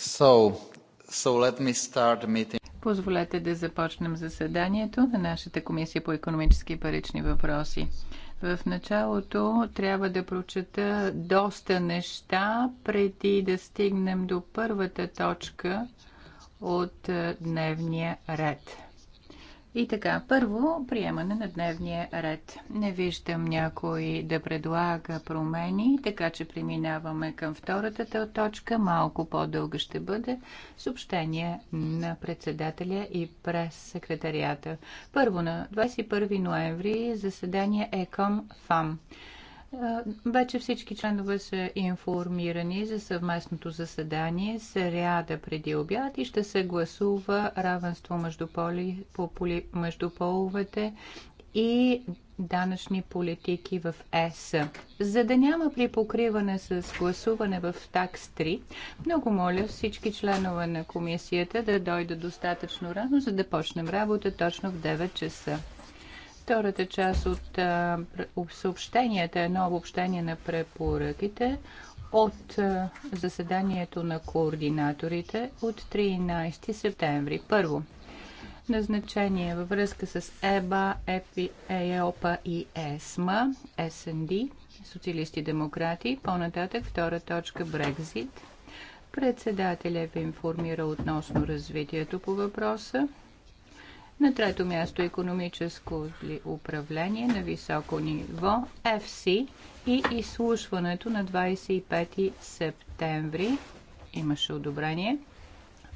So, so let me start meeting. Позволете да започнем заседанието на нашата комисия по економически и парични въпроси. В началото трябва да прочета доста неща преди да стигнем до първата точка от е, дневния ред. И така, първо, приемане на дневния ред. Не виждам някой да предлага промени, така че преминаваме към втората точка. Малко по-дълга ще бъде съобщение на председателя и през секретарията. Първо, на 21 ноември заседание ЕКОМ ФАМ. Вече всички членове са информирани за съвместното заседание сряда преди обяд и ще се гласува равенство между, поли, поли, между половете и данъчни политики в ЕС. За да няма припокриване с гласуване в такс 3, много моля всички членове на комисията да дойдат достатъчно рано, за да почнем работа точно в 9 часа. Втората част от съобщенията, е едно обобщение на препоръките от заседанието на координаторите от 13 септември. Първо, назначение във връзка с ЕБА, ЕОПА и ЕСМА, СНД, социалисти-демократи. По-нататък втора точка Брекзит. Председателя ви информира относно развитието по въпроса. На трето място економическо управление на високо ниво FC и изслушването на 25 септември имаше одобрение.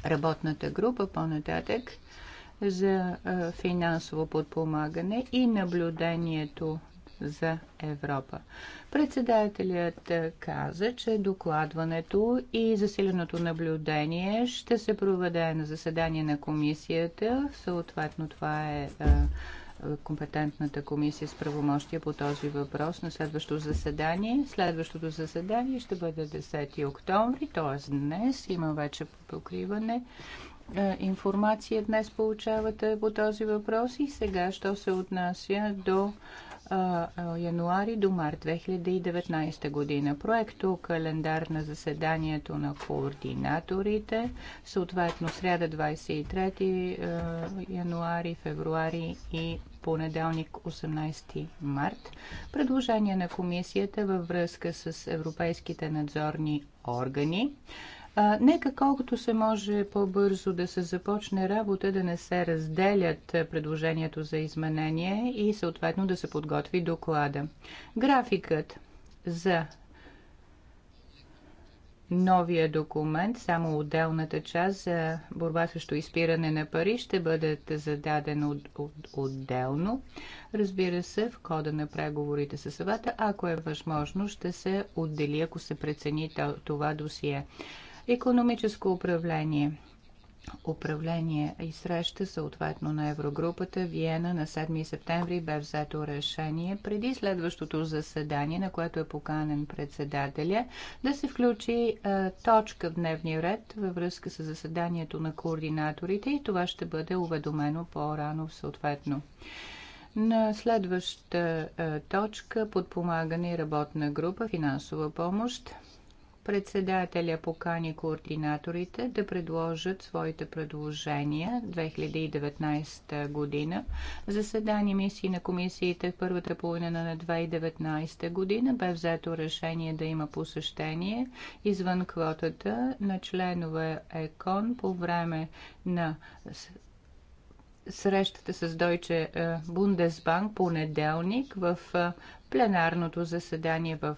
Работната група по-нататък за финансово подпомагане и наблюдението за Европа. Председателят е, каза, че докладването и засиленото наблюдение ще се проведе на заседание на комисията. Съответно, това е, е компетентната комисия с правомощия по този въпрос на следващото заседание. Следващото заседание ще бъде 10 октомври, т.е. днес. Има вече покриване. Е, информация днес получавате по този въпрос и сега, що се отнася до януари до март 2019 година. Проекто календар на заседанието на координаторите, съответно среда 23 януари, февруари и понеделник 18 март. Предложение на комисията във връзка с европейските надзорни органи. А, нека колкото се може по-бързо да се започне работа, да не се разделят е, предложението за изменение и съответно да се подготви доклада. Графикът за новия документ, само отделната част за борба срещу изпиране на пари ще бъде зададен от, от, отделно. Разбира се, в кода на преговорите със съвета, ако е възможно, ще се отдели, ако се прецени това досие. Економическо управление управление и среща съответно на Еврогрупата Виена на 7 септември бе взето решение преди следващото заседание, на което е поканен председателя, да се включи е, точка в дневния ред във връзка с заседанието на координаторите и това ще бъде уведомено по-рано съответно. На следваща е, точка подпомагане и работна група финансова помощ Председателя покани координаторите да предложат своите предложения 2019 година. Заседание мисии на комисиите в първата половина на 2019 година бе взето решение да има посещение извън квотата на членове ЕКОН по време на срещата с Deutsche е, Bundesbank понеделник в е, пленарното заседание в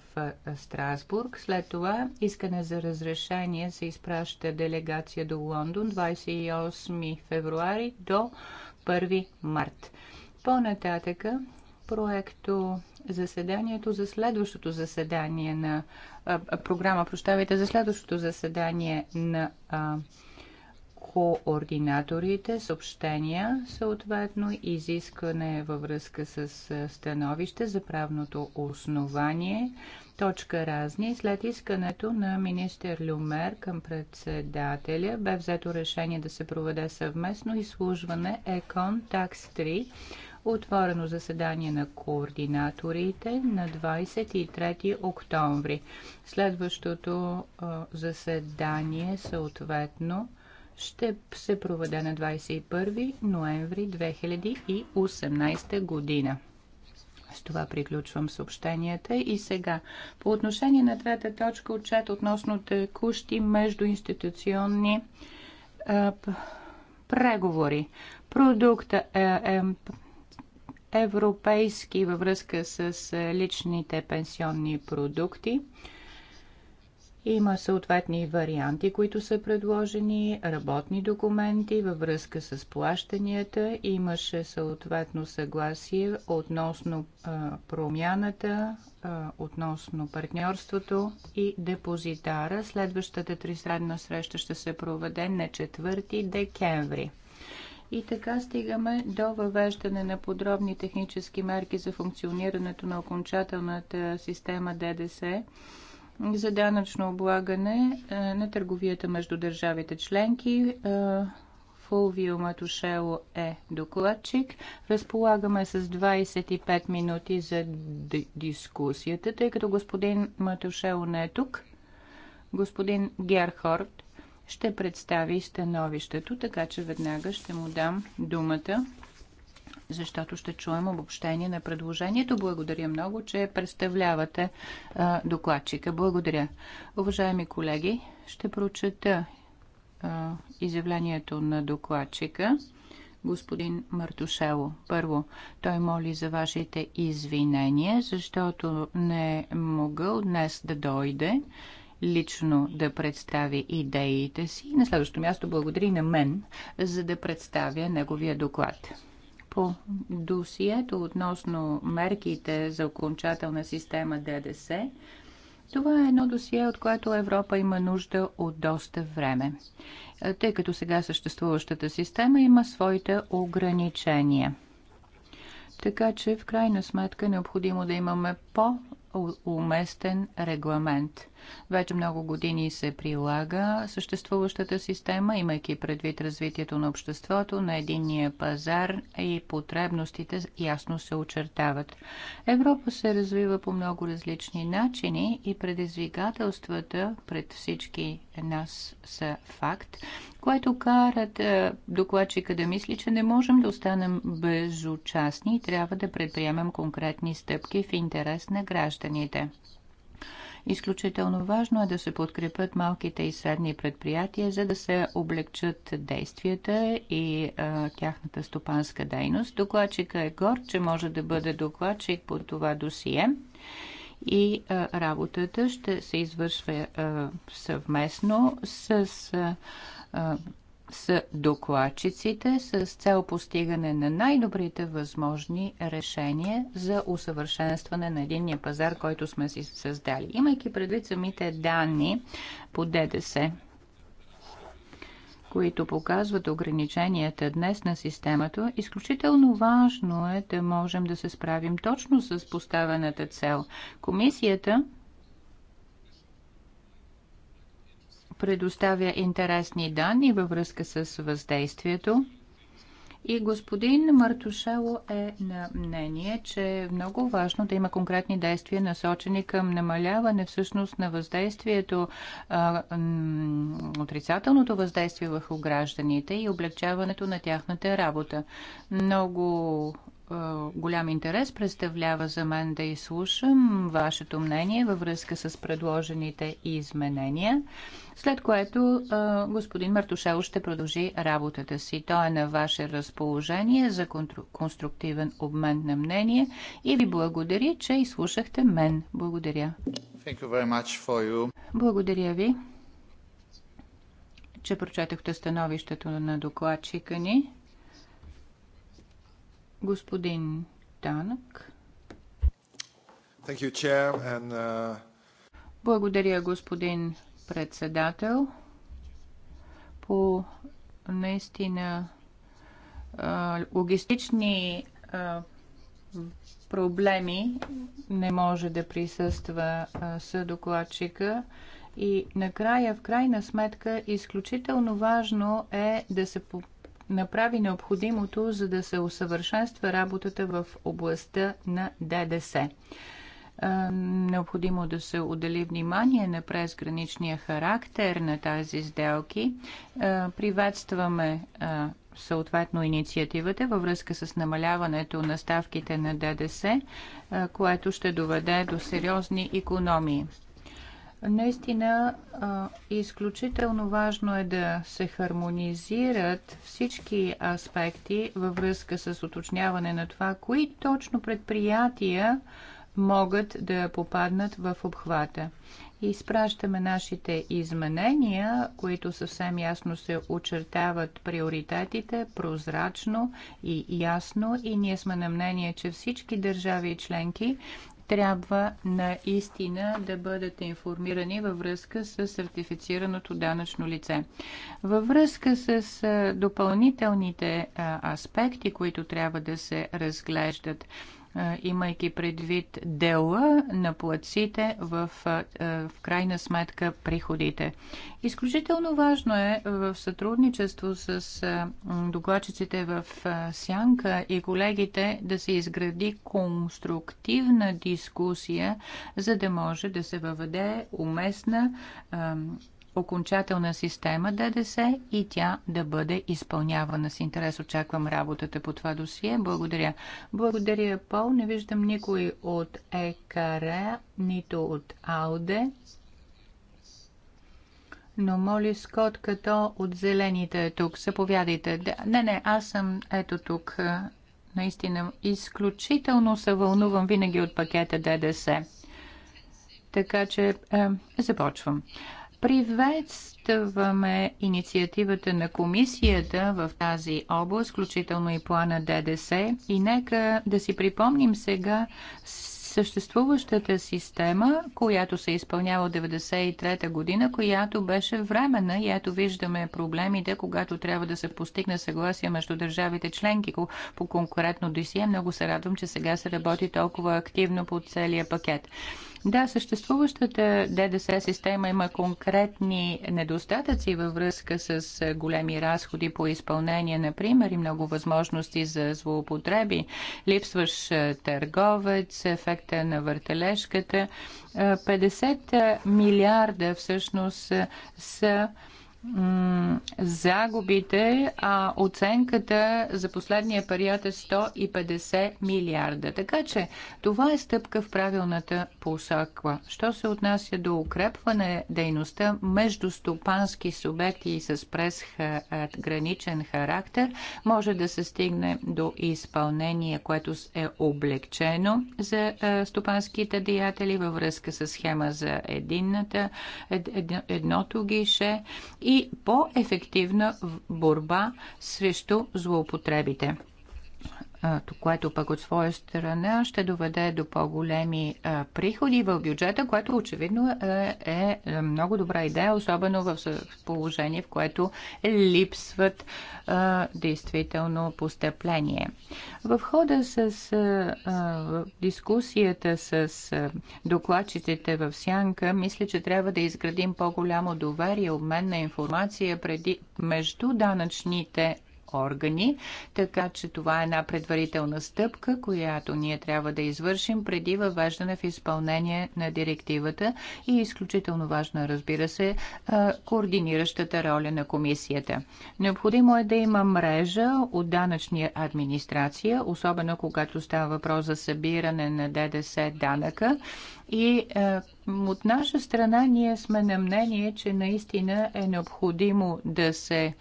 Страсбург. След това искане за разрешение се изпраща делегация до Лондон 28 февруари до 1 март. По-нататъка проекто заседанието за следващото заседание на а, програма, прощавайте, за следващото заседание на а, координаторите съобщения, съответно изискване във връзка с становище за правното основание, точка разни. След искането на министър Люмер към председателя бе взето решение да се проведе съвместно изслужване ЕКОН ТАКС 3 отворено заседание на координаторите на 23 октомври. Следващото заседание съответно ще се проведе на 21 ноември 2018 година. С това приключвам съобщенията и сега. По отношение на трета точка отчет относно текущи междуинституционни е, преговори. Продукта е, е европейски във връзка с личните пенсионни продукти. Има съответни варианти, които са предложени, работни документи във връзка с плащанията. Имаше съответно съгласие относно а, промяната, а, относно партньорството и депозитара. Следващата тристранна среща ще се проведе на 4 декември. И така стигаме до въвеждане на подробни технически мерки за функционирането на окончателната система ДДС за данъчно облагане е, на търговията между държавите членки. Е, Фулвио Матушело е докладчик. Разполагаме с 25 минути за дискусията, тъй като господин Матушело не е тук. Господин Герхорд ще представи становището, така че веднага ще му дам думата защото ще чуем обобщение на предложението. Благодаря много, че представлявате а, докладчика. Благодаря. Уважаеми колеги, ще прочета а, изявлението на докладчика господин Мартушело. Първо, той моли за вашите извинения, защото не е могъл днес да дойде лично да представи идеите си. На следващото място благодари на мен, за да представя неговия доклад. По досието относно мерките за окончателна система ДДС, това е едно досие, от което Европа има нужда от доста време, тъй като сега съществуващата система има своите ограничения. Така че в крайна сметка е необходимо да имаме по-уместен регламент – вече много години се прилага съществуващата система, имайки предвид развитието на обществото, на единния пазар и потребностите ясно се очертават. Европа се развива по много различни начини и предизвикателствата пред всички нас са факт, което карат е, докладчика да мисли, че не можем да останем безучастни и трябва да предприемем конкретни стъпки в интерес на гражданите. Изключително важно е да се подкрепят малките и средни предприятия, за да се облегчат действията и а, тяхната стопанска дейност. Докладчика е гор, че може да бъде докладчик по това досие и а, работата ще се извършва а, съвместно с. А, с докладчиците с цел постигане на най-добрите възможни решения за усъвършенстване на единния пазар, който сме си създали. Имайки предвид самите данни по ДДС, които показват ограниченията днес на системата, изключително важно е да можем да се справим точно с поставената цел. Комисията предоставя интересни данни във връзка с въздействието. И господин Мартушело е на мнение, че е много важно да има конкретни действия, насочени към намаляване всъщност на въздействието, а, отрицателното въздействие върху гражданите и облегчаването на тяхната работа. Много голям интерес представлява за мен да изслушам вашето мнение във връзка с предложените изменения, след което господин Мартушел ще продължи работата си. Той е на ваше разположение за конструктивен обмен на мнение и ви благодаря, че изслушахте мен. Благодаря. Благодаря ви, че прочетахте становището на докладчика ни. Господин Танък. Uh, Благодаря, господин председател. По наистина логистични проблеми не може да присъства съдокладчика. И накрая, в крайна сметка, изключително важно е да се направи необходимото, за да се усъвършенства работата в областта на ДДС. Необходимо да се отдели внимание на презграничния характер на тази сделки. Приветстваме съответно инициативата във връзка с намаляването на ставките на ДДС, което ще доведе до сериозни економии. Наистина, изключително важно е да се хармонизират всички аспекти във връзка с уточняване на това, кои точно предприятия могат да попаднат в обхвата. Изпращаме нашите изменения, които съвсем ясно се очертават приоритетите, прозрачно и ясно и ние сме на мнение, че всички държави и членки трябва наистина да бъдете информирани във връзка с сертифицираното данъчно лице. Във връзка с допълнителните аспекти, които трябва да се разглеждат, имайки предвид дела на плаците в, в крайна сметка приходите. Изключително важно е в сътрудничество с докладчиците в Сянка и колегите да се изгради конструктивна дискусия, за да може да се въведе уместна окончателна система ДДС и тя да бъде изпълнявана. С интерес очаквам работата по това досие. Благодаря. Благодаря, Пол. Не виждам никой от ЕКР, нито от АУДЕ. Но моли Скот като от зелените е тук. Заповядайте. Не, не, аз съм ето тук. Наистина, изключително се вълнувам винаги от пакета ДДС. Така че е, започвам. Приветстваме инициативата на комисията в тази област, включително и плана ДДС. И нека да си припомним сега съществуващата система, която се изпълнява от 1993 година, която беше временна и ето виждаме проблемите, когато трябва да се постигне съгласие между държавите членки по конкретно досие. Много се радвам, че сега се работи толкова активно по целия пакет. Да, съществуващата ДДС система има конкретни недостатъци във връзка с големи разходи по изпълнение, например, и много възможности за злоупотреби. Липсваш търговец, ефекта на въртележката. 50 милиарда всъщност са загубите, а оценката за последния период е 150 милиарда. Така че това е стъпка в правилната посока. Що се отнася до укрепване дейността между стопански субекти и с презграничен характер, може да се стигне до изпълнение, което е облегчено за стопанските деятели във връзка с схема за единната, едното гише и и по-ефективна борба срещу злоупотребите което пък от своя страна ще доведе до по-големи приходи в бюджета, което очевидно е, е много добра идея, особено в положение, в което липсват е, действително постъпление. В хода с е, дискусията с докладчиците в Сянка, мисля, че трябва да изградим по-голямо доверие, обмен на информация преди, между данъчните органи, така че това е една предварителна стъпка, която ние трябва да извършим преди въвеждане в изпълнение на директивата и е изключително важна, разбира се, координиращата роля на комисията. Необходимо е да има мрежа от данъчния администрация, особено когато става въпрос за събиране на ДДС данъка и от наша страна ние сме на мнение, че наистина е необходимо да се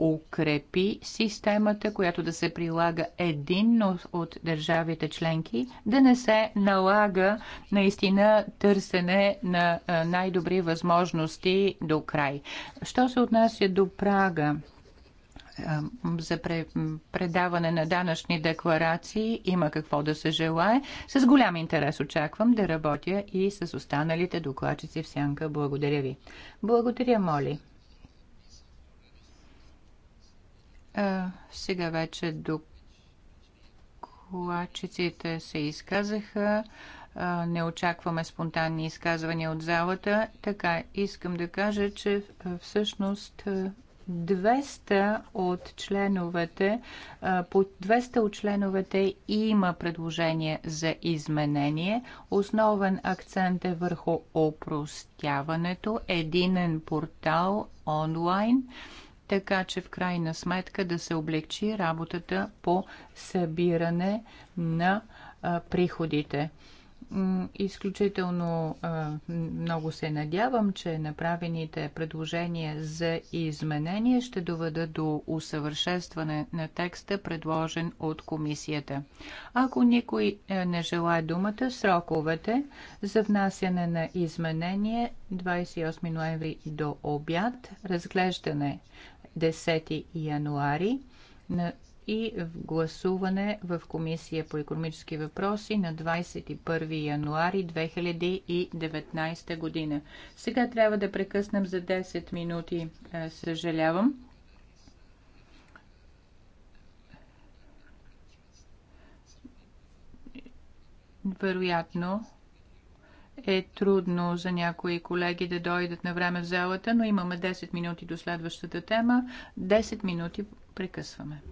укрепи системата, която да се прилага единно от държавите членки, да не се налага наистина търсене на най-добри възможности до край. Що се отнася до прага? за предаване на данъчни декларации има какво да се желае. С голям интерес очаквам да работя и с останалите докладчици в Сянка. Благодаря ви. Благодаря, Моли. А, сега вече докладчиците се изказаха. А, не очакваме спонтанни изказвания от залата. Така, искам да кажа, че всъщност 200 от членовете, по 200 от членовете има предложение за изменение. Основен акцент е върху опростяването, единен портал онлайн така че в крайна сметка да се облегчи работата по събиране на а, приходите изключително много се надявам, че направените предложения за изменение ще доведат до усъвършенстване на текста, предложен от комисията. Ако никой е, не желая думата, сроковете за внасяне на изменение 28 ноември до обяд, разглеждане 10 януари и в гласуване в Комисия по економически въпроси на 21 януари 2019 година. Сега трябва да прекъснем за 10 минути. Е, съжалявам. Вероятно, е трудно за някои колеги да дойдат на време в залата, но имаме 10 минути до следващата тема. 10 минути прекъсваме.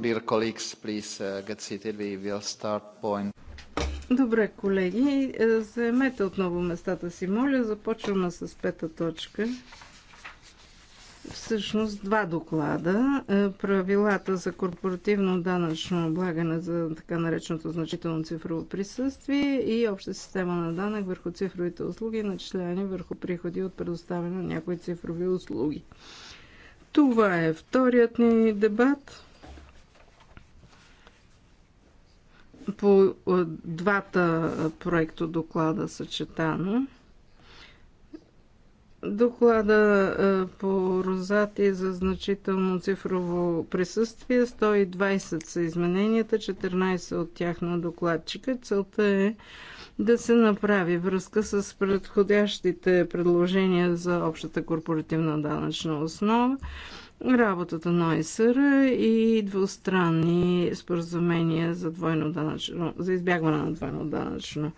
dear colleagues, please uh, get seated. We will start point. Добре, колеги, е, заемете отново местата си, моля. Започваме с пета точка. Всъщност два доклада. Е, правилата за корпоративно данъчно облагане за така нареченото значително цифрово присъствие и обща система на данък върху цифровите услуги, начисляване върху приходи от предоставяне на някои цифрови услуги. Това е вторият ни дебат. по е, двата е, проекто доклада съчетано. Доклада е, по Розати за значително цифрово присъствие. 120 са измененията, 14 от тях на докладчика. Целта е да се направи връзка с предходящите предложения за общата корпоративна данъчна основа работата на ОСР и двустранни споразумения за, двойно данъчно, за избягване на двойно данъчно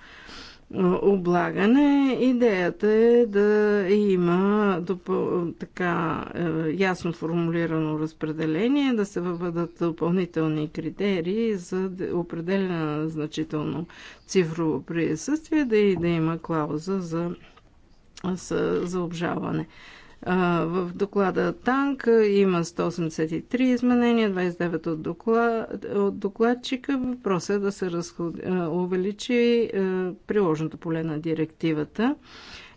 облагане. Идеята е да има допъл... така е, ясно формулирано разпределение, да се въведат допълнителни критерии за определено значително цифрово присъствие, да и да има клауза за, за, за обжаване. В доклада Танк има 183 изменения, 29 от, доклад, от докладчика. Въпросът е да се разход... увеличи приложното поле на директивата,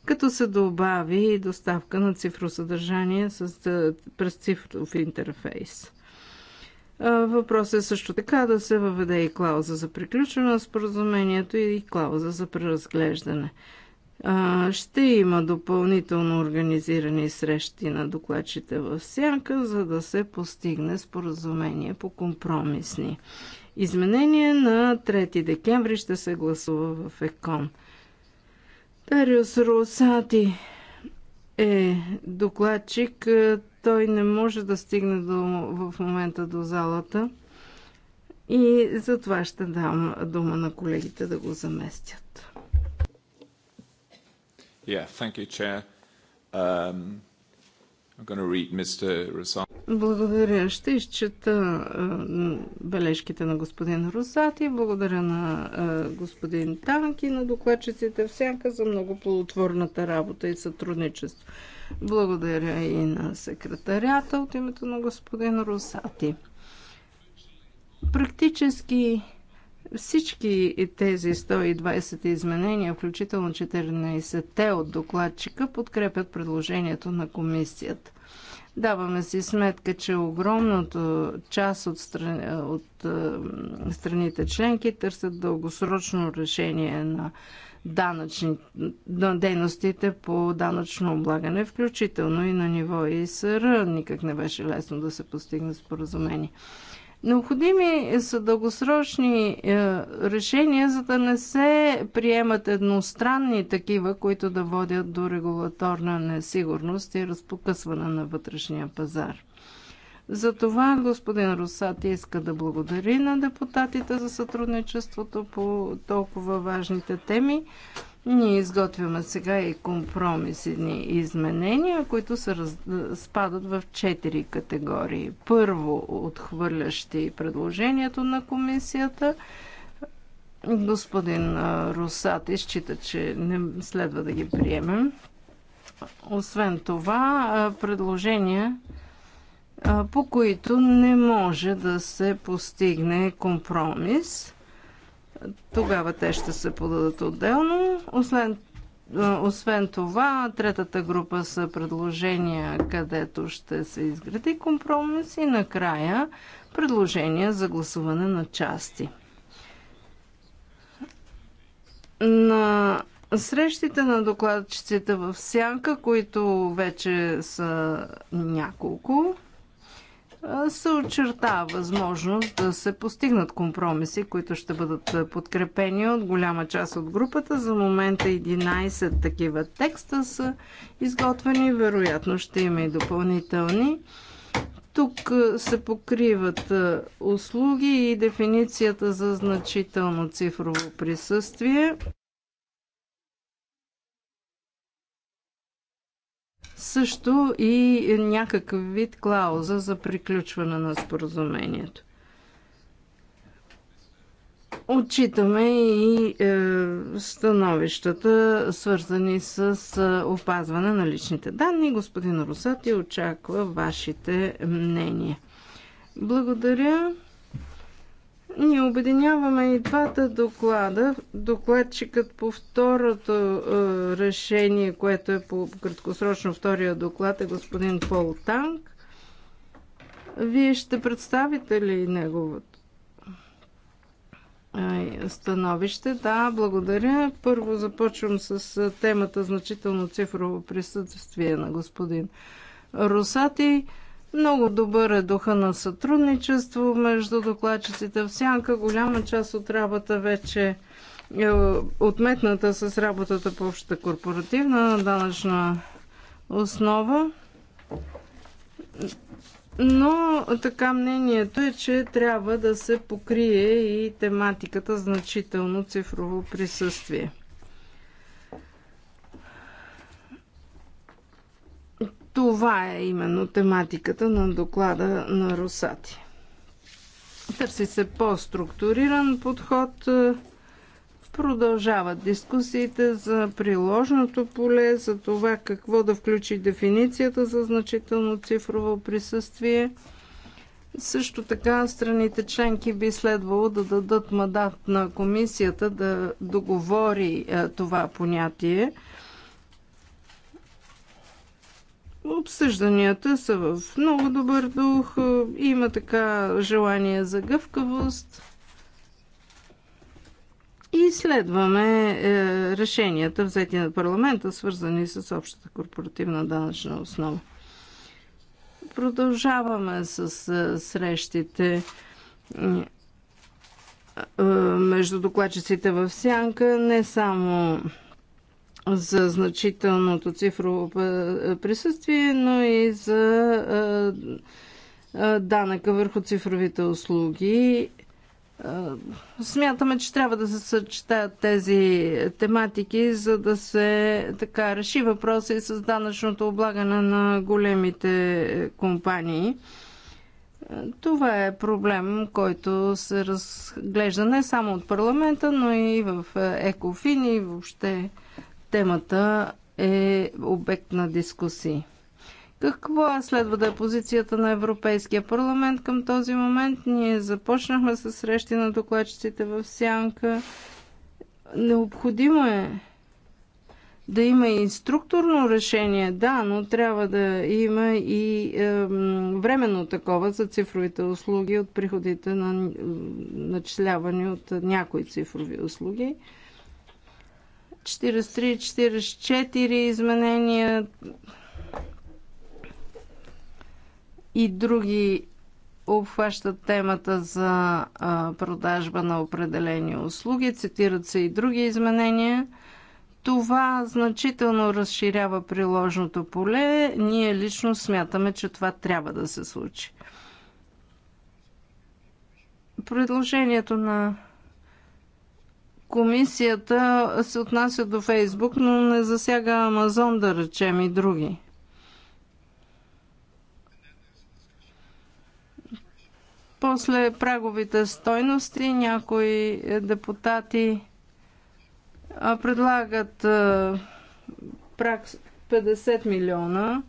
като се добави и доставка на цифросъдържание с... през цифров интерфейс. Въпросът е също така да се въведе и клауза за приключване на споразумението и клауза за преразглеждане. Ще има допълнително организирани срещи на докладчите в Сянка, за да се постигне споразумение по компромисни. Изменение на 3 декември ще се гласува в ЕКОН. Тариус Русати е докладчик. Той не може да стигне до, в момента до залата. И затова ще дам дума на колегите да го заместят thank you, Chair. Um, I'm read Mr. Благодаря. Ще изчета бележките на господин Росати. Благодаря на господин Танки, на докладчиците всяка за много плодотворната работа и сътрудничество. Благодаря и на секретарята от името на господин Росати. Практически всички тези 120 изменения, включително 14-те от докладчика, подкрепят предложението на комисията. Даваме си сметка, че огромната част от, стран... от е, страните членки търсят дългосрочно решение на, данъчни, на дейностите по данъчно облагане, включително и на ниво ИСР. Никак не беше лесно да се постигне споразумение. Необходими са дългосрочни е, решения, за да не се приемат едностранни такива, които да водят до регулаторна несигурност и разпокъсване на вътрешния пазар. Затова господин Русати иска да благодари на депутатите за сътрудничеството по толкова важните теми. Ние изготвяме сега и компромисни изменения, които се раз... спадат в четири категории. Първо, отхвърлящи предложението на комисията. Господин Русати счита, че не следва да ги приемем. Освен това, предложения, по които не може да се постигне компромис – тогава те ще се подадат отделно. Освен, освен това, третата група са предложения, където ще се изгради компромис и накрая предложения за гласуване на части. На срещите на докладчиците в Сянка, които вече са няколко, се очерта възможност да се постигнат компромиси, които ще бъдат подкрепени от голяма част от групата. За момента 11 такива текста са изготвени, вероятно ще има и допълнителни. Тук се покриват услуги и дефиницията за значително цифрово присъствие. също и някакъв вид клауза за приключване на споразумението. Отчитаме и е, становищата, свързани с е, опазване на личните данни. Господин Русати очаква вашите мнения. Благодаря. Ние обединяваме и двата доклада. Докладчикът по второто е, решение, което е по краткосрочно втория доклад е господин Пол Танк. Вие ще представите ли неговото е, становище? Да, благодаря. Първо започвам с е, темата значително цифрово присъствие на господин Русати. Много добър е духа на сътрудничество между докладчиците в Сянка. Голяма част от работа вече е отметната с работата по общата корпоративна данъчна основа. Но така мнението е, че трябва да се покрие и тематиката значително цифрово присъствие. Това е именно тематиката на доклада на Русати. Търси се по-структуриран подход. Продължават дискусиите за приложното поле, за това какво да включи дефиницията за значително цифрово присъствие. Също така страните членки би следвало да дадат мандат на комисията да договори е, това понятие Обсъжданията са в много добър дух, има така желание за гъвкавост и следваме е, решенията, взети на парламента, свързани с общата корпоративна данъчна основа. Продължаваме с е, срещите е, е между докладчиците в Сянка, не само за значителното цифрово присъствие, но и за данъка върху цифровите услуги. Смятаме, че трябва да се съчетаят тези тематики, за да се така реши въпроса и с данъчното облагане на големите компании. Това е проблем, който се разглежда не само от парламента, но и в ЕКОФИН и въобще темата е обект на дискусии. Какво следва да е позицията на Европейския парламент към този момент? Ние започнахме с срещи на докладчиците в Сянка. Необходимо е да има и структурно решение, да, но трябва да има и е, временно такова за цифровите услуги от приходите на начислявани от някои цифрови услуги. Е, 43, 44 изменения и други обхващат темата за продажба на определени услуги, цитират се и други изменения. Това значително разширява приложното поле. Ние лично смятаме, че това трябва да се случи. Предложението на Комисията се отнася до Фейсбук, но не засяга Амазон, да речем, и други. После праговите стойности някои депутати предлагат 50 милиона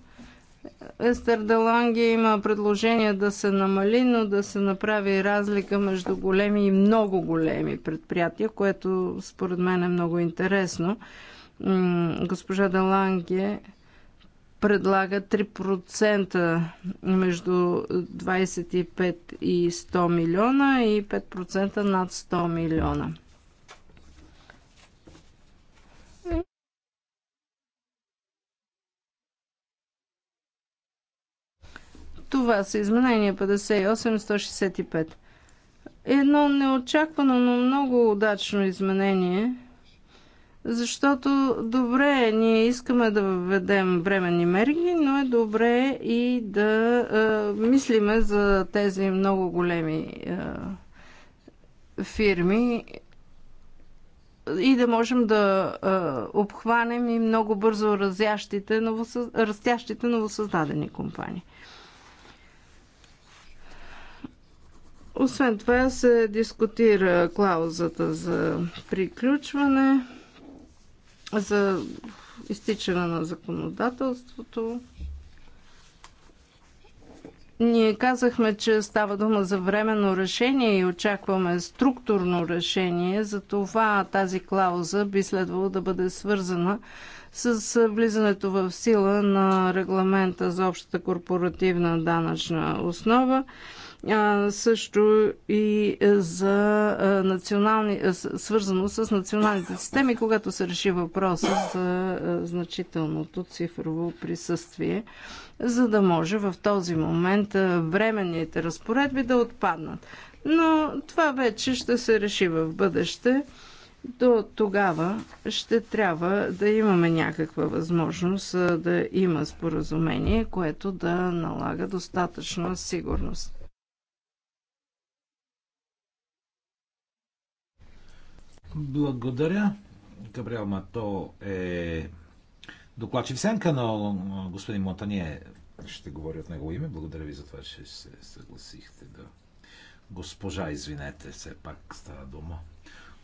Естер Деланге има предложение да се намали, но да се направи разлика между големи и много големи предприятия, което според мен е много интересно. Госпожа Деланге предлага 3% между 25 и 100 милиона и 5% над 100 милиона. Това са изменения 58-165. Едно неочаквано, но много удачно изменение, защото добре, е, ние искаме да введем временни мерки, но е добре и да е, мислиме за тези много големи е, фирми и да можем да е, обхванем и много бързо разящите, новосъз... растящите новосъздадени компании. Освен това се дискутира клаузата за приключване, за изтичане на законодателството. Ние казахме, че става дума за временно решение и очакваме структурно решение, Затова тази клауза би следвало да бъде свързана с влизането в сила на регламента за общата корпоративна данъчна основа също и е, за е, национални, е, свързано с националните системи, когато се реши въпроса за значителното цифрово присъствие, за да може в този момент временните разпоредби да отпаднат. Но това вече ще се реши в бъдеще. До тогава ще трябва да имаме някаква възможност да има споразумение, което да налага достатъчна сигурност. Благодаря. Габриел Мато е докладчик сенка, но господин Монтание ще говори от него име. Благодаря ви за това, че се съгласихте да... Госпожа, извинете, все пак става дума.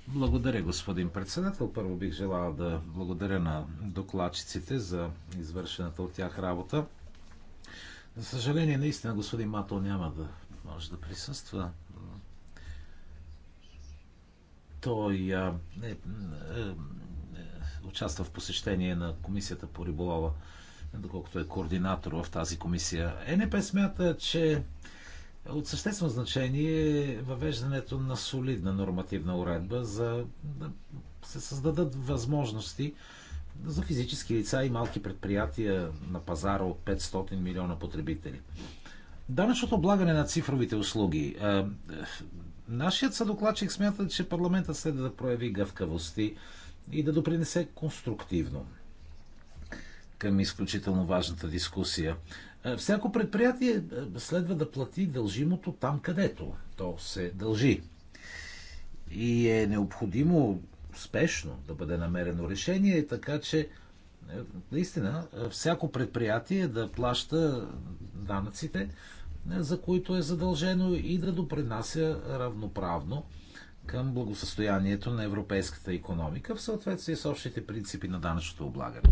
Благодаря, господин председател. Първо бих желал да благодаря на докладчиците за извършената от тях работа. За съжаление, наистина господин Мато няма да може да присъства той а, е, е, участва в посещение на Комисията по риболова, доколкото е координатор в тази комисия. ЕНП смята, че от съществено значение е въвеждането на солидна нормативна уредба за да се създадат възможности за физически лица и малки предприятия на пазара от 500 милиона потребители. Данъчното облагане на цифровите услуги Нашият съдокладчик смята, че парламентът следва да прояви гъвкавости и да допринесе конструктивно към изключително важната дискусия. Е, всяко предприятие е, следва да плати дължимото там, където то се дължи. И е необходимо спешно да бъде намерено решение, така че е, наистина всяко предприятие да плаща данъците е, за които е задължено и да допринася равноправно към благосъстоянието на европейската економика в съответствие с общите принципи на данъчното облагане.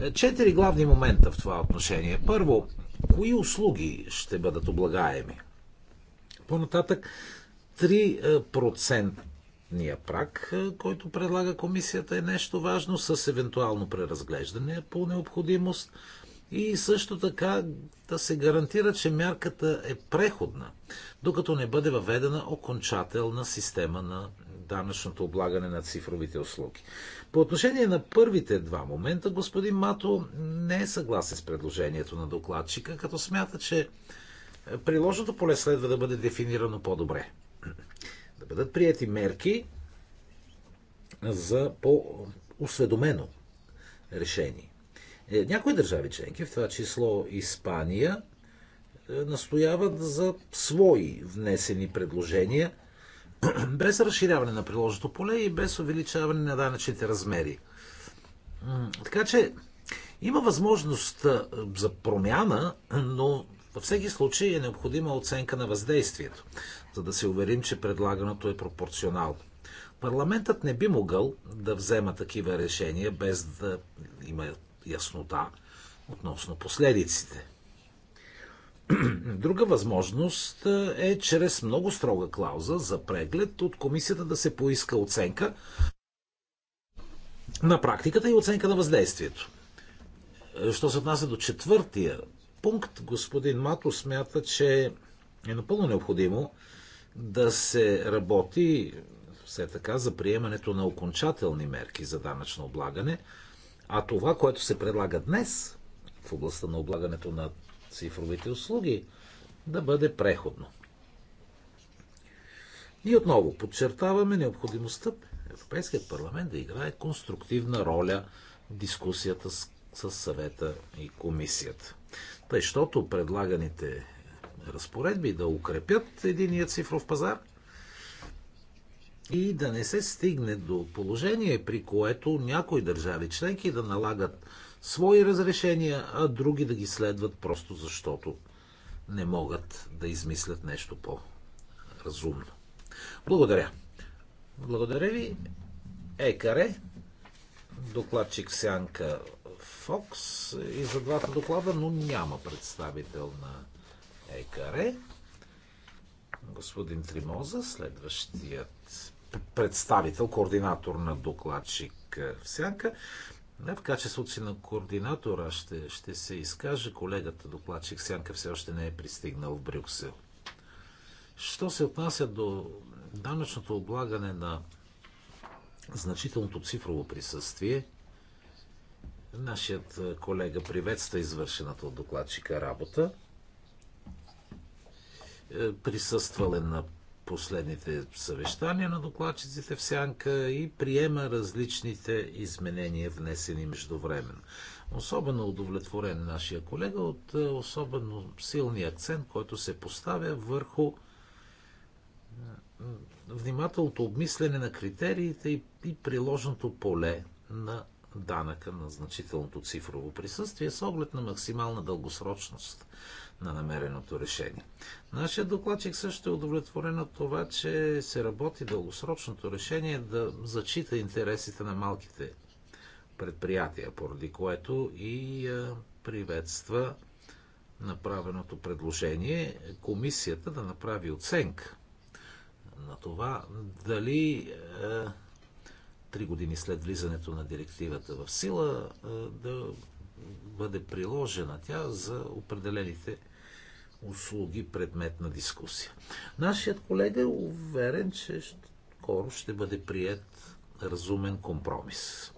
Е, четири главни момента в това отношение. Първо, кои услуги ще бъдат облагаеми? По-нататък, 3% е, прак, който предлага комисията е нещо важно с евентуално преразглеждане по необходимост и също така да се гарантира, че мярката е преходна, докато не бъде въведена окончателна система на данъчното облагане на цифровите услуги. По отношение на първите два момента, господин Мато не е съгласен с предложението на докладчика, като смята, че приложното поле следва да бъде дефинирано по-добре. Да бъдат прияти мерки за по-осведомено решение е, някои държави членки, в това число Испания, е, настояват за свои внесени предложения, без разширяване на приложното поле и без увеличаване на данъчните размери. Така че има възможност е, за промяна, но във всеки случай е необходима оценка на въздействието, за да се уверим, че предлаганото е пропорционално. Парламентът не би могъл да взема такива решения без да има яснота относно последиците. Друга възможност е, е чрез много строга клауза за преглед от комисията да се поиска оценка на практиката и оценка на въздействието. Е, що се отнася до четвъртия пункт, господин Мато смята, че е напълно необходимо да се работи все така за приемането на окончателни мерки за данъчно облагане – а това, което се предлага днес в областта на облагането на цифровите услуги, да бъде преходно. И отново подчертаваме необходимостта Европейският парламент да играе конструктивна роля в дискусията с, с съвета и комисията. Тъй, защото предлаганите разпоредби да укрепят единия цифров пазар – и да не се стигне до положение, при което някои държави членки да налагат свои разрешения, а други да ги следват просто защото не могат да измислят нещо по-разумно. Благодаря. Благодаря ви. Екаре, докладчик Сянка Фокс и за двата доклада, но няма представител на Екаре. Господин Тримоза, следващият представител, координатор на докладчик е, в Сянка. Е, в качеството си на координатора ще, ще се изкаже. Колегата докладчик Сянка все още не е пристигнал в Брюксел. Що се отнася до данъчното облагане на значителното цифрово присъствие, нашият е, колега приветства извършената от докладчика работа. Присъствал е на последните съвещания на докладчиците в Сянка и приема различните изменения, внесени междувременно. Особено удовлетворен е нашия колега от е, особено силния акцент, който се поставя върху е, внимателното обмислене на критериите и приложното поле на данъка на значителното цифрово присъствие с оглед на максимална дългосрочност на намереното решение. Нашия докладчик също е удовлетворен от това, че се работи дългосрочното решение да зачита интересите на малките предприятия, поради което и приветства направеното предложение комисията да направи оценка на това дали три години след влизането на директивата в сила да бъде приложена тя за определените услуги, предмет на дискусия. Нашият колега е уверен, че скоро ще бъде прият разумен компромис.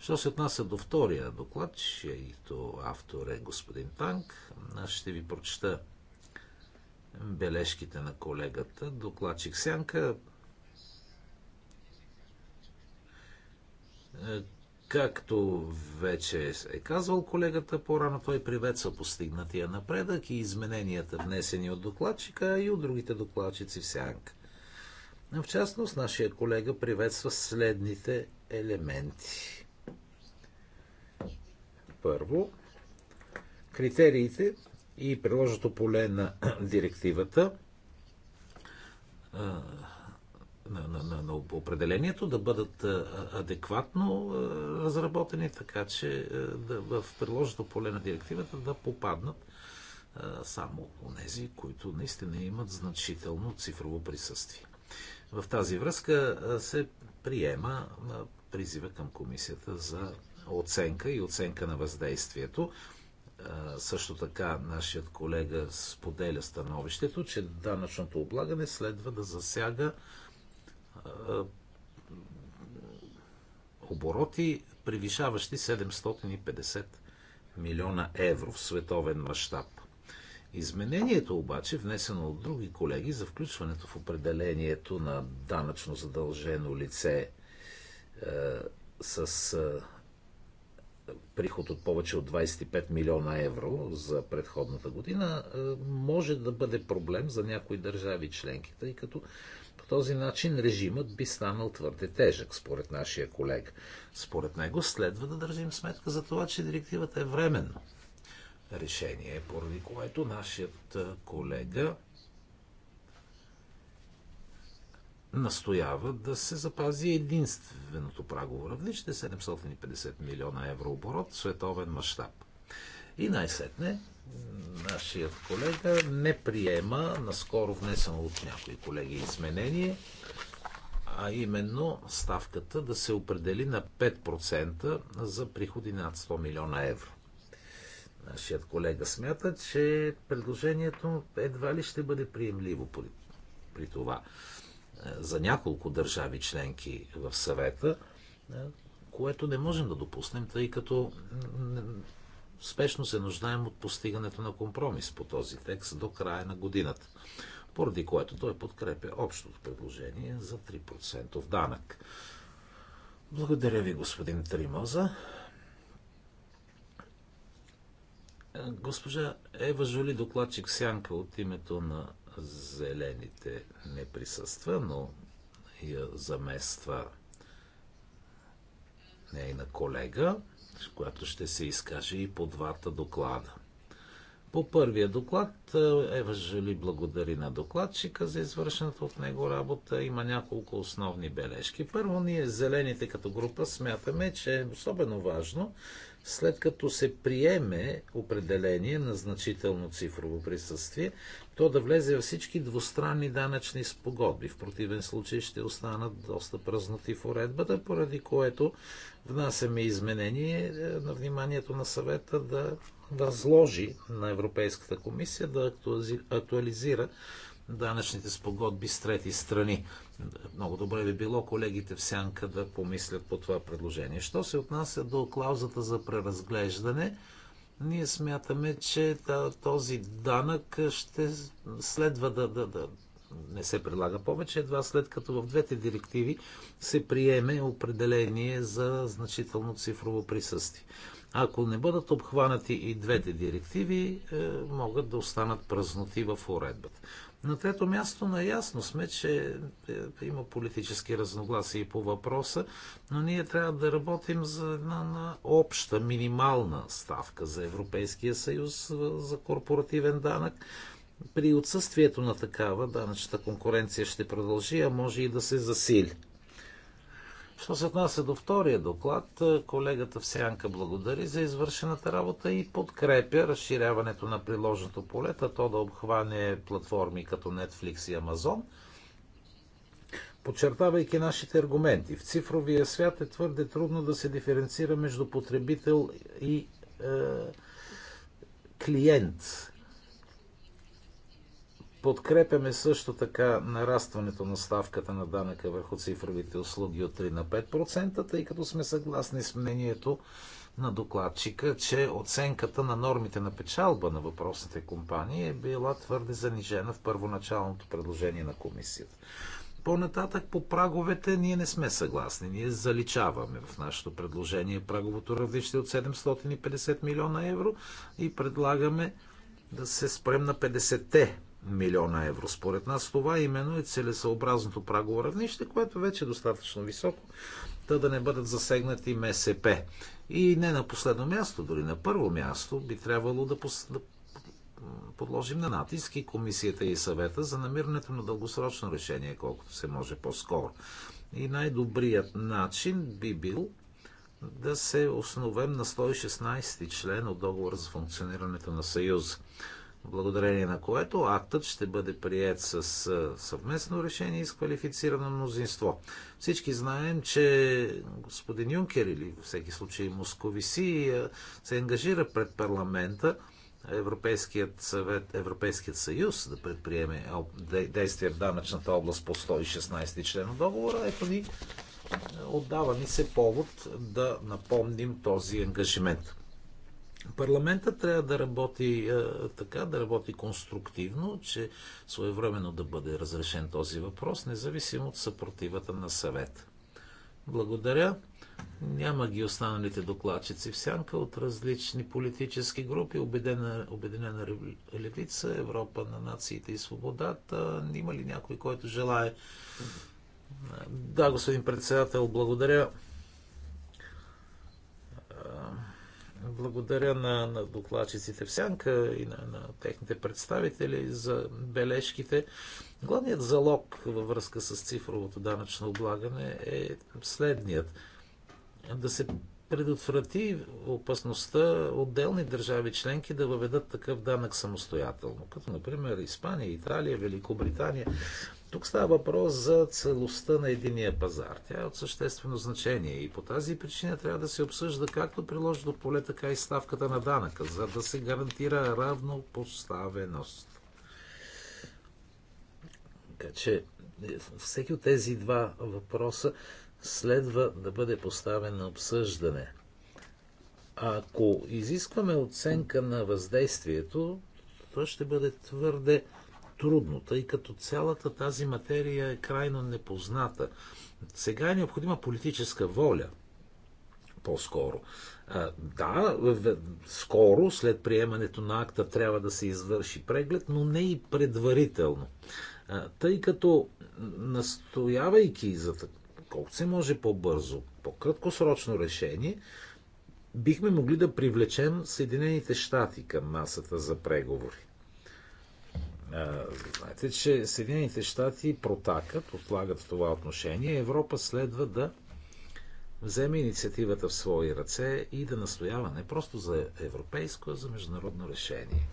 Що се отнася до втория доклад, чието автор е господин Танк, аз ще ви прочета бележките на колегата. Докладчик Сянка Както вече е казвал колегата по-рано, той приветства постигнатия напредък и измененията внесени от докладчика и от другите докладчици в сянка. В частност, нашия колега приветства следните елементи. Първо, критериите и приложното поле на директивата на, на, на, на определението да бъдат адекватно разработени, така че да, в приложното поле на директивата да попаднат само нези, които наистина имат значително цифрово присъствие. В тази връзка се приема призива към комисията за оценка и оценка на въздействието. Също така нашият колега споделя становището, че данъчното облагане следва да засяга обороти, превишаващи 750 милиона евро в световен мащаб. Изменението обаче, внесено от други колеги за включването в определението на данъчно задължено лице е, с е, приход от повече от 25 милиона евро за предходната година, е, може да бъде проблем за някои държави членки, тъй като този начин режимът би станал твърде тежък, според нашия колега. Според него следва да държим сметка за това, че директивата е временно решение, поради което нашият колега настоява да се запази единственото прагово равнище 750 милиона евро оборот в световен мащаб. И най-сетне нашият колега не приема наскоро внесено от някои колеги изменение, а именно ставката да се определи на 5% за приходи над 100 милиона евро. Нашият колега смята, че предложението едва ли ще бъде приемливо при, при това за няколко държави членки в съвета, което не можем да допуснем, тъй като спешно се нуждаем от постигането на компромис по този текст до края на годината, поради което той подкрепя общото предложение за 3% данък. Благодаря ви, господин Тримоза. Госпожа Ева Жоли, докладчик Сянка от името на Зелените не присъства, но я замества нейна колега която ще се изкаже и по двата доклада. По първия доклад е, Ева Жили благодари на докладчика за извършената от него работа. Има няколко основни бележки. Първо, ние зелените като група смятаме, че е особено важно след като се приеме определение на значително цифрово присъствие, то да влезе във всички двустранни данъчни спогодби. В противен случай ще останат доста празноти в уредбата, поради което внасяме изменение е, на вниманието на съвета да възложи на Европейската комисия да актуализира данъчните спогодби с трети страни. Много добре би било колегите в сянка да помислят по това предложение. Що се отнася до клаузата за преразглеждане, ние смятаме, че този данък ще следва да, да, да не се предлага повече, едва след като в двете директиви се приеме определение за значително цифрово присъствие. Ако не бъдат обхванати и двете директиви, е, могат да останат празноти в уредбата. На трето място наясно сме, че е, е, има политически разногласия по въпроса, но ние трябва да работим за една обща минимална ставка за Европейския съюз е, за корпоративен данък. При отсъствието на такава данъчната конкуренция ще продължи, а може и да се засили. Що се отнася до втория доклад, колегата Всянка благодари за извършената работа и подкрепя разширяването на приложното поле, а то да обхване платформи като Netflix и Amazon подчертавайки нашите аргументи. В цифровия свят е твърде трудно да се диференцира между потребител и е, клиент. Подкрепяме също така нарастването на ставката на данъка върху цифровите услуги от 3 на 5%, тъй като сме съгласни с мнението на докладчика, че оценката на нормите на печалба на въпросните компании е била твърде занижена в първоначалното предложение на комисията. По-нататък по праговете ние не сме съгласни. Ние заличаваме в нашето предложение праговото равнище от 750 милиона евро и предлагаме да се спрем на 50-те милиона евро. Според нас това именно е целесъобразното прагово равнище, което вече е достатъчно високо, да да не бъдат засегнати МСП. И не на последно място, дори на първо място, би трябвало да, пос... да подложим на натиск и комисията и съвета за намирането на дългосрочно решение, колкото се може по-скоро. И най-добрият начин би бил да се основем на 116 член от договора за функционирането на Съюз благодарение на което актът ще бъде прият с съвместно решение и с квалифицирано мнозинство. Всички знаем, че господин Юнкер или в всеки случай Московиси се ангажира пред парламента Европейският, съвет, Европейският съюз да предприеме действия в данъчната област по 116 член от договора. Ето ни отдава ни се повод да напомним този ангажимент. Парламентът трябва да работи е, така, да работи конструктивно, че своевременно да бъде разрешен този въпрос, независимо от съпротивата на съвет. Благодаря. Няма ги останалите докладчици в сянка от различни политически групи. Обедена, обединена левица, Европа на нациите и свободата. Има ли някой, който желая? Да, господин председател, благодаря. Благодаря на, на докладчиците в Сянка и на, на техните представители за бележките. Главният залог във връзка с цифровото данъчно облагане е следният. Да се предотврати опасността отделни държави членки да въведат такъв данък самостоятелно, като например Испания, Италия, Великобритания. Тук става въпрос за целостта на единия пазар. Тя е от съществено значение и по тази причина трябва да се обсъжда както приложено поле, така и ставката на данъка, за да се гарантира равнопоставеност. Така че е, всеки от тези два въпроса следва да бъде поставен на обсъждане. Ако изискваме оценка на въздействието, то ще бъде твърде трудно, тъй като цялата тази материя е крайно непозната. Сега е необходима политическа воля, по-скоро. Да, скоро, след приемането на акта, трябва да се извърши преглед, но не и предварително. Тъй като, настоявайки за колкото се може по-бързо, по-краткосрочно решение, бихме могли да привлечем Съединените щати към масата за преговори. Знаете, че Съединените щати протакат, отлагат в това отношение. Европа следва да вземе инициативата в свои ръце и да настоява не просто за европейско, а за международно решение.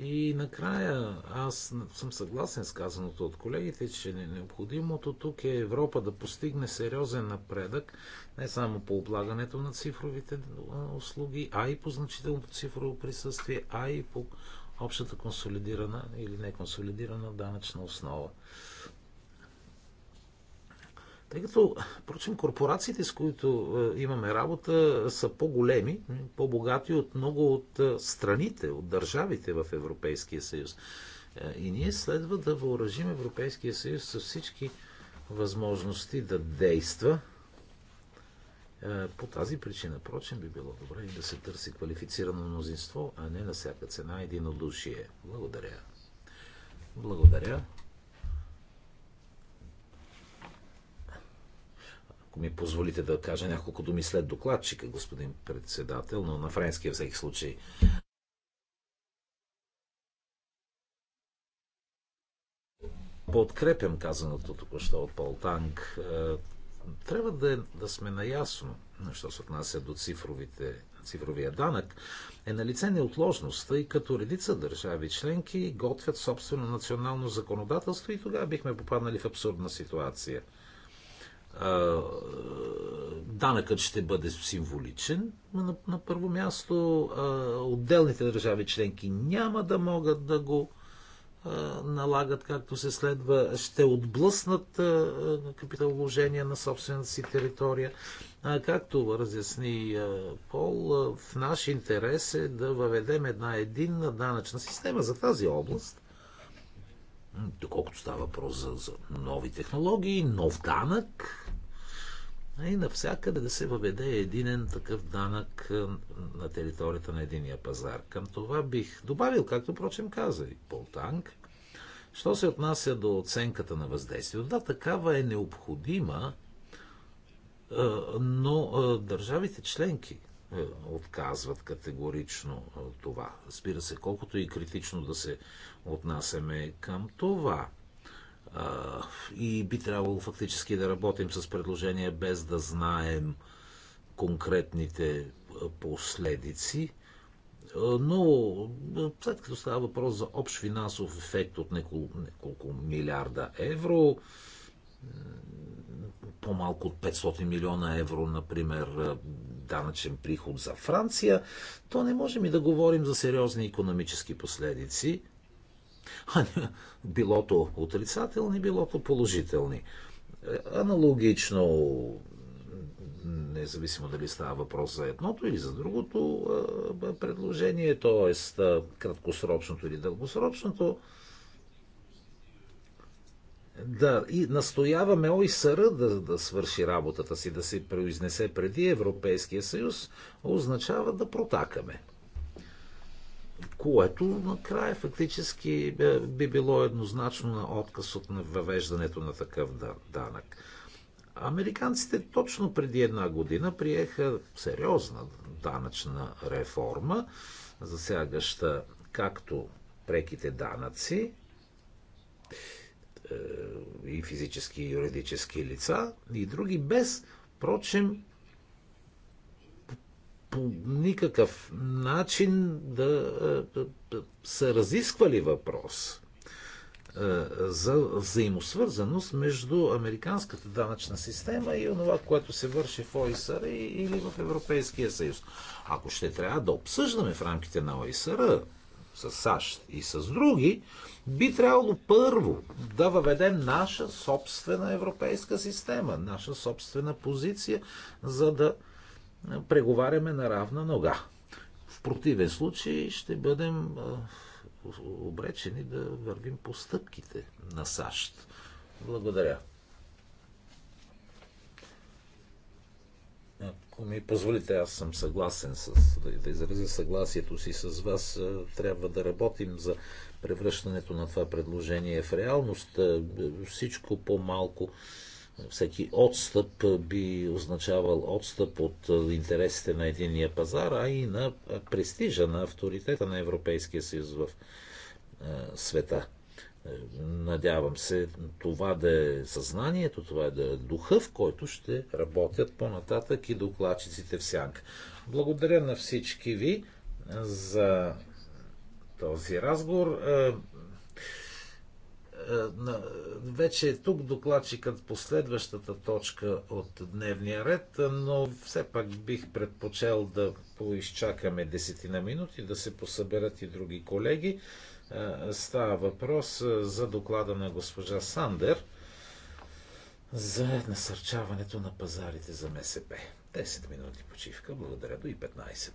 И накрая аз съм съгласен с казаното от колегите, че необходимото тук е Европа да постигне сериозен напредък не само по облагането на цифровите услуги, а и по значителното цифрово присъствие, а и по общата консолидирана или неконсолидирана данъчна основа. Тъй като, впрочем, корпорациите, с които е, имаме работа, са по-големи, по-богати от много от е, страните, от държавите в Европейския съюз. Е, и ние следва да въоръжим Европейския съюз с всички възможности да действа, е, по тази причина, прочен, би било добре и да се търси квалифицирано мнозинство, а не на всяка цена единодушие. Благодаря. Благодаря. Ако ми позволите да кажа няколко думи след докладчика, господин председател, но на френския всеки случай. Подкрепям казаното току-що от Полтанг. Е, трябва да, е, да сме наясно, що се отнася до цифровите, цифровия данък, е на лице неотложност, тъй като редица държави членки готвят собствено национално законодателство и тогава бихме попаднали в абсурдна ситуация. Данъкът ще бъде символичен на, на първо място. Отделните държави членки няма да могат да го налагат както се следва, ще отблъснат капиталовложения на собствената си територия. Както разясни Пол, в наш интерес е да въведем една единна данъчна система за тази област, доколкото става въпрос за, за нови технологии, нов данък, а и навсякъде да се въведе единен такъв данък е, на територията на единия пазар. Към това бих добавил, както прочим каза и Полтанг, що се отнася до оценката на въздействието. Да, такава е необходима, е, но е, държавите членки отказват категорично това. Разбира се, колкото и критично да се отнасяме към това и би трябвало фактически да работим с предложение без да знаем конкретните последици. Но след като става въпрос за общ финансов ефект от няколко, няколко милиарда евро, по-малко от 500 милиона евро, например, данъчен приход за Франция, то не можем и да говорим за сериозни економически последици, билото отрицателни, билото положителни. Е, аналогично, независимо дали става въпрос за едното или за другото е, предложение, т.е. краткосрочното или дългосрочното, да, и настояваме ОИСР да, да свърши работата си, да се произнесе преди Европейския съюз, означава да протакаме което накрая фактически е, би било еднозначно на отказ от въвеждането на такъв данък. Американците точно преди една година приеха сериозна данъчна реформа, засягаща както преките данъци е, и физически и юридически лица и други, без, прочим, по никакъв начин е, да, да са разисквали въпрос е, за взаимосвързаност между американската данъчна система и това, което се върши в ОИСР или в Европейския съюз. Ако ще трябва да обсъждаме в рамките на ОИСР с САЩ и с други, би трябвало първо да въведем наша собствена европейска система, наша собствена позиция, за да преговаряме на равна нога. В противен случай ще бъдем обречени да вървим по стъпките на САЩ. Благодаря. Ако ми позволите, аз съм съгласен с, да изразя съгласието си с вас. Трябва да работим за превръщането на това предложение в реалност. Всичко по-малко всеки отстъп би означавал отстъп от интересите на единния пазар, а и на престижа, на авторитета на Европейския съюз в света. Е, надявам се това да е съзнанието, това е да е духа, в който ще работят по-нататък и докладчиците в сянка. Благодаря на всички ви за този разговор. Е, е, вече е тук докладчикът по следващата точка от дневния ред, но все пак бих предпочел да поизчакаме десетина минути, да се посъберат и други колеги. Е, става въпрос е, за доклада на госпожа Сандер за насърчаването на пазарите за МСП. 10 минути почивка, благодаря до и 15.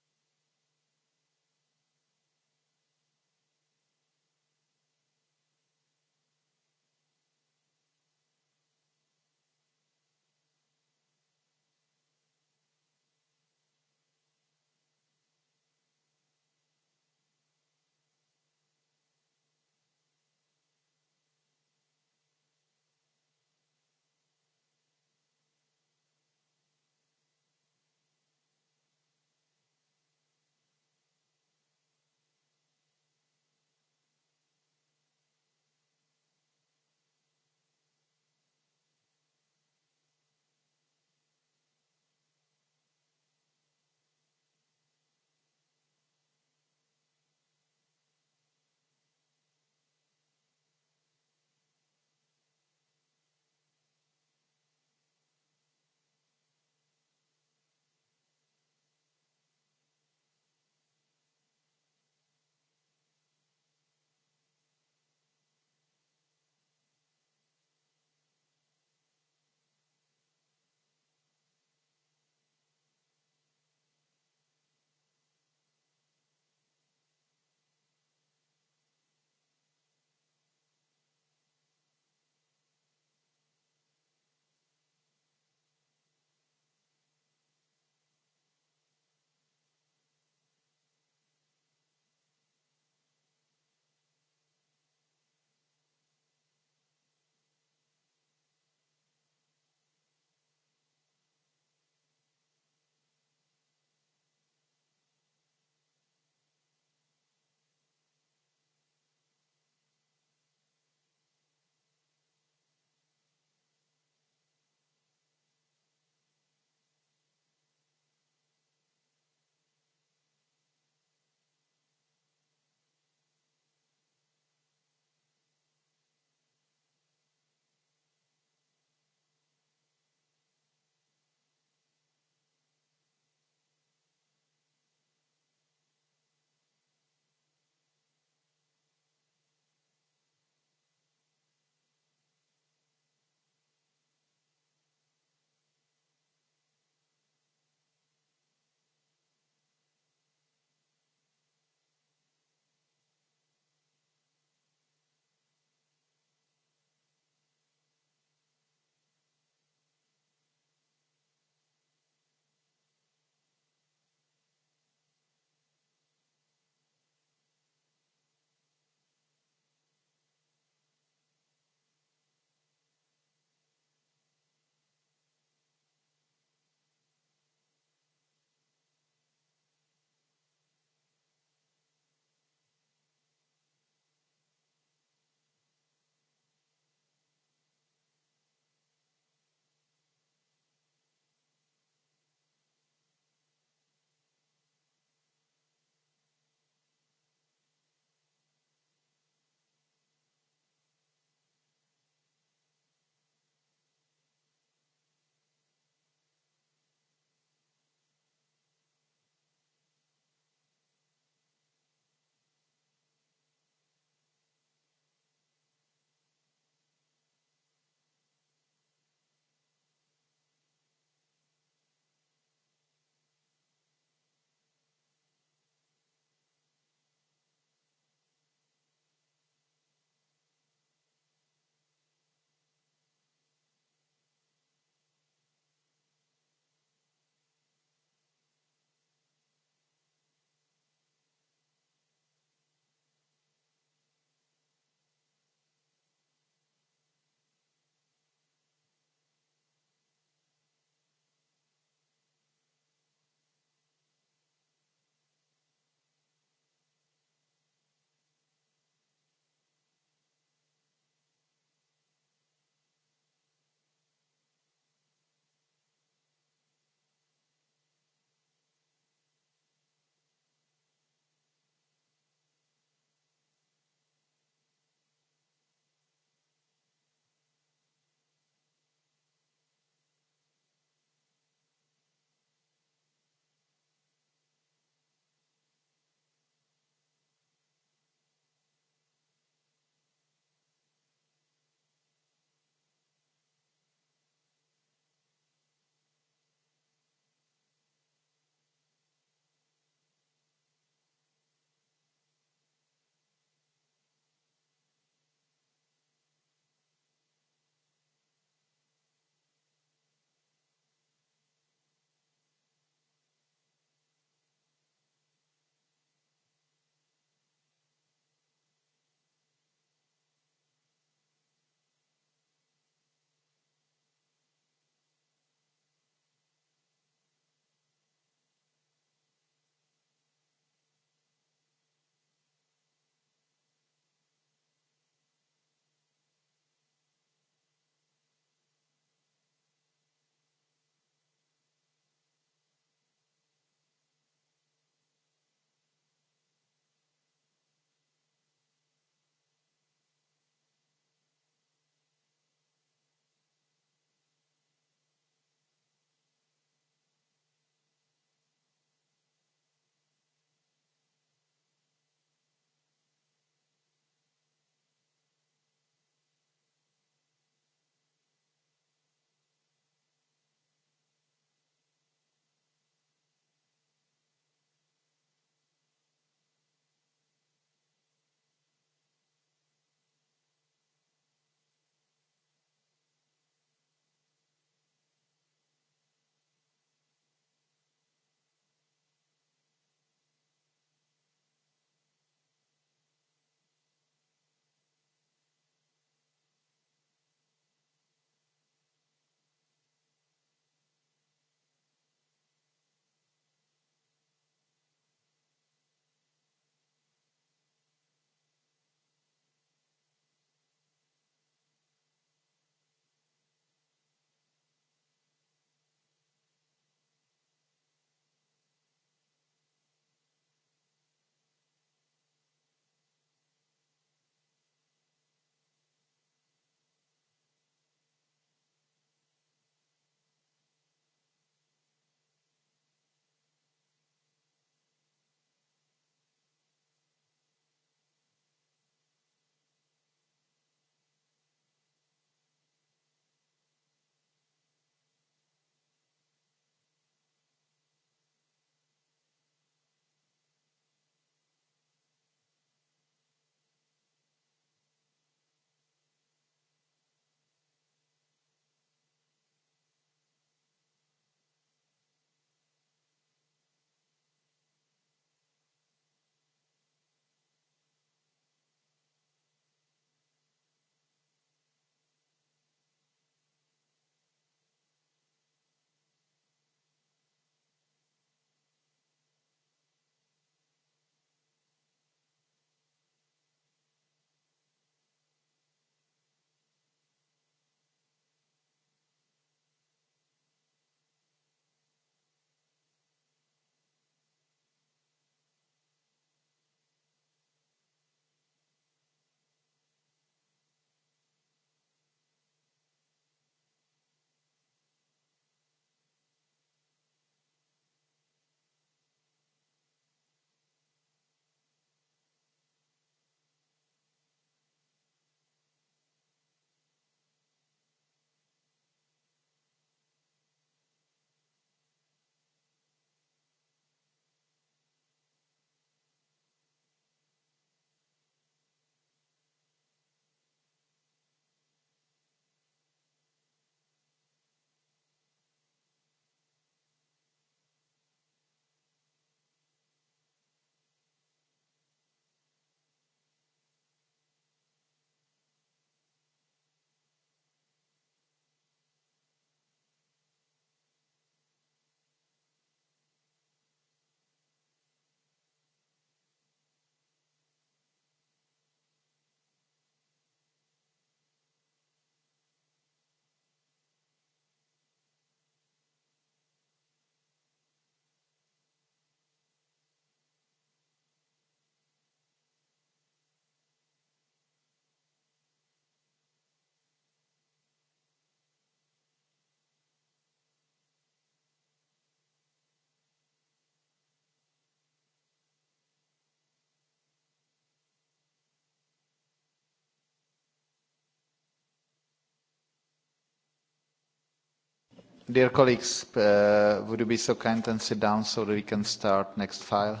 Dear colleagues, uh, would you be so kind and sit down so that we can start next file?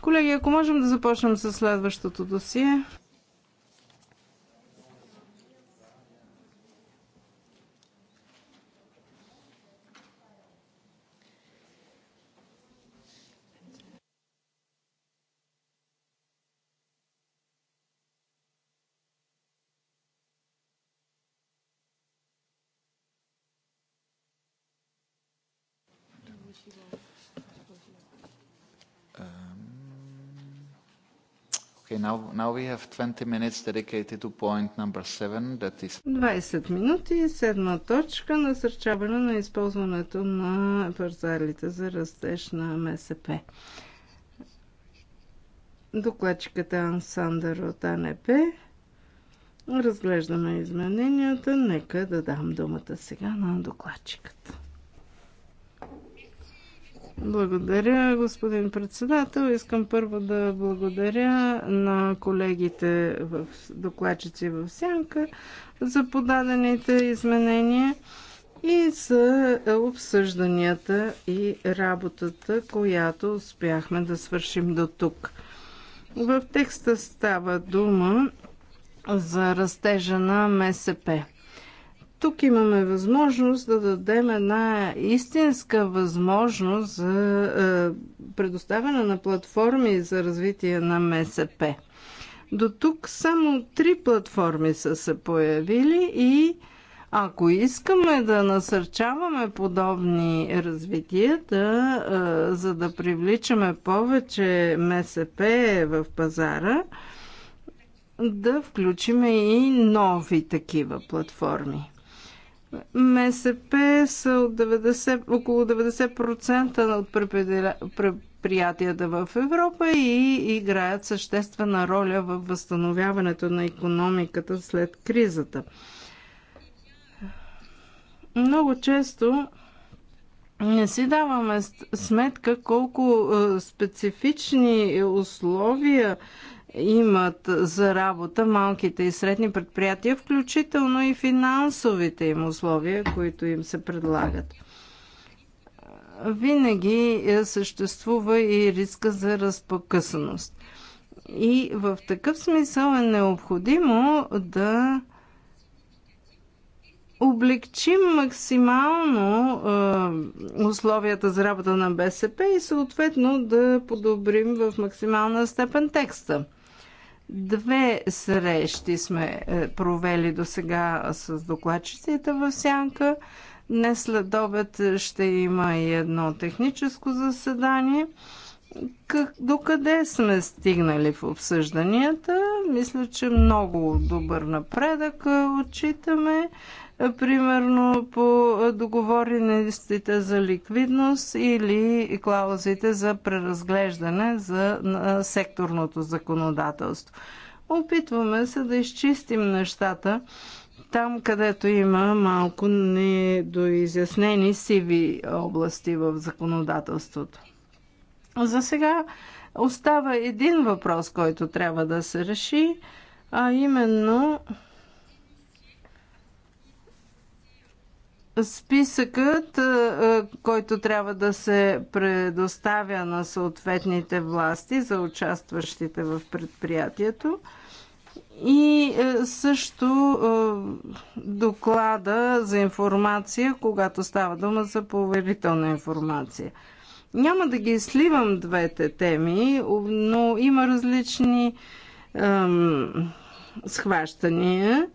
Колеги, ако можем да започнем с следващото досие. Okay, now, now we have 20 minutes dedicated to point number 7, that is... 20 минути, седма точка, насърчаване на използването на парзалите за растеж на МСП. Докладчиката Ансандър от АНП. Разглеждаме измененията. Нека да дам думата сега на докладчиката. Благодаря, господин председател. Искам първо да благодаря на колегите в докладчици в Сянка за подадените изменения и за обсъжданията и работата, която успяхме да свършим до тук. В текста става дума за растежа на МСП. Тук имаме възможност да дадем една истинска възможност за е, предоставяне на платформи за развитие на МСП. До тук само три платформи са се появили и ако искаме да насърчаваме подобни развития, да, е, за да привличаме повече МСП в пазара, да включиме и нови такива платформи. МСП са от 90, около 90% от предприятията в Европа и играят съществена роля в възстановяването на економиката след кризата. Много често не си даваме сметка колко е, специфични условия имат за работа малките и средни предприятия, включително и финансовите им условия, които им се предлагат. Винаги е, съществува и риска за разпокъсаност. И в такъв смисъл е необходимо да облегчим максимално е, условията за работа на БСП и съответно да подобрим в максимална степен текста. Две срещи сме е, провели до сега с докладчиците в Сянка. Днес след обед ще има и едно техническо заседание. Как, докъде сме стигнали в обсъжданията? Мисля, че много добър напредък отчитаме. Примерно по договореностите за ликвидност или клаузите за преразглеждане за секторното законодателство. Опитваме се да изчистим нещата там, където има малко недоизяснени сиви области в законодателството. За сега остава един въпрос, който трябва да се реши, а именно списъкът, който трябва да се предоставя на съответните власти за участващите в предприятието и също доклада за информация, когато става дума за поверителна информация – няма да ги сливам двете теми, но има различни ем, схващания.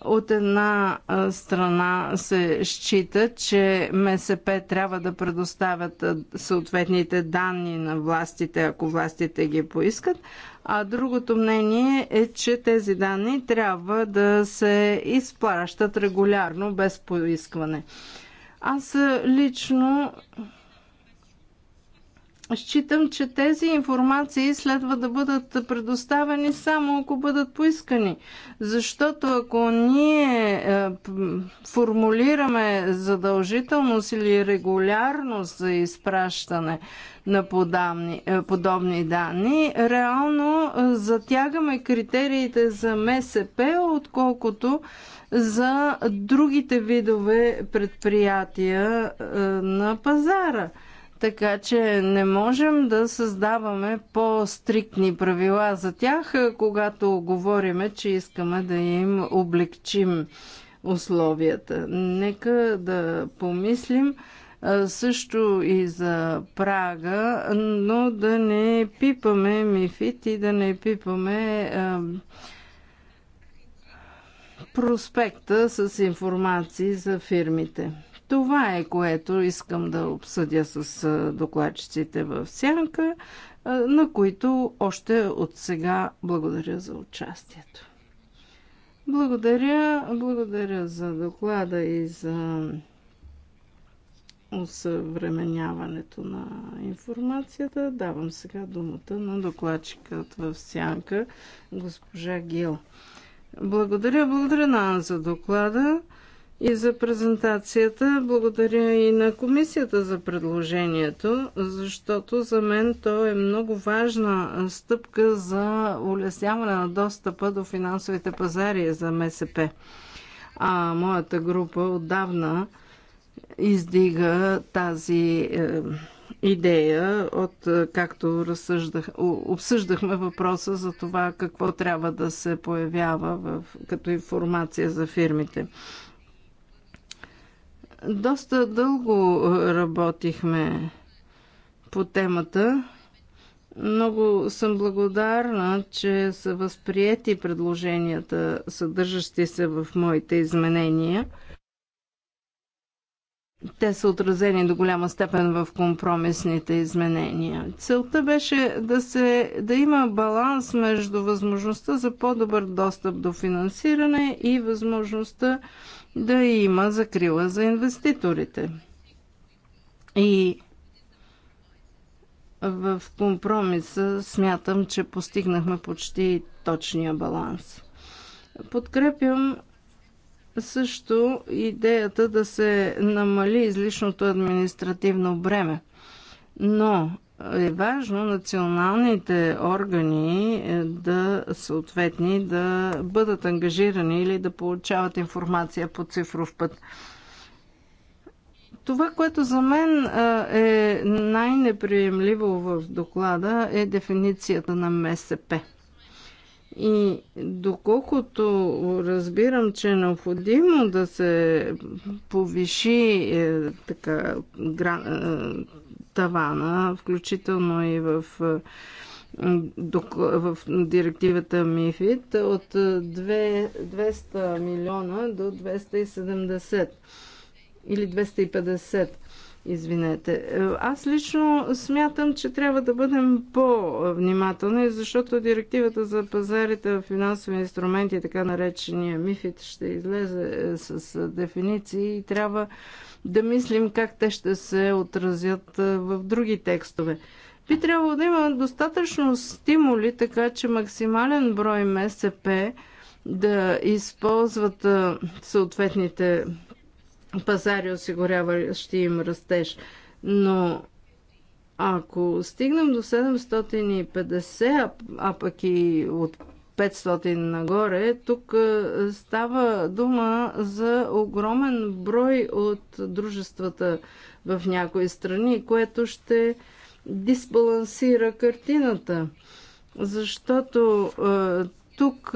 От една страна се счита, че МСП трябва да предоставят съответните данни на властите, ако властите ги поискат, а другото мнение е, че тези данни трябва да се изплащат регулярно, без поискване. Аз лично Считам, че тези информации следва да бъдат предоставени само ако бъдат поискани. Защото ако ние е, формулираме задължителност или регулярност за изпращане на подобни, е, подобни данни, реално е, затягаме критериите за МСП, отколкото за другите видове предприятия на пазара – така че не можем да създаваме по-стриктни правила за тях, когато говориме, че искаме да им облегчим условията. Нека да помислим също и за прага, но да не пипаме мифит и да не пипаме проспекта с информации за фирмите. Това е което искам да обсъдя с докладчиците в Сянка, на които още от сега благодаря за участието. Благодаря, благодаря за доклада и за усъвременяването на информацията. Давам сега думата на докладчикът в Сянка, госпожа Гил. Благодаря, благодаря на за доклада и за презентацията. Благодаря и на комисията за предложението, защото за мен то е много важна стъпка за улесняване на достъпа до финансовите пазари за МСП. А моята група отдавна издига тази е, идея, от е, както разсъждах, обсъждахме въпроса за това какво трябва да се появява в, като информация за фирмите. Доста дълго е, работихме по темата. Много съм благодарна, че са възприяти предложенията, съдържащи се в моите изменения. Те са отразени до голяма степен в компромисните изменения. Целта беше да, се, да има баланс между възможността за по-добър достъп до финансиране и възможността да има закрила за инвеститорите. И в компромиса смятам, че постигнахме почти точния баланс. Подкрепям също идеята да се намали излишното административно бреме. Но е важно националните органи е, да съответни да бъдат ангажирани или да получават информация по цифров път. Това, което за мен е, е най-неприемливо в доклада е дефиницията на МСП. И доколкото разбирам, че е необходимо да се повиши е, така, гра, е, тавана, включително и в в директивата МИФИД от 200 милиона до 270 или 250. Извинете. Аз лично смятам, че трябва да бъдем по-внимателни, защото директивата за пазарите в финансови инструменти, така наречения МИФИД, ще излезе е, с дефиниции и трябва да мислим как те ще се отразят в други текстове. Би трябвало да има достатъчно стимули, така че максимален брой МСП да използват съответните пазари, осигуряващи им растеж. Но ако стигнем до 750, а, а пък и от 500 нагоре. Тук става дума за огромен брой от дружествата в някои страни, което ще дисбалансира картината. Защото тук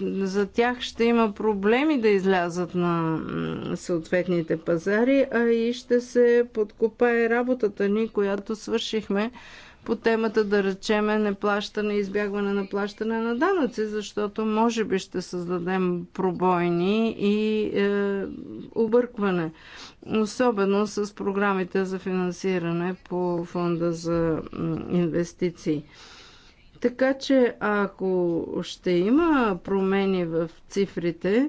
за тях ще има проблеми да излязат на съответните пазари, а и ще се подкопае работата ни, която свършихме по темата, да речеме, неплащане, избягване на плащане на данъци, защото може би ще създадем пробойни и е, объркване. Особено с програмите за финансиране по фонда за инвестиции. Така че ако ще има промени в цифрите,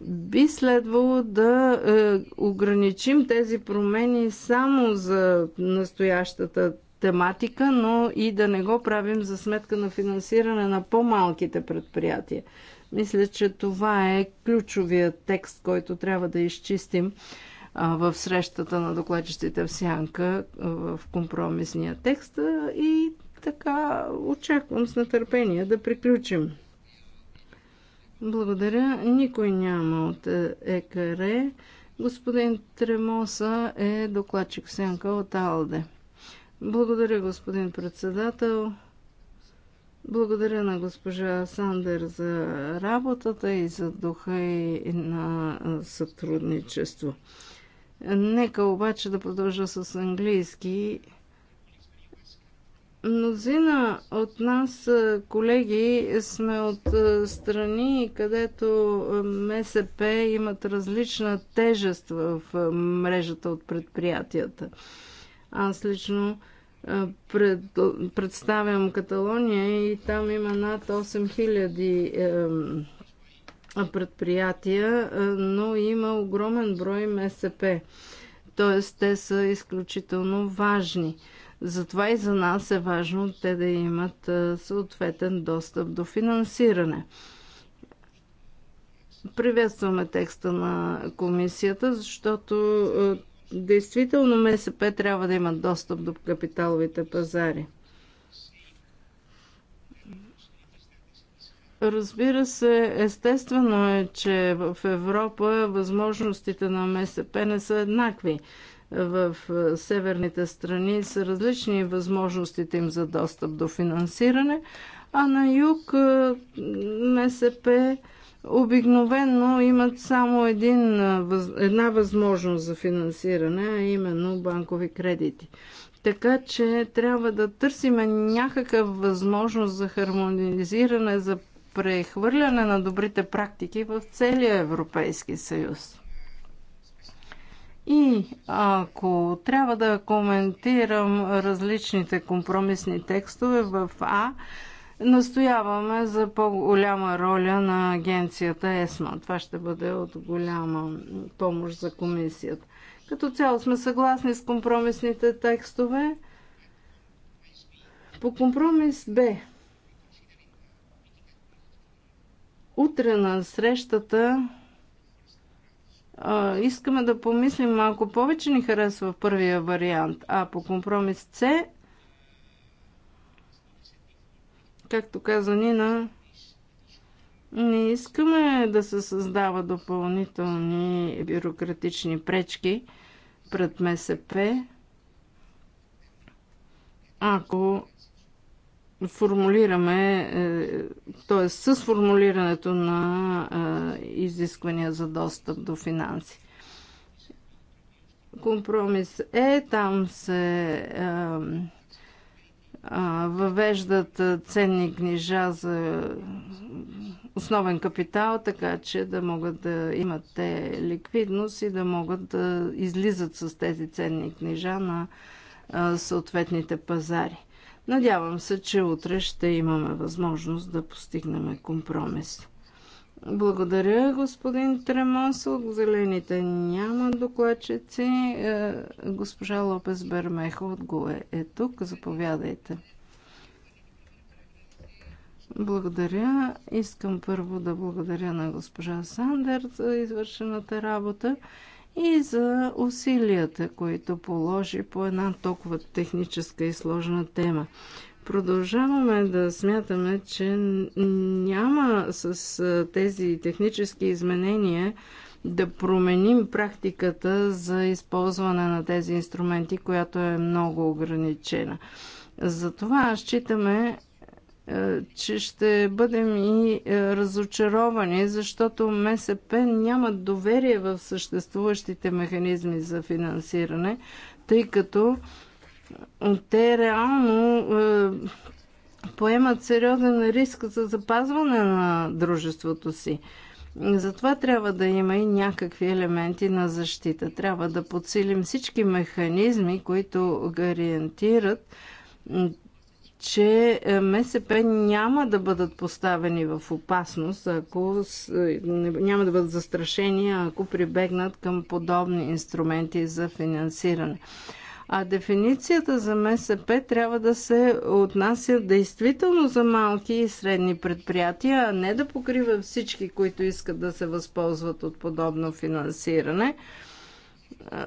би следвало да е, ограничим тези промени само за настоящата тематика, но и да не го правим за сметка на финансиране на по-малките предприятия. Мисля, че това е ключовия текст, който трябва да изчистим в срещата на докладчиците в Сянка в компромисния текст и така очаквам с нетърпение да приключим. Благодаря. Никой няма от е, ЕКР. Господин Тремоса е докладчик Сянка от АЛДЕ. Благодаря, господин председател. Благодаря на госпожа Сандер за работата и за духа и на сътрудничество. Нека обаче да продължа с английски. Мнозина от нас, е, колеги, сме от е, страни, където е, МСП имат различна тежест в мрежата от предприятията. Аз лично пред, представям Каталония и там има над 8000 е, предприятия, но има огромен брой МСП. Тоест, те са изключително важни. Затова и за нас е важно те да имат съответен достъп до финансиране. Приветстваме текста на комисията, защото Действително МСП трябва да имат достъп до капиталовите пазари. Разбира се, естествено е, че в Европа възможностите на МСП не са еднакви. В е, северните страни са различни възможностите им за достъп до финансиране, а на юг е, МСП обикновенно имат само един, една възможност за финансиране, а именно банкови кредити. Така че трябва да търсим някакъв възможност за хармонизиране, за прехвърляне на добрите практики в целия Европейски съюз. И ако трябва да коментирам различните компромисни текстове в А, Настояваме за по-голяма роля на агенцията ЕСМА. Това ще бъде от голяма помощ за комисията. Като цяло сме съгласни с компромисните текстове. По компромис Б. Утре на срещата а, искаме да помислим малко повече ни харесва в първия вариант, а по компромис С както каза Нина, не искаме да се създава допълнителни бюрократични пречки пред МСП, ако формулираме, е, т.е. с формулирането на е, изисквания за достъп до финанси. Компромис е, там се е, въвеждат ценни книжа за основен капитал, така че да могат да имат те ликвидност и да могат да излизат с тези ценни книжа на съответните пазари. Надявам се, че утре ще имаме възможност да постигнем компромис. Благодаря, господин Тремонсо. Зелените няма докладчици. Е, госпожа Лопес Бермехо от ГУЕ е тук. Заповядайте. Благодаря. Искам първо да благодаря на госпожа Сандер за извършената работа и за усилията, които положи по една толкова техническа и сложна тема. Продължаваме да смятаме, че няма с тези технически изменения да променим практиката за използване на тези инструменти, която е много ограничена. Затова считаме, че ще бъдем и разочаровани, защото МСП няма доверие в съществуващите механизми за финансиране, тъй като те реално е, поемат сериозен риск за запазване на дружеството си. Затова трябва да има и някакви елементи на защита. Трябва да подсилим всички механизми, които гарантират, че е, МСП няма да бъдат поставени в опасност, ако няма да бъдат застрашени, ако прибегнат към подобни инструменти за финансиране. А дефиницията за МСП трябва да се отнася действително за малки и средни предприятия, а не да покрива всички, които искат да се възползват от подобно финансиране,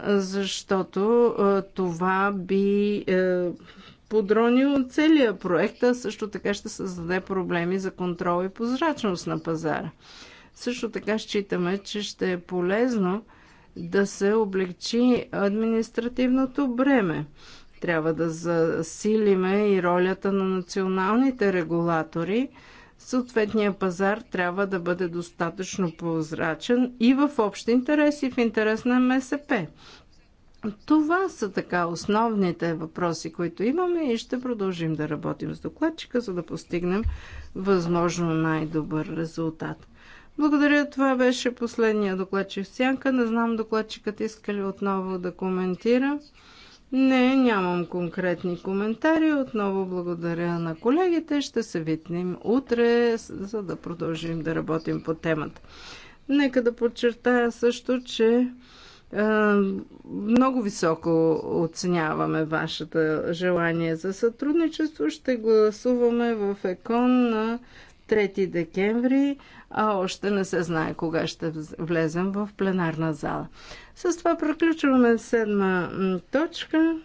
защото това би е, подронил целия проект, а също така ще създаде проблеми за контрол и прозрачност на пазара. Също така считаме, че ще е полезно да се облегчи административното бреме. Трябва да засилиме и ролята на националните регулатори. Съответният пазар трябва да бъде достатъчно прозрачен и в общ интерес и в интерес на МСП. Това са така основните въпроси, които имаме и ще продължим да работим с докладчика, за да постигнем възможно най-добър резултат. Благодаря, това беше последния докладчик в сянка. Не знам докладчикът иска ли отново да коментира. Не, нямам конкретни коментари. Отново благодаря на колегите. Ще се витнем утре, за да продължим да работим по темата. Нека да подчертая също, че много високо оценяваме вашето желание за сътрудничество. Ще гласуваме в ЕКОН на 3 декември, а още не се знае кога ще влезем в пленарна зала. С това приключваме седма точка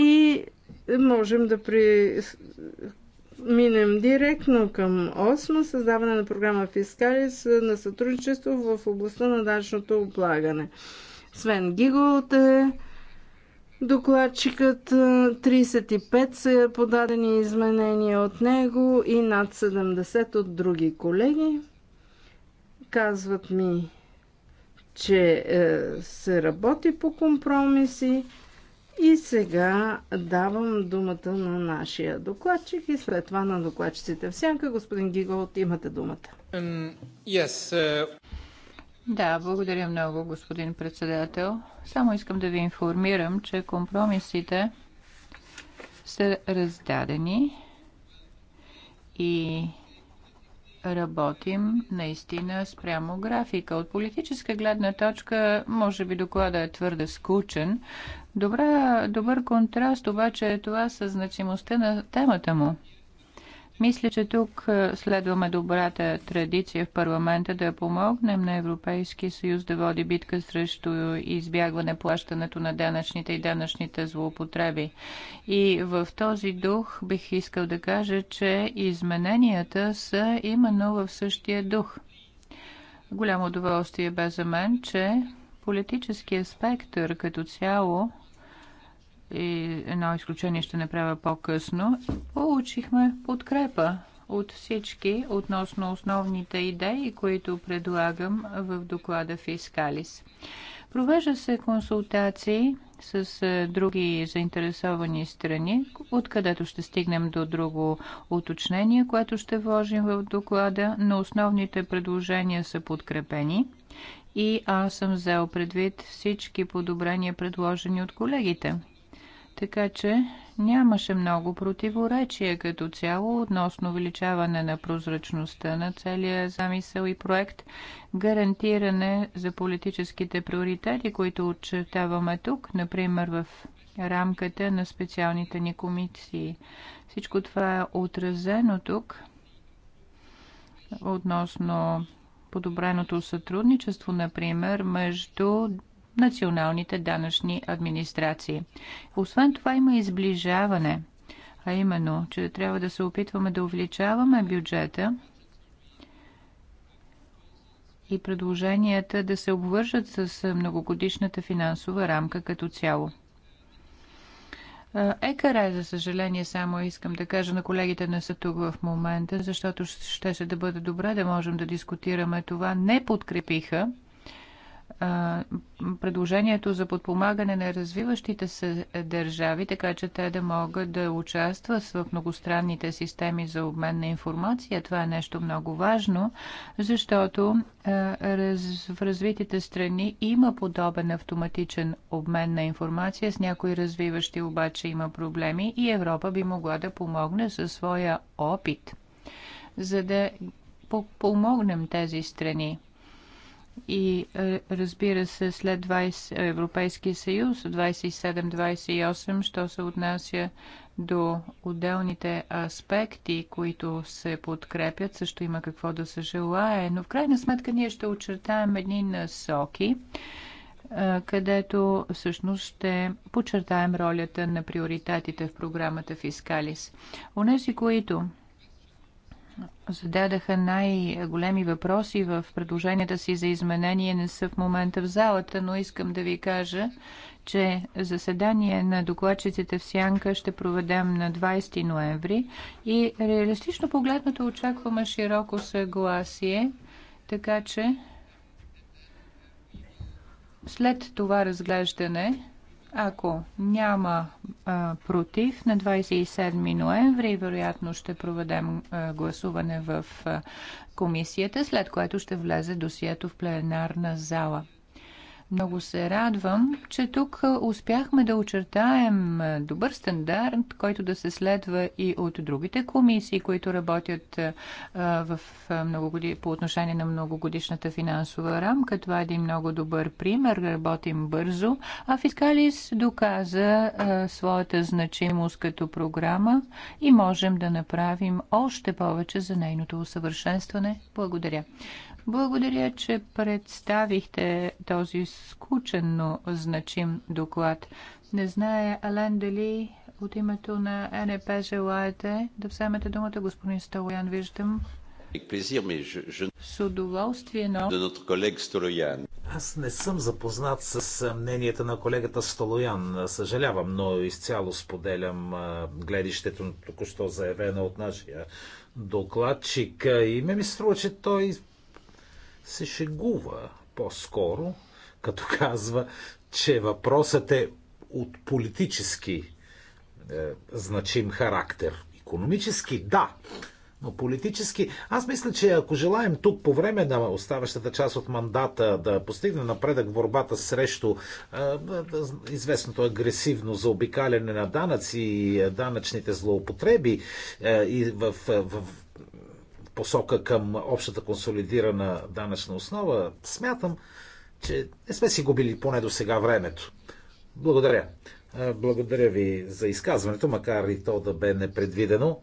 и можем да при... минем директно към 8 създаване на програма Фискалис на сътрудничество в областта на дачното облагане. Свен Гиголт е Докладчикът 35 са подадени изменения от него и над 70 от други колеги. Казват ми, че е, се работи по компромиси. И сега давам думата на нашия докладчик и след това на докладчиците. Всяка, господин Гигол, имате думата. Um, yes, uh... Да, благодаря много, господин председател. Само искам да ви информирам, че компромисите са раздадени и работим наистина спрямо графика. От политическа гледна точка, може би доклада е твърде скучен. Добра, добър контраст обаче е това със значимостта на темата му – мисля, че тук е, следваме добрата традиция в парламента да помогнем на Европейския съюз да води битка срещу избягване плащането на данъчните и данъчните злоупотреби. И в този дух бих искал да кажа, че измененията са именно в същия дух. Голямо удоволствие бе за мен, че политическия спектър като цяло и едно изключение ще направя по-късно, получихме подкрепа от всички относно основните идеи, които предлагам в доклада Фискалис. Провежда се консултации с е, други заинтересовани страни, откъдето ще стигнем до друго уточнение, което ще вложим в доклада, но основните предложения са подкрепени и аз съм взел предвид всички подобрения, предложени от колегите. Така че нямаше много противоречие като цяло относно увеличаване на прозрачността на целия замисъл и проект, гарантиране за политическите приоритети, които отчетаваме тук, например в рамката на специалните ни комисии. Всичко това е отразено тук относно подобреното сътрудничество, например, между националните данъчни администрации. Освен това има изближаване, а именно, че трябва да се опитваме да увеличаваме бюджета и предложенията да се обвържат с многогодишната финансова рамка като цяло. ЕКР, за съжаление, само искам да кажа на колегите не са тук в момента, защото щеше да бъде добре да можем да дискутираме това. Не подкрепиха предложението за подпомагане на развиващите се държави, така че те да могат да участват в многостранните системи за обмен на информация. Това е нещо много важно, защото в развитите страни има подобен автоматичен обмен на информация. С някои развиващи обаче има проблеми и Европа би могла да помогне със своя опит, за да помогнем тези страни и е, разбира се след 20, е, Европейския съюз 27-28, що се отнася до отделните аспекти, които се подкрепят, също има какво да се желае, но в крайна сметка ние ще очертаем едни насоки, е, където всъщност ще подчертаем ролята на приоритетите в програмата Фискалис. Унеси, които зададаха най-големи въпроси в предложенията си за изменение, не са в момента в залата, но искам да ви кажа, че заседание на докладчиците в Сянка ще проведем на 20 ноември и реалистично погледнато очакваме широко съгласие, така че след това разглеждане ако няма а, против, на 27 ноември вероятно ще проведем а, гласуване в а, комисията, след което ще влезе досието в пленарна зала. Много се радвам, че тук успяхме да очертаем добър стандарт, който да се следва и от другите комисии, които работят в годи... по отношение на многогодишната финансова рамка. Това е един много добър пример. Работим бързо. А Фискалис доказа своята значимост като програма и можем да направим още повече за нейното усъвършенстване. Благодаря. Благодаря, че представихте този скучен, но значим доклад. Не знае, Ален, дали от името на НП желаете да вземете думата, господин Столоян, виждам. С удоволствие, но... Аз не съм запознат с мненията на колегата Столоян. Съжалявам, но изцяло споделям гледището на току-що заявено от нашия докладчик. И ме ми струва, че той се шегува по-скоро, като казва, че въпросът е от политически е, значим характер. Економически, да, но политически, аз мисля, че ако желаем тук по време на оставащата част от мандата да постигне напредък в борбата срещу е, е, известното агресивно заобикаляне на данъци и данъчните злоупотреби е, и в, в посока към общата консолидирана данъчна основа, смятам, че не сме си губили поне до сега времето. Благодаря. Благодаря ви за изказването, макар и то да бе непредвидено.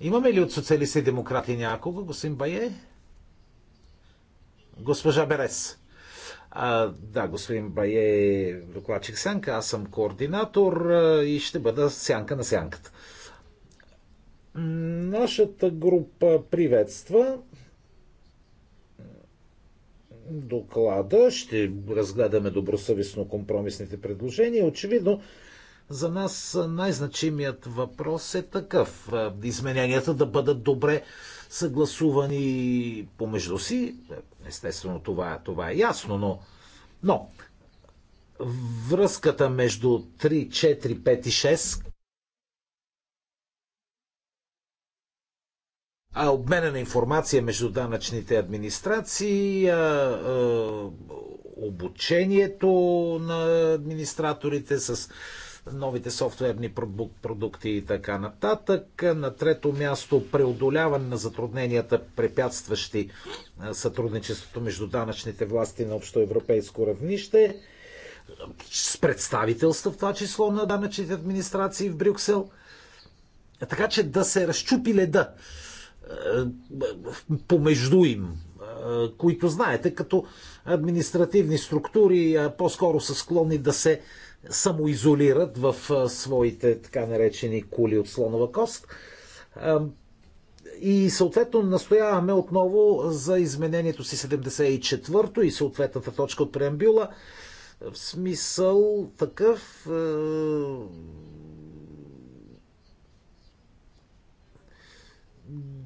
Имаме ли от социалисти и демократи някого, господин Бае? Госпожа Берес. А, да, господин Бае, е докладчик Сянка, аз съм координатор и ще бъда сянка на сянката. Нашата група приветства доклада. Ще разгледаме добросъвестно компромисните предложения. Очевидно, за нас най-значимият въпрос е такъв. Измененията да бъдат добре съгласувани помежду си. Естествено, това, това е ясно, но, но връзката между 3, 4, 5 и 6 а обмена на информация между данъчните администрации, а, а, обучението на администраторите с новите софтуерни продукти и така нататък. На трето място преодоляване на затрудненията, препятстващи сътрудничеството между данъчните власти на общоевропейско равнище, с представителства, в това число на данъчните администрации в Брюксел. Така че да се разчупи леда помежду им, които знаете, като административни структури по-скоро са склонни да се самоизолират в своите така наречени кули от слонова кост. И съответно настояваме отново за изменението си 74-то и съответната точка от преамбюла. В смисъл такъв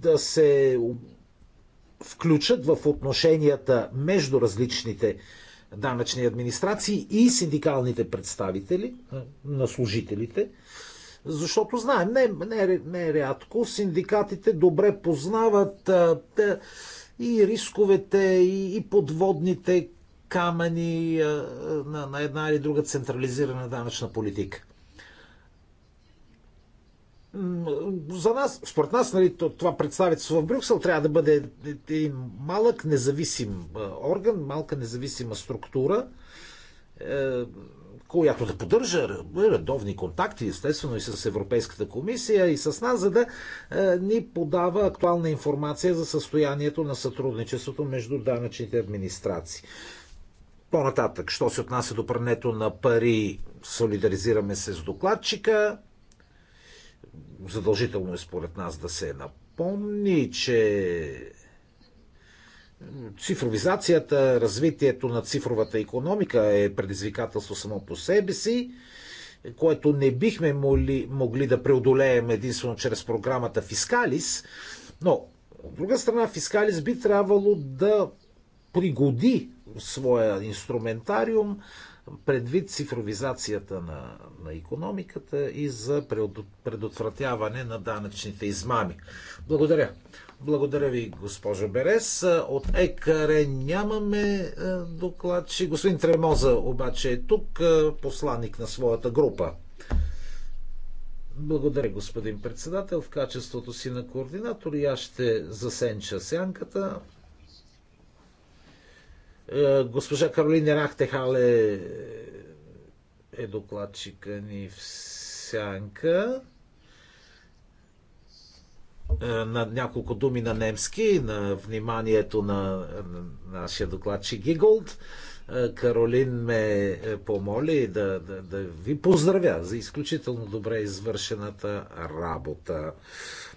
да се включат в отношенията между различните данъчни администрации и синдикалните представители на служителите. Защото знаем, не, не, не е рядко синдикатите добре познават а, те, и рисковете, и, и подводните камъни а, на, на една или друга централизирана данъчна политика за нас, според нас, нали, това представителство в Брюксел трябва да бъде един малък независим орган, малка независима структура, е, която да поддържа е, редовни контакти, естествено и с Европейската комисия и с нас, за да е, ни подава актуална информация за състоянието на сътрудничеството между данъчните администрации. По-нататък, що се отнася до прането на пари, солидаризираме се с докладчика, задължително е според нас да се напомни, че цифровизацията, развитието на цифровата економика е предизвикателство само по себе си, което не бихме могли, могли да преодолеем единствено чрез програмата Фискалис, но от друга страна Фискалис би трябвало да пригоди своя инструментариум предвид цифровизацията на, на економиката и за предотвратяване на данъчните измами. Благодаря. Благодаря ви, госпожо Берес. От ЕКР нямаме е, докладчи. Господин Тремоза обаче е тук, е, посланник на своята група. Благодаря, господин председател. В качеството си на координатор и аз ще засенча сянката Госпожа Каролина Рахтехал е, е докладчика ни в сянка е, на няколко думи на немски, на вниманието на нашия докладчик Гиголд. Е, Каролин ме е, помоли да, да, да ви поздравя за изключително добре извършената работа.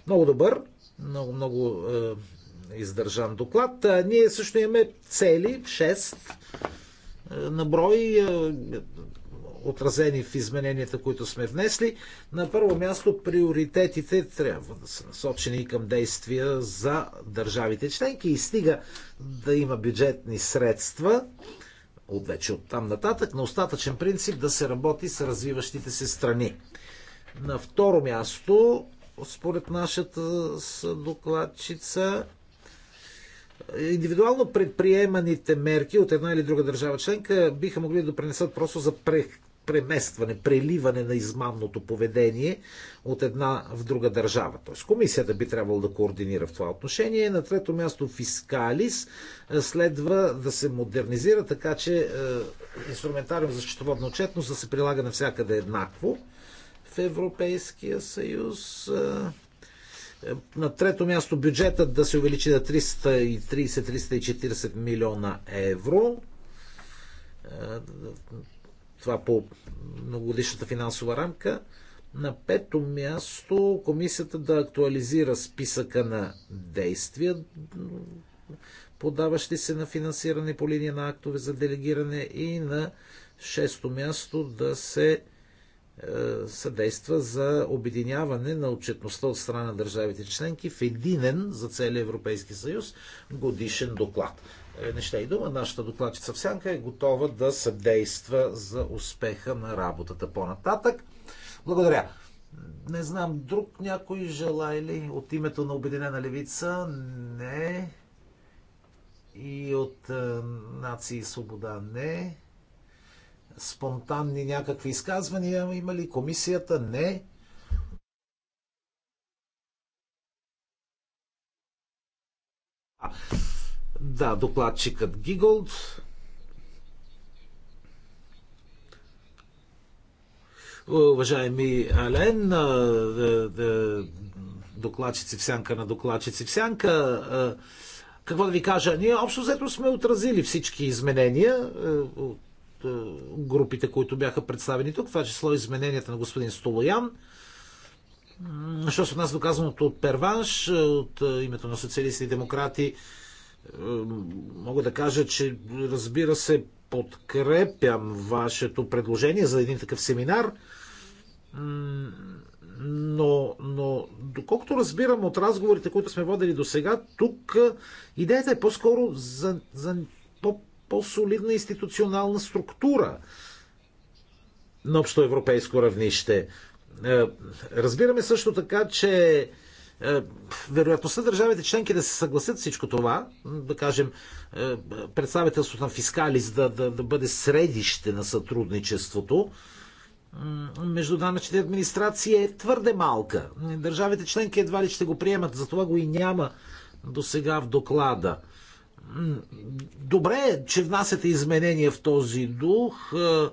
Много добър, много, много издържан доклад. Ние също имаме цели, 6 на брой, отразени в измененията, които сме внесли. На първо място приоритетите трябва да са насочени и към действия за държавите членки и стига да има бюджетни средства от вече от там нататък на остатъчен принцип да се работи с развиващите се страни. На второ място, според нашата докладчица, индивидуално предприеманите мерки от една или друга държава членка биха могли да допринесат просто за преместване, преливане на измамното поведение от една в друга държава. Тоест комисията би трябвало да координира в това отношение. На трето място фискалис е, следва да се модернизира така, че е, инструментариум за счетоводна отчетност да се прилага навсякъде еднакво в Европейския съюз. Е, на трето място бюджетът да се увеличи на 330-340 милиона евро. Е, това по многогодишната финансова рамка. На пето място комисията да актуализира списъка на действия, подаващи се на финансиране по линия на актове за делегиране и на шесто място да се съдейства за обединяване на отчетността от страна на държавите членки в единен за целия Европейски съюз годишен доклад. Е, Неща и дума, нашата докладчица в Сянка е готова да съдейства за успеха на работата по-нататък. Благодаря. Не знам, друг някой желай ли от името на Обединена левица? Не. И от е, Нации и Свобода? Не спонтанни някакви изказвания има ли комисията? Не. Да, докладчикът Гиголд. Уважаеми Ален, докладчици в сянка на докладчици в сянка, какво да ви кажа, ние общо взето сме отразили всички изменения от е, групите, които бяха представени тук, това число измененията на господин Столоян. Що се отнася казаното от Перванш, е, от е, името на социалисти и демократи, мога да кажа, че разбира се, подкрепям вашето предложение за един такъв семинар, но, но доколкото разбирам от разговорите, които сме водили до сега, тук идеята е по-скоро за, за по-солидна институционална структура на общо европейско равнище. Е, разбираме също така, че е, вероятността държавите членки да се съгласят всичко това, да кажем, е, представителството на фискалист да, да, да бъде средище на сътрудничеството между данъчните администрации е твърде малка. Държавите членки едва ли ще го приемат, затова го и няма до сега в доклада. Добре, е, че внасяте изменения в този дух. Е,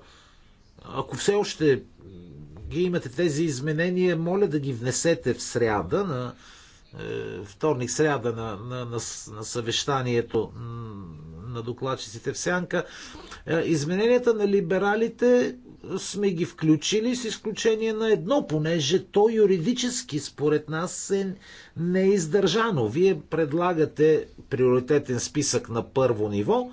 ако все още ги имате тези изменения, моля да ги внесете в сряда, на е, вторник сряда на, на, на, на съвещанието на докладчиците в Сянка. Измененията на либералите сме ги включили с изключение на едно, понеже то юридически според нас е неиздържано. Вие предлагате приоритетен списък на първо ниво,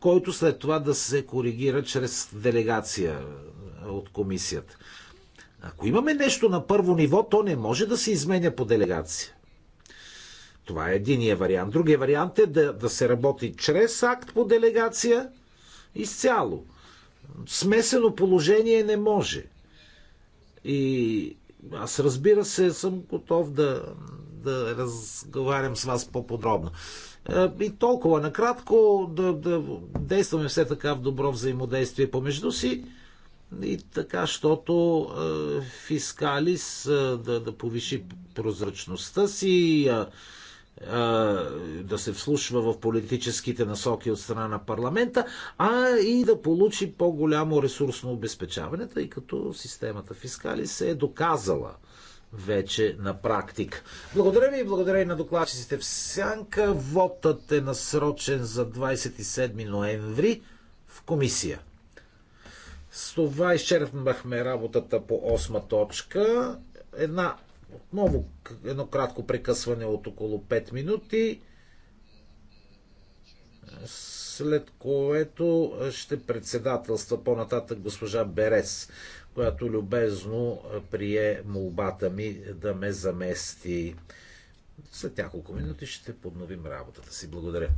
който след това да се коригира чрез делегация е, от комисията. Ако имаме нещо на първо ниво, то не може да се изменя по делегация. Това е единия вариант. Другия вариант е да, да се работи чрез акт по делегация изцяло смесено положение не може. И аз разбира се съм готов да, да разговарям с вас по-подробно. Е, и толкова накратко да, да действаме все така в добро взаимодействие помежду си и така, щото е, фискалис е, да, да повиши прозрачността си, да се вслушва в политическите насоки от страна на парламента, а и да получи по-голямо ресурсно обезпечаване, тъй като системата фискали се е доказала вече на практика. Благодаря ви и благодаря и на докладчиците в Сянка. Вотът е насрочен за 27 ноември в комисия. С това изчерпнахме работата по 8 точка. Една отново едно кратко прекъсване от около 5 минути, след което ще председателства по-нататък госпожа Берес, която любезно прие молбата ми да ме замести. След няколко минути ще подновим работата си. Благодаря.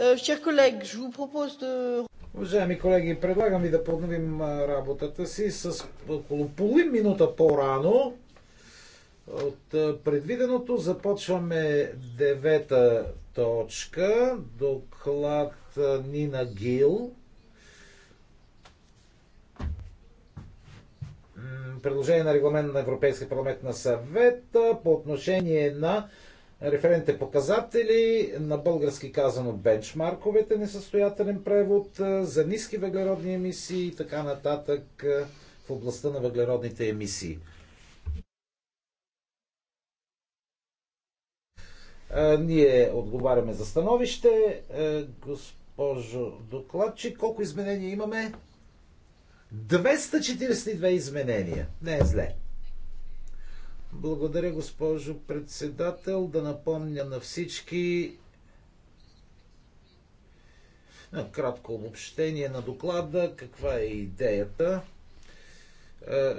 Е, Уважаеми колеги, предлагам ви да подновим работата си с около половин минута по-рано. От предвиденото започваме девета точка. Доклад Нина Гил. Предложение на регламент на Европейския парламент на съвета по отношение на референтните показатели, на български казано бенчмарковете, несъстоятелен превод, за ниски въглеродни емисии и така нататък в областта на въглеродните емисии. Ние отговаряме за становище. Госпожо докладчик, колко изменения имаме? 242 изменения. Не е зле. Благодаря, госпожо председател. Да напомня на всички на кратко обобщение на доклада, каква е идеята. Е, е,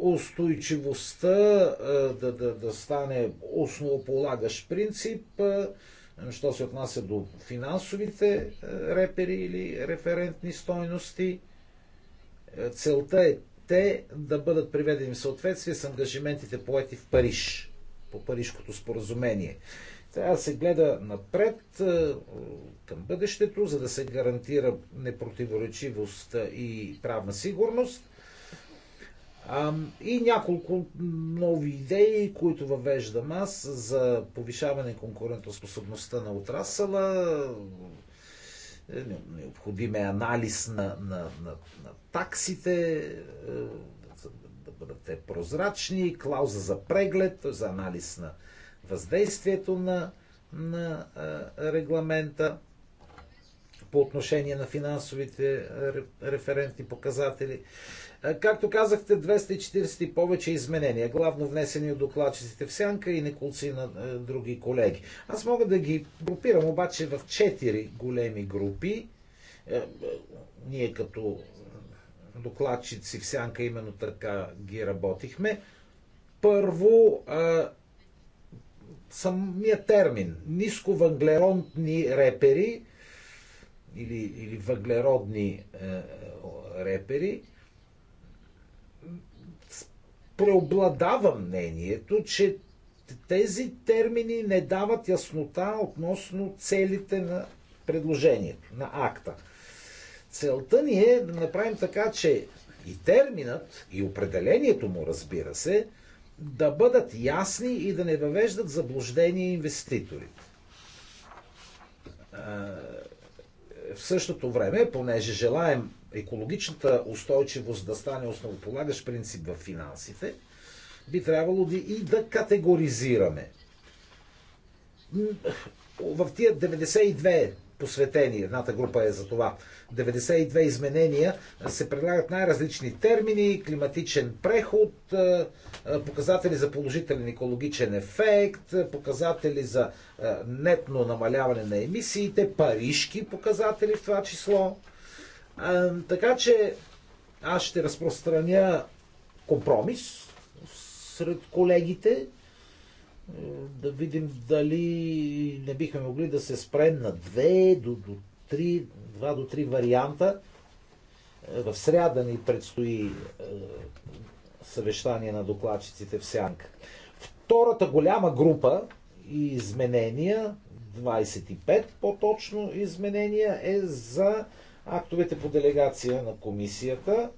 устойчивостта е, да, да, да стане основополагащ принцип, що се отнася до финансовите репери или референтни стойности. Целта е те да бъдат приведени в съответствие с ангажиментите поети в Париж, по Парижкото споразумение. Трябва да се гледа напред към бъдещето, за да се гарантира непротиворечивост и правна сигурност. И няколко нови идеи, които въвеждам аз за повишаване конкурентоспособността на отрасъла, е, необходим е анализ на, на, на, на таксите, е, да бъдат те прозрачни, клауза за преглед, за анализ на въздействието на, на е, регламента по отношение на финансовите референтни показатели. Е, както казахте, 240 повече изменения, главно внесени от докладчиците в Сянка и неколци на е, други колеги. Аз мога да ги групирам обаче в четири големи групи. Е, ние като докладчици в Сянка именно така ги работихме. Първо, самия термин нисковъглеродни репери или, или въглеродни репери – преобладава мнението, че тези термини не дават яснота относно целите на предложението, на акта. Целта ни е да направим така, че и терминът, и определението му, разбира се, да бъдат ясни и да не въвеждат заблуждение инвеститорите. В същото време, понеже желаем екологичната устойчивост да стане основополагащ принцип в финансите, би трябвало да и да категоризираме. В тия 92 посветени, едната група е за това, 92 изменения се предлагат най-различни термини, климатичен преход, е, е, показатели за положителен екологичен ефект, показатели за е, нетно намаляване на емисиите, парижки показатели в това число така че аз ще разпространя компромис сред колегите. Е, да видим дали не бихме могли да се спрем на две до, до три, два до три варианта. Е, в сряда ни предстои е, съвещание на докладчиците в Сянка. Втората голяма група и изменения, 25 по-точно изменения, е за актовете по делегация на комисията,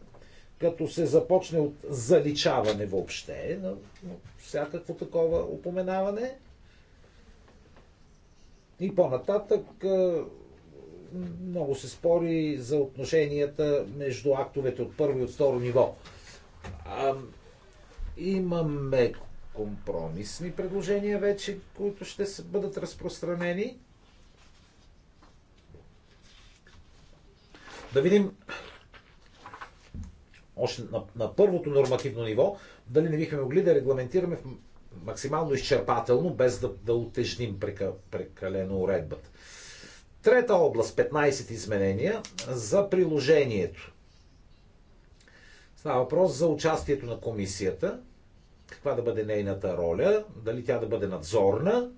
като се започне от заличаване въобще на всякакво такова упоменаване. И по-нататък много се спори за отношенията между актовете от първо и от второ ниво. А, имаме компромисни предложения вече, които ще бъдат разпространени. да видим още на, на първото нормативно ниво, дали не бихме могли да регламентираме в максимално изчерпателно, без да, да утежним прекалено уредбата. Трета област, 15 изменения за приложението. Става въпрос за участието на комисията, каква да бъде нейната роля, дали тя да бъде надзорна,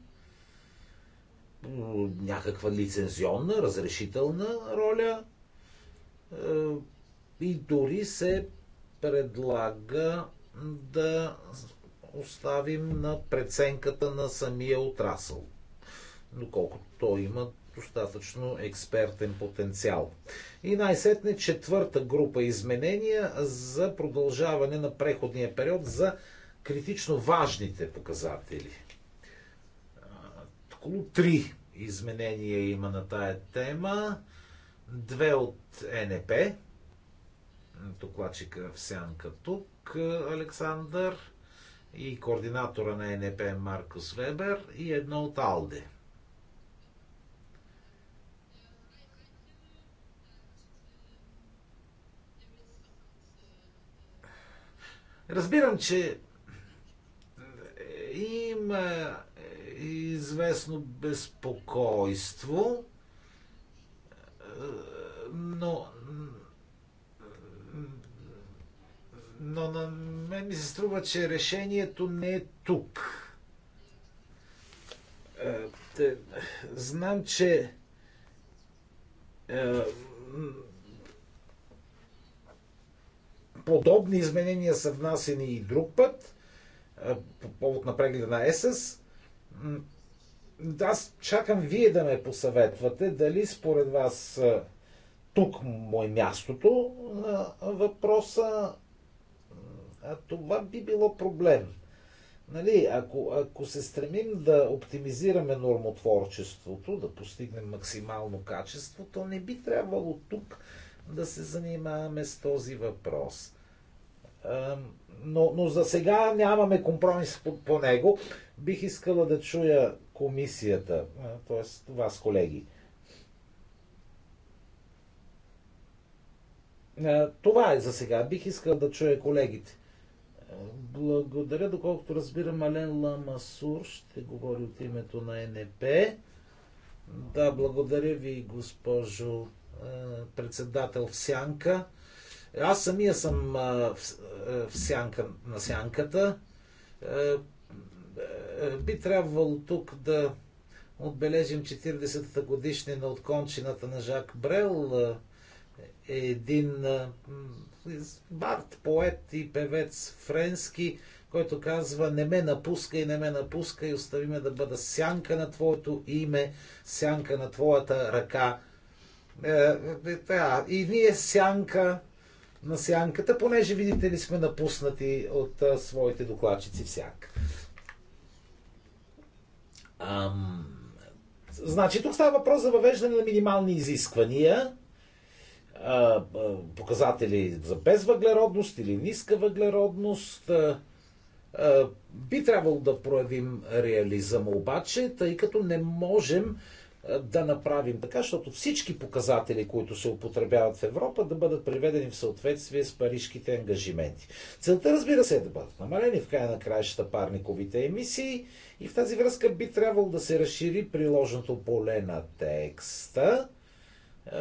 някаква лицензионна, разрешителна роля, е, и дори се предлага да оставим на преценката на самия отрасъл, доколкото той има достатъчно експертен потенциал. И най-сетне четвърта група изменения за продължаване на преходния период за критично важните показатели. Около три изменения има на тая тема. Две от НП. Докладчика в сянка тук, Александър и координатора на НП Маркус Вебер и едно от Алде. Разбирам, че има известно безпокойство но но на мен ми се струва, че решението не е тук. Е, знам, че е, подобни изменения са внасени и друг път е, по повод на прегледа на ЕСС аз чакам вие да ме посъветвате дали според вас тук му е мястото на въпроса, а това би било проблем. Нали, ако, ако се стремим да оптимизираме нормотворчеството, да постигнем максимално качество, то не би трябвало тук да се занимаваме с този въпрос. Но, но за сега нямаме компромис по, по него. Бих искала да чуя комисията, т.е. вас, колеги. Това е за сега. Бих искал да чуя колегите. Благодаря, доколкото разбирам, Ален Ламасур ще говори от името на НП. Да, благодаря ви, госпожо председател в Сянка. Аз самия съм в сянка на сянката. Е, е, би трябвало тук да отбележим 40-та годишнина от кончината на Жак Брел, е, един барт, поет и певец френски, който казва не ме напуска и не ме напуска и остави ме да бъда сянка на твоето име, сянка на твоята ръка. И ние сянка на сянката, понеже видите ли сме напуснати от своите докладчици всяк. Ам... Значи, тук става въпрос за въвеждане на минимални изисквания, а, а, показатели за безвъглеродност или ниска въглеродност. А, би трябвало да проявим реализъм обаче, тъй като не можем е, да направим така, защото всички показатели, които се употребяват в Европа, да бъдат приведени в съответствие с парижките ангажименти. Целта, разбира се, е да бъдат намалени в края на краищата парниковите емисии и в тази връзка би трябвало да се разшири приложното поле на текста. Е,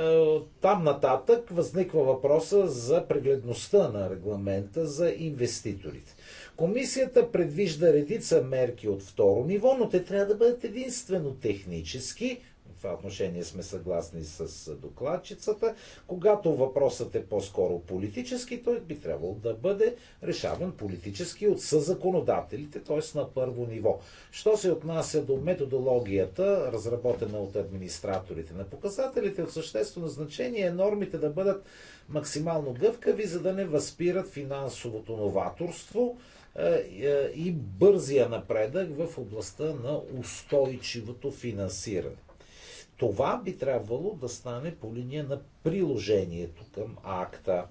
там нататък възниква въпроса за прегледността на регламента за инвеститорите. Комисията предвижда редица мерки от второ ниво, но те трябва да бъдат единствено технически това отношение сме съгласни с докладчицата. Когато въпросът е по-скоро политически, той би трябвало да бъде решаван политически от съзаконодателите, т.е. на първо ниво. Що се отнася до методологията, разработена от администраторите на показателите, от съществено значение е нормите да бъдат максимално гъвкави, за да не възпират финансовото новаторство и бързия напредък в областта на устойчивото финансиране. Това би трябвало да стане по линия на приложението към акта.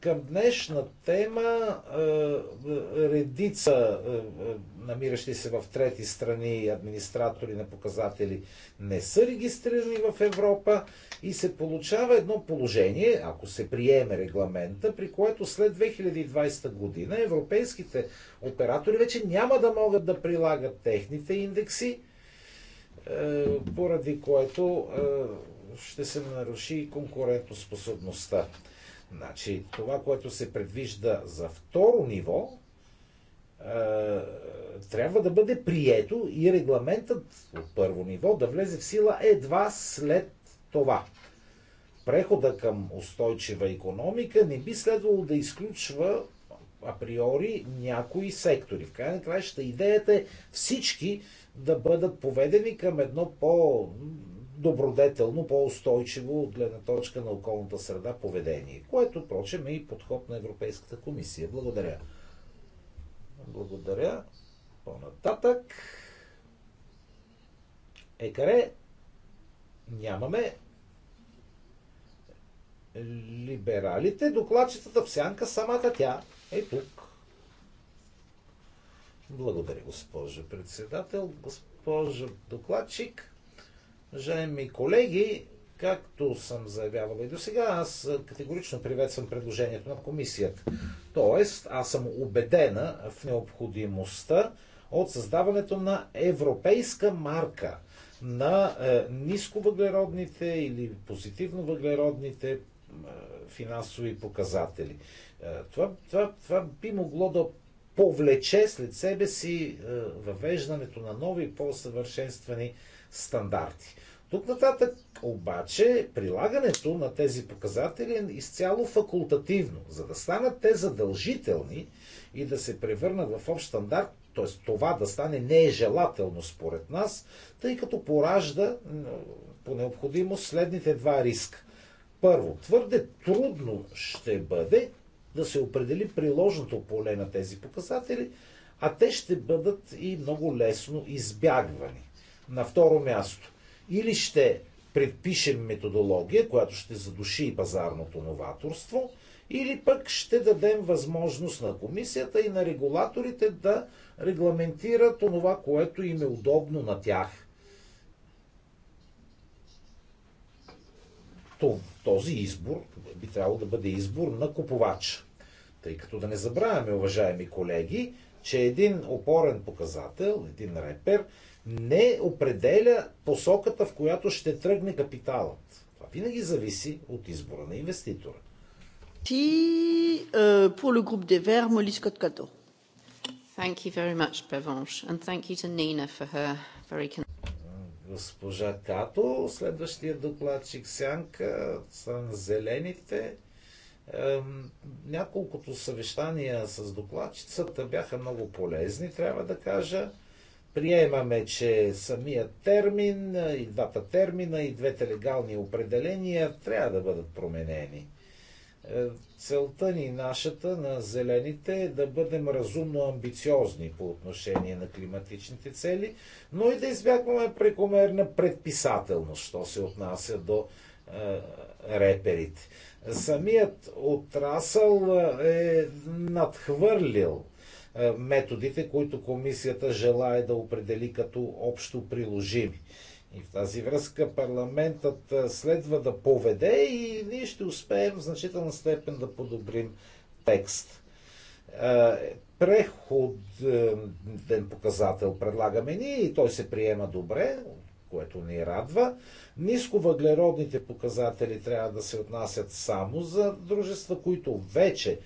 Към днешна тема е, е, редица е, намиращи се в трети страни администратори на показатели не са регистрирани в Европа и се получава едно положение, ако се приеме регламента, при което след 2020 година европейските оператори вече няма да могат да прилагат техните индекси, е, поради което е, ще се наруши конкурентоспособността. Значи, това, което се предвижда за второ ниво, е, трябва да бъде прието и регламентът от първо ниво да влезе в сила едва след това. Прехода към устойчива економика не би следвало да изключва априори някои сектори. В крайна краща идеята е всички да бъдат поведени към едно по добродетелно, по-устойчиво от гледна точка на околната среда поведение, което, прочем, е и подход на Европейската комисия. Благодаря. Благодаря. По-нататък. Екаре нямаме. Либералите, докладчетата в сянка, самата тя е тук. Благодаря, госпожо председател, госпожо докладчик. Уважаеми колеги, както съм заявявал и до сега, аз категорично приветствам предложението на комисията. Тоест, аз съм убедена в необходимостта от създаването на европейска марка на е, нисковъглеродните или позитивно въглеродните финансови показатели. Това, това, това би могло да повлече след себе си въвеждането на нови по-съвършенствани стандарти. Тук нататък обаче прилагането на тези показатели е изцяло факултативно. За да станат те задължителни и да се превърнат в общ стандарт, т.е. това да стане не е желателно според нас, тъй като поражда по необходимост следните два риска. Първо, твърде трудно ще бъде да се определи приложното поле на тези показатели, а те ще бъдат и много лесно избягвани. На второ място, или ще предпишем методология, която ще задуши и пазарното новаторство, или пък ще дадем възможност на комисията и на регулаторите да регламентират онова, което им е удобно на тях – Като този избор би трябвало да бъде избор на купувача. Тъй като да не забравяме, уважаеми колеги, че един опорен показател, един репер, не определя посоката, в която ще тръгне капиталът. Това винаги зависи от избора на инвеститора. Ти, е, по le groupe des Verts, Molly Scott Cato. Thank you very much, Bevanche, and thank you to Nina for her very госпожа Като. Следващия докладчик Сянка са на зелените. Няколкото съвещания с докладчицата бяха много полезни, трябва да кажа. Приемаме, че самият термин, и двата термина, и двете легални определения трябва да бъдат променени. Е, целта ни, нашата, на зелените е да бъдем разумно амбициозни по отношение на климатичните цели, но и да избягваме прекомерна предписателност, що се отнася до е, реперите. Самият отрасъл е надхвърлил е, методите, които комисията желая да определи като общо приложими. И в тази връзка парламентът следва да поведе и ние ще успеем в значителна степен да подобрим текст. Преходен показател предлагаме ние и той се приема добре, което ни радва. Ниско въглеродните показатели трябва да се отнасят само за дружества, които вече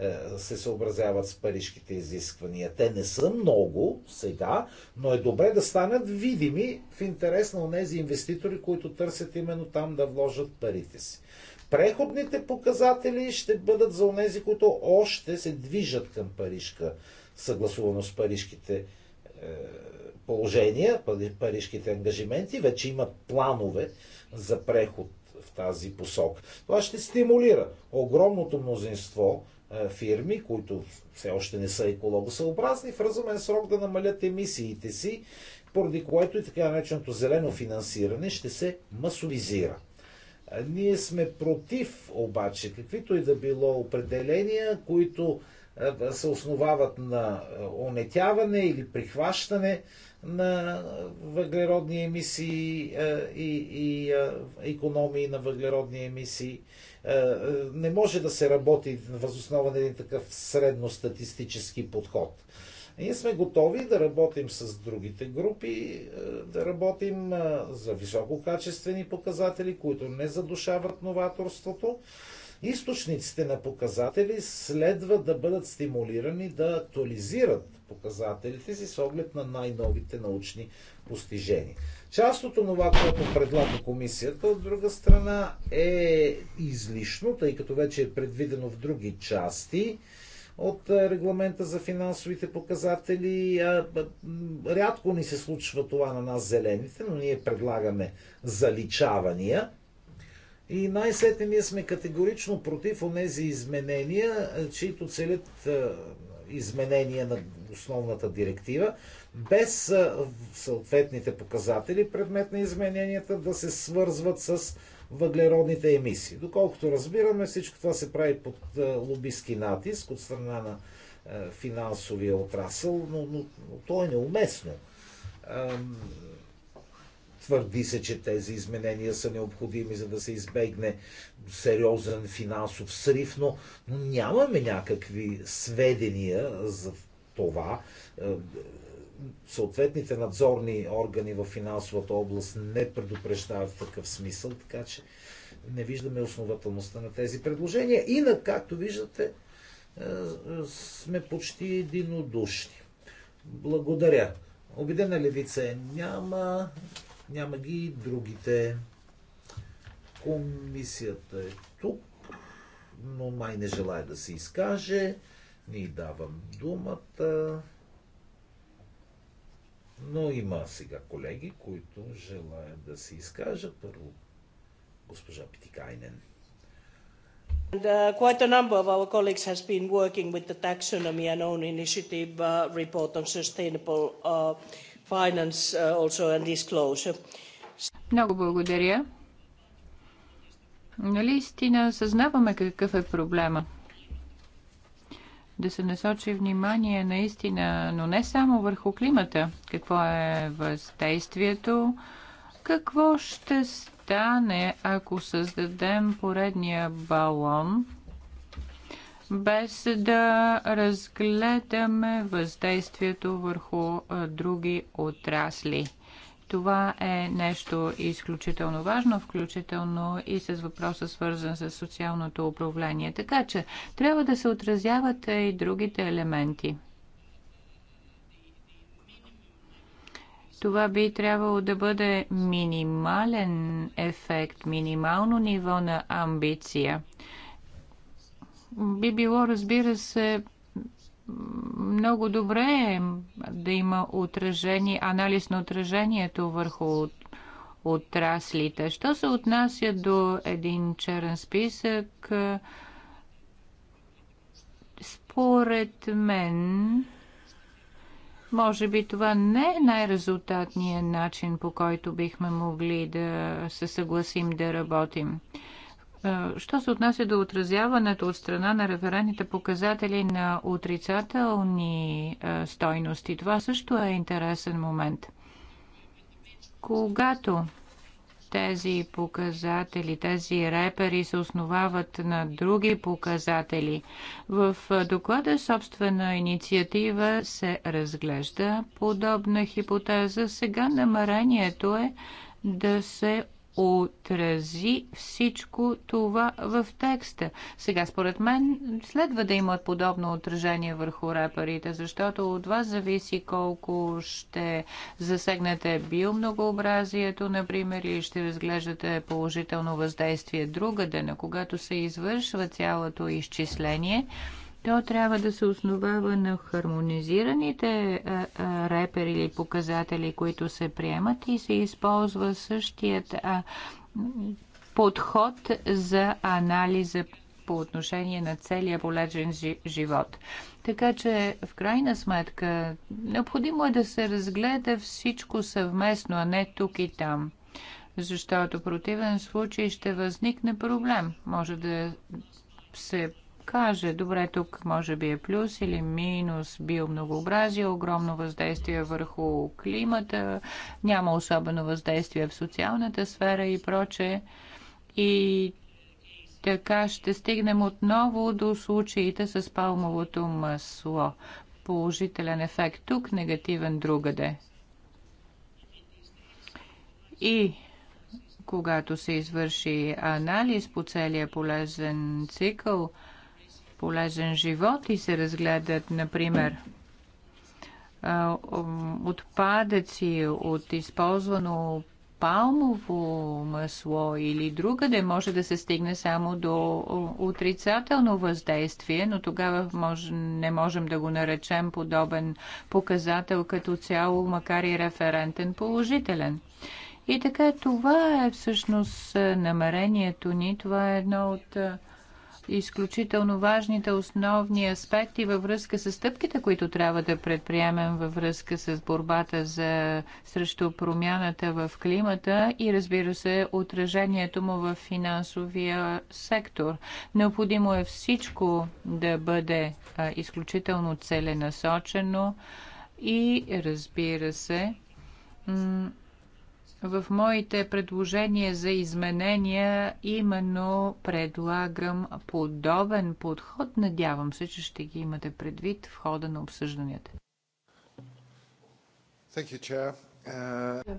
е, се съобразяват с парижките изисквания. Те не са много сега, но е добре да станат видими в интерес на тези инвеститори, които търсят именно там да вложат парите си. Преходните показатели ще бъдат за тези, които още се движат към парижка, съгласувано с парижките е, положения, парижките ангажименти, вече имат планове за преход в тази посок. Това ще стимулира огромното мнозинство е, фирми, които все още не са екологосъобразни, в разумен срок да намалят емисиите си, поради което и така нареченото зелено финансиране ще се масовизира. Е, ние сме против обаче каквито и да било определения, които е, се основават на онетяване или прихващане на въглеродни емисии е, и, и е, економии на въглеродни емисии. Е, не може да се работи възоснова на един такъв средностатистически подход. Ние сме готови да работим с другите групи, да работим за висококачествени показатели, които не задушават новаторството Източниците на показатели следва да бъдат стимулирани да актуализират показателите си с оглед на най-новите научни постижения. Част от това, което предлага комисията, от друга страна, е излишно, тъй като вече е предвидено в други части от регламента за финансовите показатели. Рядко ни се случва това на нас зелените, но ние предлагаме заличавания и най-сетне ние сме категорично против онези изменения, чието целят изменения на основната директива, без съответните показатели, предмет на измененията, да се свързват с въглеродните емисии. Доколкото разбираме, всичко това се прави под лобистки натиск от страна на финансовия отрасъл, но, но, но то е неуместно. Твърди се, че тези изменения са необходими, за да се избегне сериозен финансов срив, но, но нямаме някакви сведения за това. Е, съответните надзорни органи в финансовата област не предупреждават в такъв смисъл, така че не виждаме основателността на тези предложения. И, на, както виждате, е, сме почти единодушни. Благодаря. Обидена левица е, няма. Няма ги и другите. Комисията е тук, но май не желая да се изкаже. Ни давам думата. Но има сега колеги, които желаят да се изкажат. Първо госпожа Питикайнен. And, uh, quite a number of our colleagues has been working with the taxonomy and own initiative uh, report on sustainable uh, finance uh, also and disclosure. Много благодаря. Нали истина съзнаваме какъв е проблема? Да се насочи внимание наистина, но не само върху климата. Какво е въздействието? Какво ще стане, ако създадем поредния балон? без да разгледаме въздействието върху други отрасли. Това е нещо изключително важно, включително и с въпроса свързан с социалното управление. Така че трябва да се отразяват и другите елементи. Това би трябвало да бъде минимален ефект, минимално ниво на амбиция. Би било, разбира се, много добре да има отражение, анализ на отражението върху отраслите. Що се отнася до един черен списък, според мен, може би това не е най-резултатният начин, по който бихме могли да се съгласим да работим. Е, що се отнася до отразяването от страна на референтните показатели на отрицателни е, стойности, това също е интересен момент. Когато тези показатели, тези репери се основават на други показатели. В е, доклада собствена инициатива се разглежда подобна хипотеза. Сега намерението е да се отрази всичко това в текста. Сега, според мен, следва да имат подобно отражение върху репарите, защото от вас зависи колко ще засегнете биомногообразието, например, или ще разглеждате положително въздействие другаде, на когато се извършва цялото изчисление – то трябва да се основава на хармонизираните е, е, репери или показатели, които се приемат и се използва същият подход за анализа по отношение на целия болезнен живот. Така че, в крайна сметка, необходимо е да се разгледа всичко съвместно, а не тук и там. Защото противен случай ще възникне проблем. Може да се каже, добре, тук може би е плюс или минус биомногообразие, огромно въздействие върху климата, няма особено въздействие в социалната сфера и проче. И така ще стигнем отново до случаите с палмовото масло. Положителен ефект тук, негативен другаде. И когато се извърши анализ по целия полезен цикъл, полезен живот и се разгледат, например, отпадъци от използвано палмово масло или другаде може да се стигне само до отрицателно въздействие, но тогава може, не можем да го наречем подобен показател като цяло, макар и референтен положителен. И така това е всъщност намерението ни. Това е едно от изключително важните основни аспекти във връзка с стъпките, които трябва да предприемем във връзка с борбата за, срещу промяната в климата и разбира се отражението му в финансовия сектор. Необходимо е всичко да бъде а, изключително целенасочено и разбира се в моите предложения за изменения именно предлагам подобен подход. Надявам се, че ще ги имате предвид в хода на обсъжданията. Uh,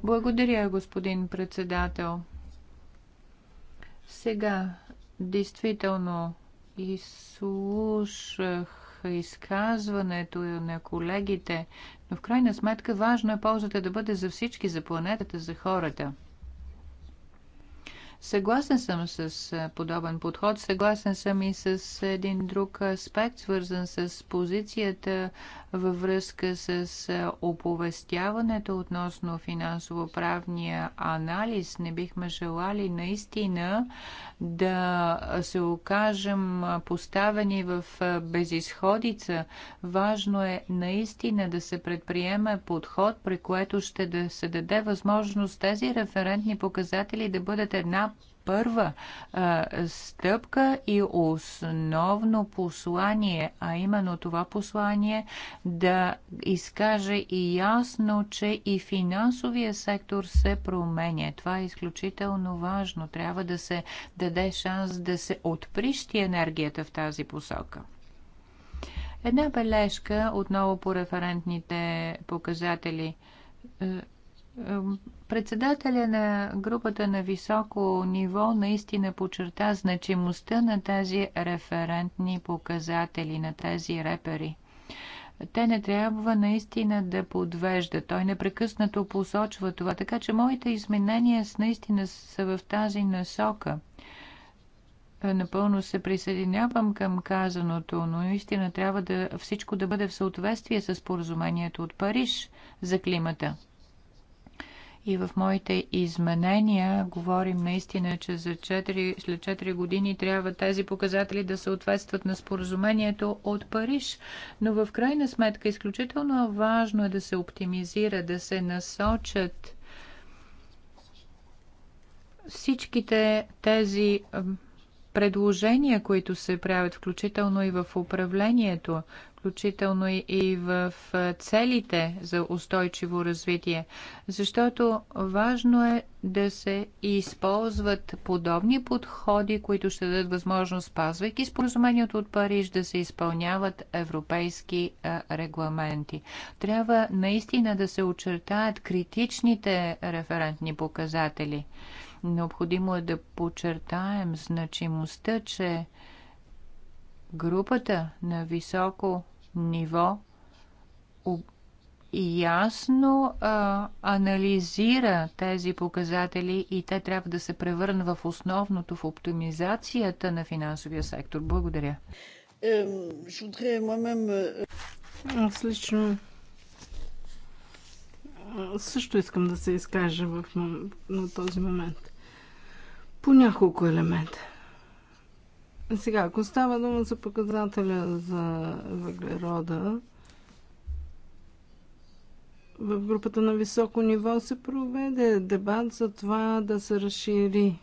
Благодаря, господин председател. Сега, действително, изслушах изказването на колегите. Но в крайна сметка важно е ползата да бъде за всички, за планетата, за хората – Съгласен съм с подобен подход. Съгласен съм и с един друг аспект, свързан с позицията във връзка с оповестяването относно финансово-правния анализ. Не бихме желали наистина да се окажем поставени в безисходица. Важно е наистина да се предприеме подход, при което ще да се даде възможност тези референтни показатели да бъдат една първа а, стъпка и основно послание, а именно това послание да изкаже и ясно, че и финансовия сектор се променя. Това е изключително важно. Трябва да се даде шанс да се отприщи енергията в тази посока. Една бележка отново по референтните показатели е, е, Председателя на групата на високо ниво наистина подчерта значимостта на тези референтни показатели, на тези репери. Те не трябва наистина да подвежда. Той непрекъснато посочва това, така че моите изменения наистина са в тази насока. Е, напълно се присъединявам към казаното, но наистина трябва да всичко да бъде в съответствие с поразумението от Париж за климата и в моите изменения говорим наистина, че за 4, след 4 години трябва тези показатели да съответстват на споразумението от Париж. Но в крайна сметка изключително важно е да се оптимизира, да се насочат всичките тези предложения, които се правят, включително и в управлението включително и в целите за устойчиво развитие, защото важно е да се използват подобни подходи, които ще дадат възможност, спазвайки споразумението от Париж, да се изпълняват европейски регламенти. Трябва наистина да се очертаят критичните референтни показатели. Необходимо е да подчертаем значимостта, че групата на високо ниво ясно а, анализира тези показатели и те трябва да се превърнат в основното в оптимизацията на финансовия сектор. Благодаря. Е, Аз лично също искам да се изкажа в, на този момент. По няколко елемента. Сега, ако става дума за показателя за въглерода, в групата на високо ниво се проведе дебат за това да се разшири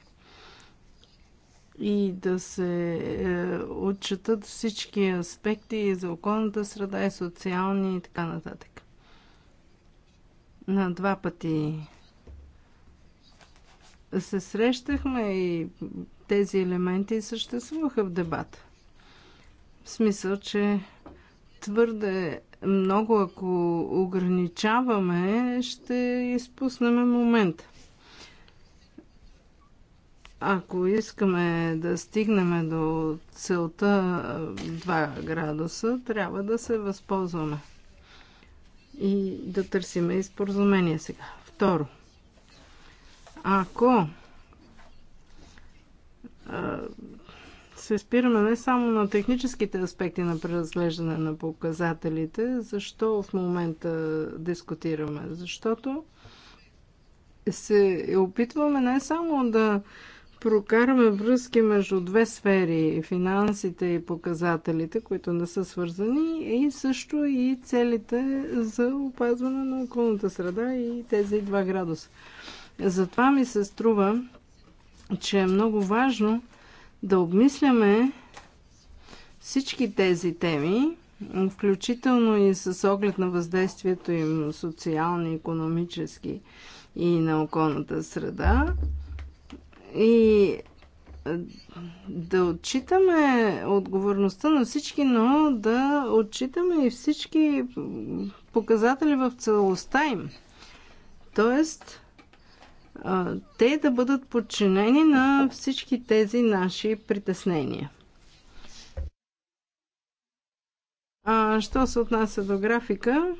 и да се е, отчетат всички аспекти за околната среда и социални и така нататък. На два пъти се срещахме и тези елементи съществуваха в дебата. В смисъл, че твърде много, ако ограничаваме, ще изпуснем момента. Ако искаме да стигнем до целта 2 градуса, трябва да се възползваме и да търсиме изпоразумение сега. Второ, ако се спираме не само на техническите аспекти на преразглеждане на показателите, защо в момента дискутираме? Защото се опитваме не само да прокараме връзки между две сфери финансите и показателите, които не са свързани, и също и целите за опазване на околната среда и тези 2 градуса. Затова ми се струва, че е много важно да обмисляме всички тези теми, включително и с оглед на въздействието им социални, економически и на околната среда. И е, да отчитаме отговорността на всички, но да отчитаме и всички показатели в целостта им. Тоест, те да бъдат подчинени на всички тези наши притеснения. А, що се отнася до графика,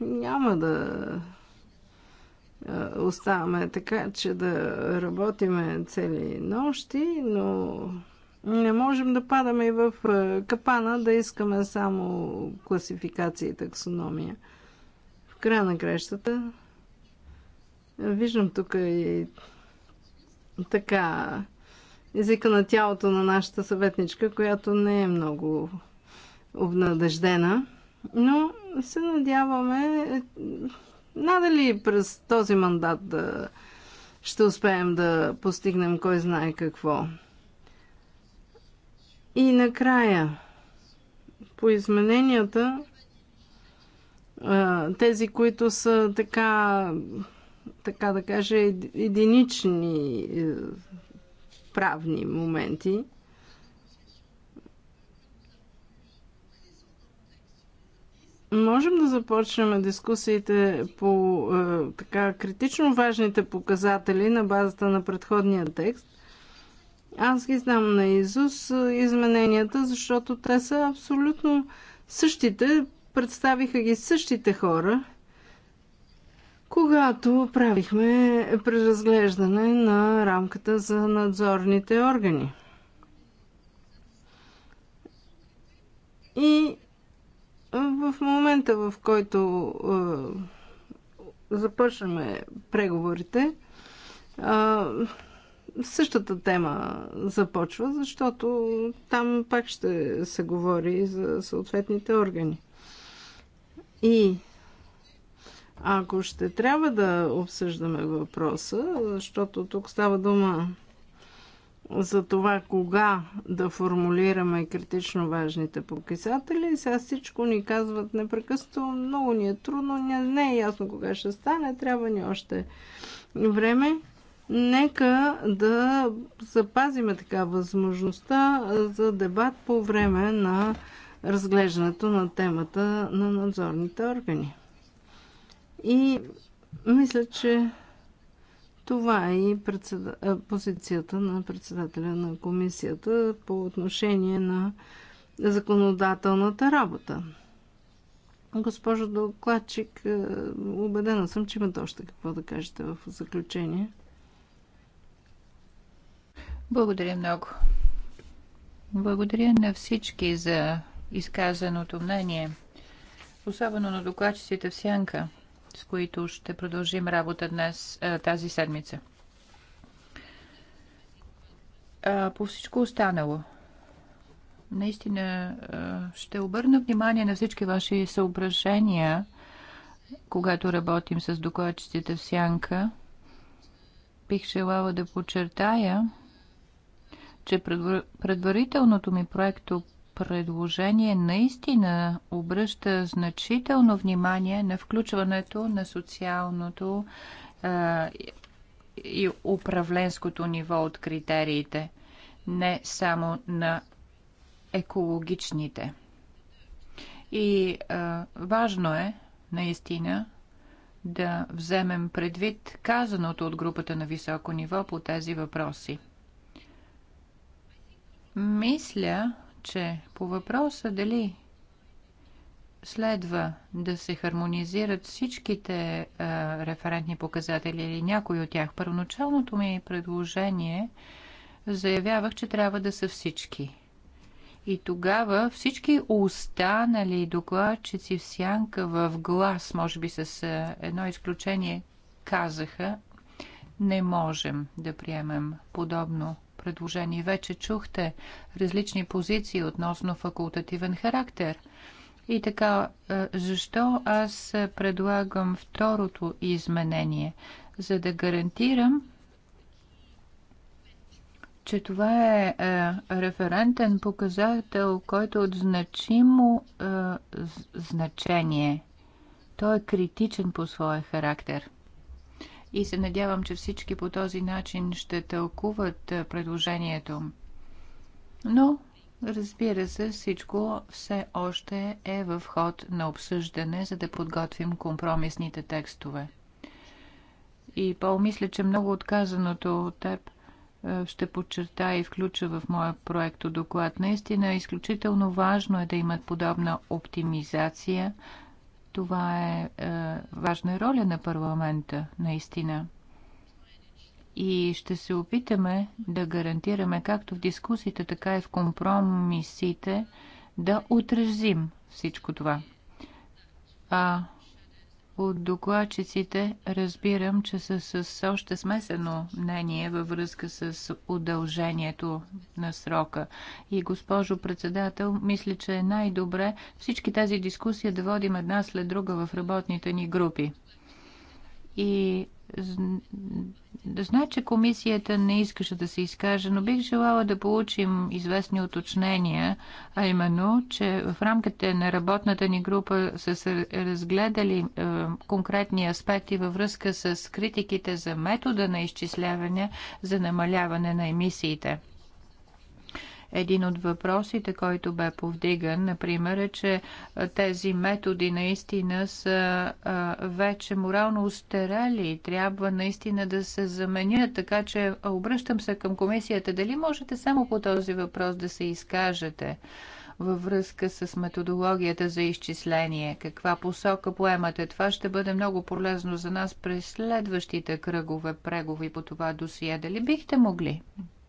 няма да оставаме така, че да работиме цели нощи, но не можем да падаме и в капана да искаме само класификация и таксономия. В края на крещата Виждам тук и така езика на тялото на нашата съветничка, която не е много обнадеждена. Но се надяваме надали през този мандат да ще успеем да постигнем кой знае какво. И накрая, по измененията, тези, които са така така да кажа, единични е, правни моменти. Можем да започнем дискусиите по е, така критично важните показатели на базата на предходния текст. Аз ги знам на Изус е, измененията, защото те са абсолютно същите. Представиха ги същите хора когато правихме преразглеждане на рамката за надзорните органи. И в момента, в който е, започнаме преговорите, е, същата тема започва, защото там пак ще се говори за съответните органи. И ако ще трябва да обсъждаме въпроса, защото тук става дума за това кога да формулираме критично важните показатели. Сега всичко ни казват непрекъснато, много ни е трудно, не, е ясно кога ще стане, трябва ни още време. Нека да запазиме така възможността за дебат по време на разглеждането на темата на надзорните органи. И мисля, че това е и позицията на председателя на комисията по отношение на законодателната работа. Госпожо докладчик, убедена съм, че имате още какво да кажете в заключение. Благодаря много. Благодаря на всички за изказаното мнение, особено на докладчиците в Сянка – с които ще продължим работа днес, е, тази седмица. По всичко останало наистина е, ще обърна внимание на всички ваши съображения, когато работим с докладчиците в Сянка. Бих желала да подчертая, че предварителното ми проекто предложение наистина обръща значително внимание на включването на социалното а, и управленското ниво от критериите, не само на екологичните. И а, важно е наистина да вземем предвид казаното от групата на високо ниво по тези въпроси. Мисля, че по въпроса дали следва да се хармонизират всичките а, е, референтни показатели или някои от тях. Първоначалното ми предложение заявявах, че трябва да са всички. И тогава всички останали докладчици в сянка в глас, може би с е, едно изключение, казаха, не можем да приемем подобно предложение. Вече чухте различни позиции относно факултативен характер. И така, е, защо аз предлагам второто изменение? За да гарантирам, че това е, е референтен показател, който е от значимо е, значение. Той е критичен по своя характер – и се надявам, че всички по този начин ще тълкуват предложението. Но, разбира се, всичко все още е в ход на обсъждане, за да подготвим компромисните текстове. И Пол, мисля, че много отказаното от теб ще подчерта и включа в моя проекто доклад. Наистина, изключително важно е да имат подобна оптимизация това е, е важна роля на парламента, наистина. И ще се опитаме да гарантираме, както в дискусиите, така и в компромисите, да отразим всичко това. А от докладчиците разбирам, че са с още смесено мнение във връзка с удължението на срока. И госпожо председател, мисля, че е най-добре всички тази дискусия да водим една след друга в работните ни групи и да знае, че комисията не искаше да се изкаже, но бих желала да получим известни уточнения, а именно, че в рамките на работната ни група са се разгледали е, конкретни аспекти във връзка с критиките за метода на изчисляване за намаляване на емисиите. Един от въпросите, който бе повдиган, например, е, че тези методи наистина са вече морално устарели и трябва наистина да се заменят. Така че обръщам се към комисията. Дали можете само по този въпрос да се изкажете? във връзка с методологията за изчисление. Каква посока поемате? Това ще бъде много полезно за нас през следващите кръгове прегови по това досие. Дали бихте могли?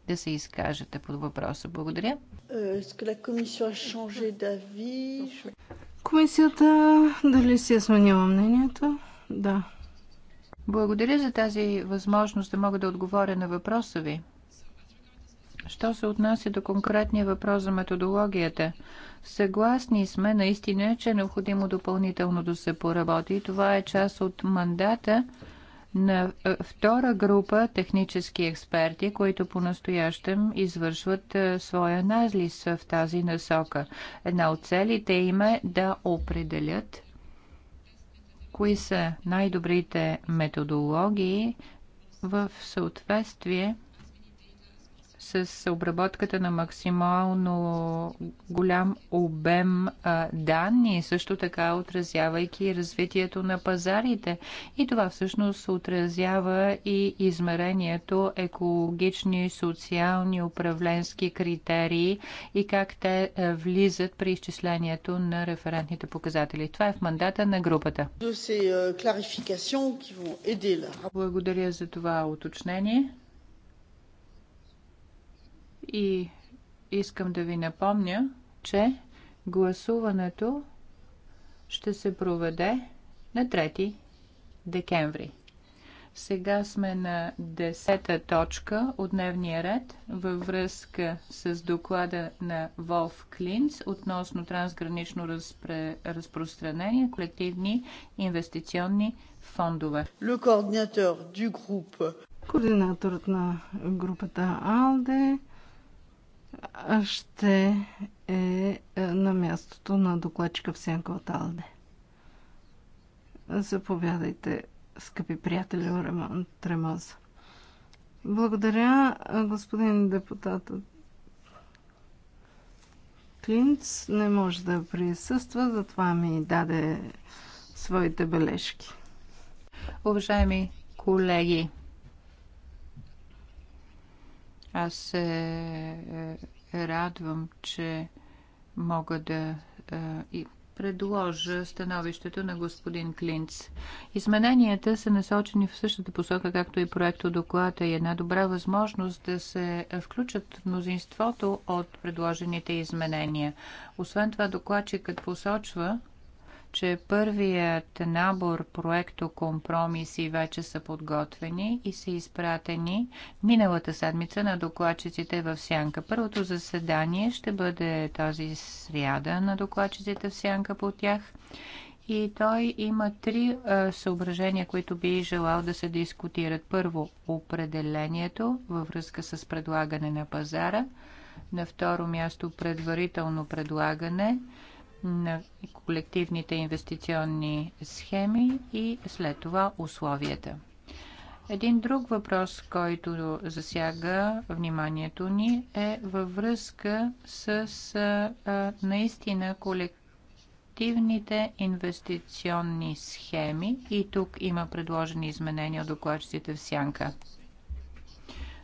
да се изкажете под въпроса. Благодаря. Е, Комисията дали си е сменила мнението? Да. Благодаря за тази възможност да мога да отговоря на въпроса ви. Що се отнася до конкретния въпрос за методологията? Съгласни сме наистина, че е необходимо допълнително да се поработи. Това е част от мандата, на е, втора група технически експерти, които по-настоящем извършват е, своя анализ в тази насока. Една от целите им е да определят кои са най-добрите методологии в съответствие с обработката на максимално голям обем а, данни, също така отразявайки развитието на пазарите. И това всъщност отразява и измерението екологични, социални, управленски критерии и как те влизат при изчислението на референтните показатели. Това е в мандата на групата. Е, е, Благодаря за това уточнение. И искам да ви напомня, че гласуването ще се проведе на 3 декември. Сега сме на 10-та точка от дневния ред във връзка с доклада на Волф Клинц относно трансгранично разпре... разпространение колективни инвестиционни фондове. Координаторът на групата АЛДЕ ще е, е на мястото на докладчика в Сянка от Алде. Заповядайте, скъпи приятели Ремон Тремоза. Благодаря, господин депутат Клинц не може да присъства, затова ми даде своите бележки. Уважаеми колеги, аз се е, радвам, че мога да и предложа становището на господин Клинц. Измененията са насочени в същата посока, както и проекто доклада и една добра възможност да се включат мнозинството от предложените изменения. Освен това, докладчикът посочва, че първият набор проекто компромиси вече са подготвени и са изпратени миналата седмица на докладчиците в Сянка. Първото заседание ще бъде тази сряда на докладчиците в Сянка по тях. И той има три а, е, съображения, които би желал да се дискутират. Първо, определението във връзка с предлагане на пазара. На второ място, предварително предлагане на колективните инвестиционни схеми и след това условията. Един друг въпрос, който засяга вниманието ни е във връзка с а, наистина колективните инвестиционни схеми и тук има предложени изменения от докладчиците в Сянка.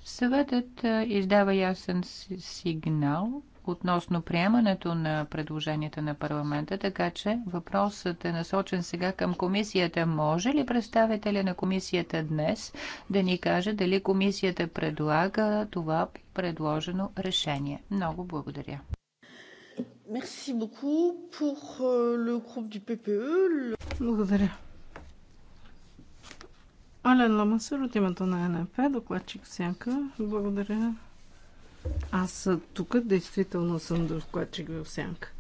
Съветът издава ясен сигнал относно приемането на предложенията на парламента, така че въпросът е насочен сега към комисията. Може ли представителя на комисията днес да ни каже дали комисията предлага това предложено решение? Много благодаря. Euh, e, благодаря. Ален Ламасър от името на НП, докладчик Сянка. Благодаря аз тук действително съм докладчик в сянка.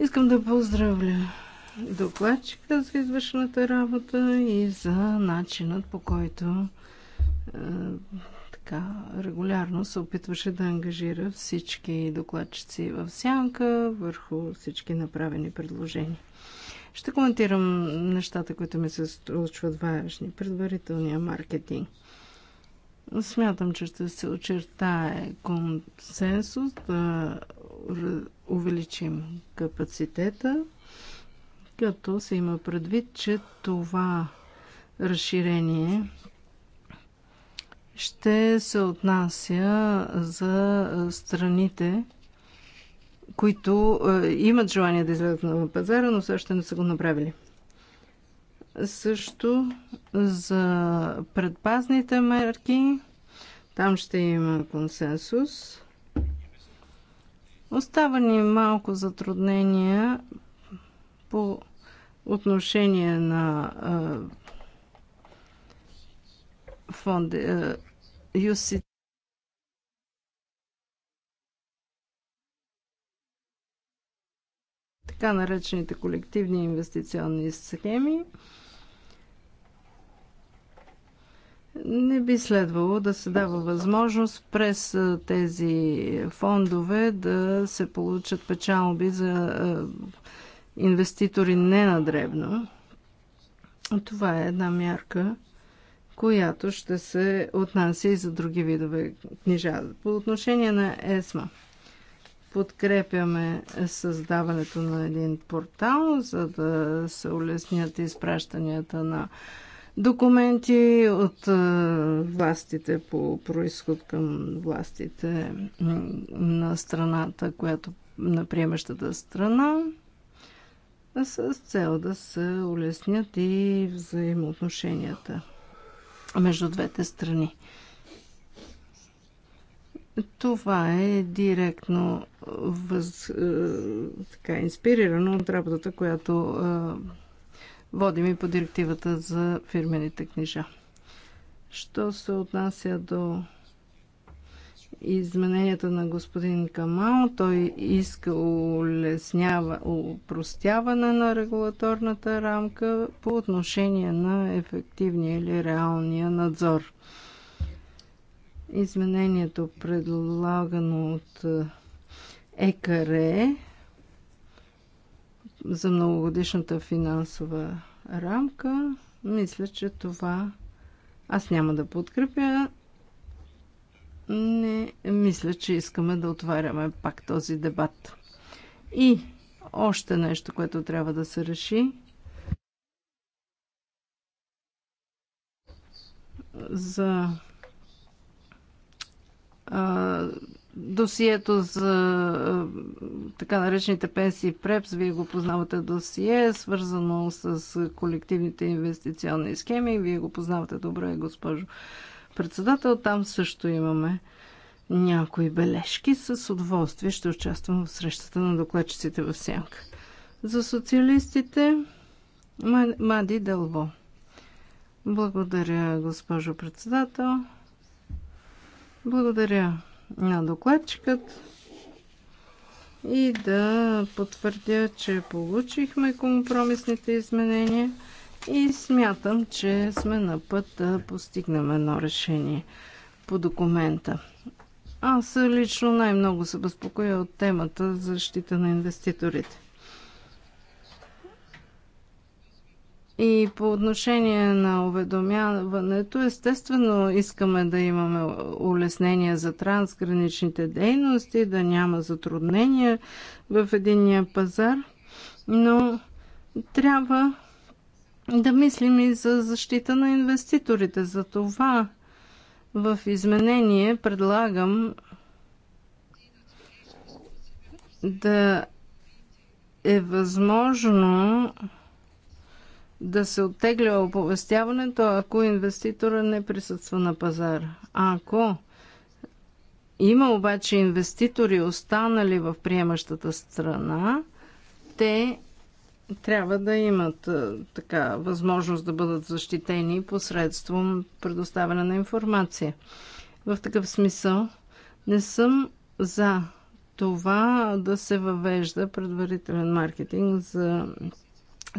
Искам да поздравля докладчика за извършената работа и за начинът по който е, така регулярно се опитваше да ангажира всички докладчици в сянка върху всички направени предложения. Ще коментирам нещата, които ми се случват важни. Предварителния маркетинг – Смятам, че ще се очертае консенсус да увеличим капацитета, като се има предвид, че това разширение ще се отнася за страните, които е, имат желание да излязат на пазара, но все още не са го направили също за предпазните мерки. Там ще има консенсус. Остава ни малко затруднения по отношение на фонд UCT. така наречените колективни инвестиционни схеми. не би следвало да се дава възможност през тези фондове да се получат печалби за инвеститори не на дребно. Това е една мярка, която ще се отнася и за други видове книжа. По отношение на ЕСМА, подкрепяме създаването на един портал, за да се улеснят изпращанията на документи от властите по происход към властите на страната, която на приемащата страна, с цел да се улеснят и взаимоотношенията между двете страни. Това е директно въз, така, инспирирано от работата, която водим и по директивата за фирмените книжа. Що се отнася до измененията на господин Камал, той иска улеснява, упростяване на регулаторната рамка по отношение на ефективния или реалния надзор. Изменението предлагано от ЕКРЕ за многогодишната финансова рамка, мисля, че това аз няма да подкрепя. Не мисля, че искаме да отваряме пак този дебат. И още нещо, което трябва да се реши. За а, досието за е, така наречените пенсии препс, вие го познавате досие, свързано с колективните инвестиционни схеми, вие го познавате добре, госпожо председател. Там също имаме някои бележки. С удоволствие ще участвам в срещата на докладчиците в Сянка. За социалистите Мади Дълво. Благодаря, госпожо председател. Благодаря на докладчикът и да потвърдя, че получихме компромисните изменения и смятам, че сме на път да постигнем едно решение по документа. Аз лично най-много се безпокоя от темата защита на инвеститорите. И по отношение на уведомяването, естествено искаме да имаме улеснения за трансграничните дейности, да няма затруднения в единния пазар, но трябва да мислим и за защита на инвеститорите. За това в изменение предлагам да е възможно да се оттегля оповестяването, ако инвеститора не присъства на пазара. Ако има обаче инвеститори останали в приемащата страна, те трябва да имат е, така възможност да бъдат защитени посредством предоставяне на информация. В такъв смисъл не съм за това да се въвежда предварителен маркетинг за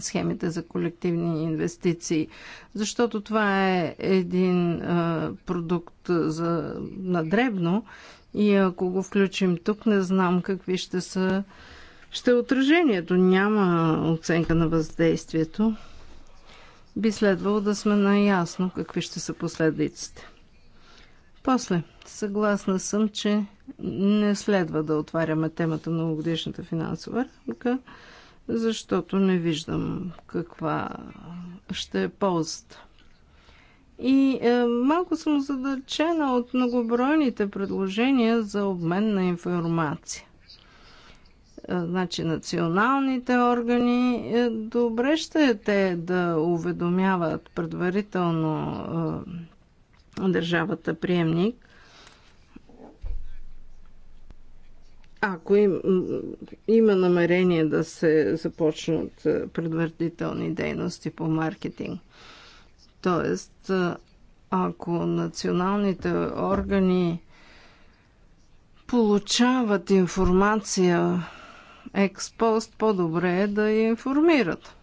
схемите за колективни инвестиции, защото това е един а, продукт за надребно и ако го включим тук, не знам какви ще са ще е отражението. Няма оценка на въздействието. Би следвало да сме наясно какви ще са последиците. После, съгласна съм, че не следва да отваряме темата на годишната финансова рамка защото не виждам каква ще е ползата. И е, малко съм задачена от многобройните предложения за обмен на информация. Е, значи националните органи, е, добре ще е те да уведомяват предварително е, държавата приемник, Ако им, има намерение да се започнат е, предварителни дейности по маркетинг, Тоест, е, ако националните органи получават информация експост, по-добре е да я информират.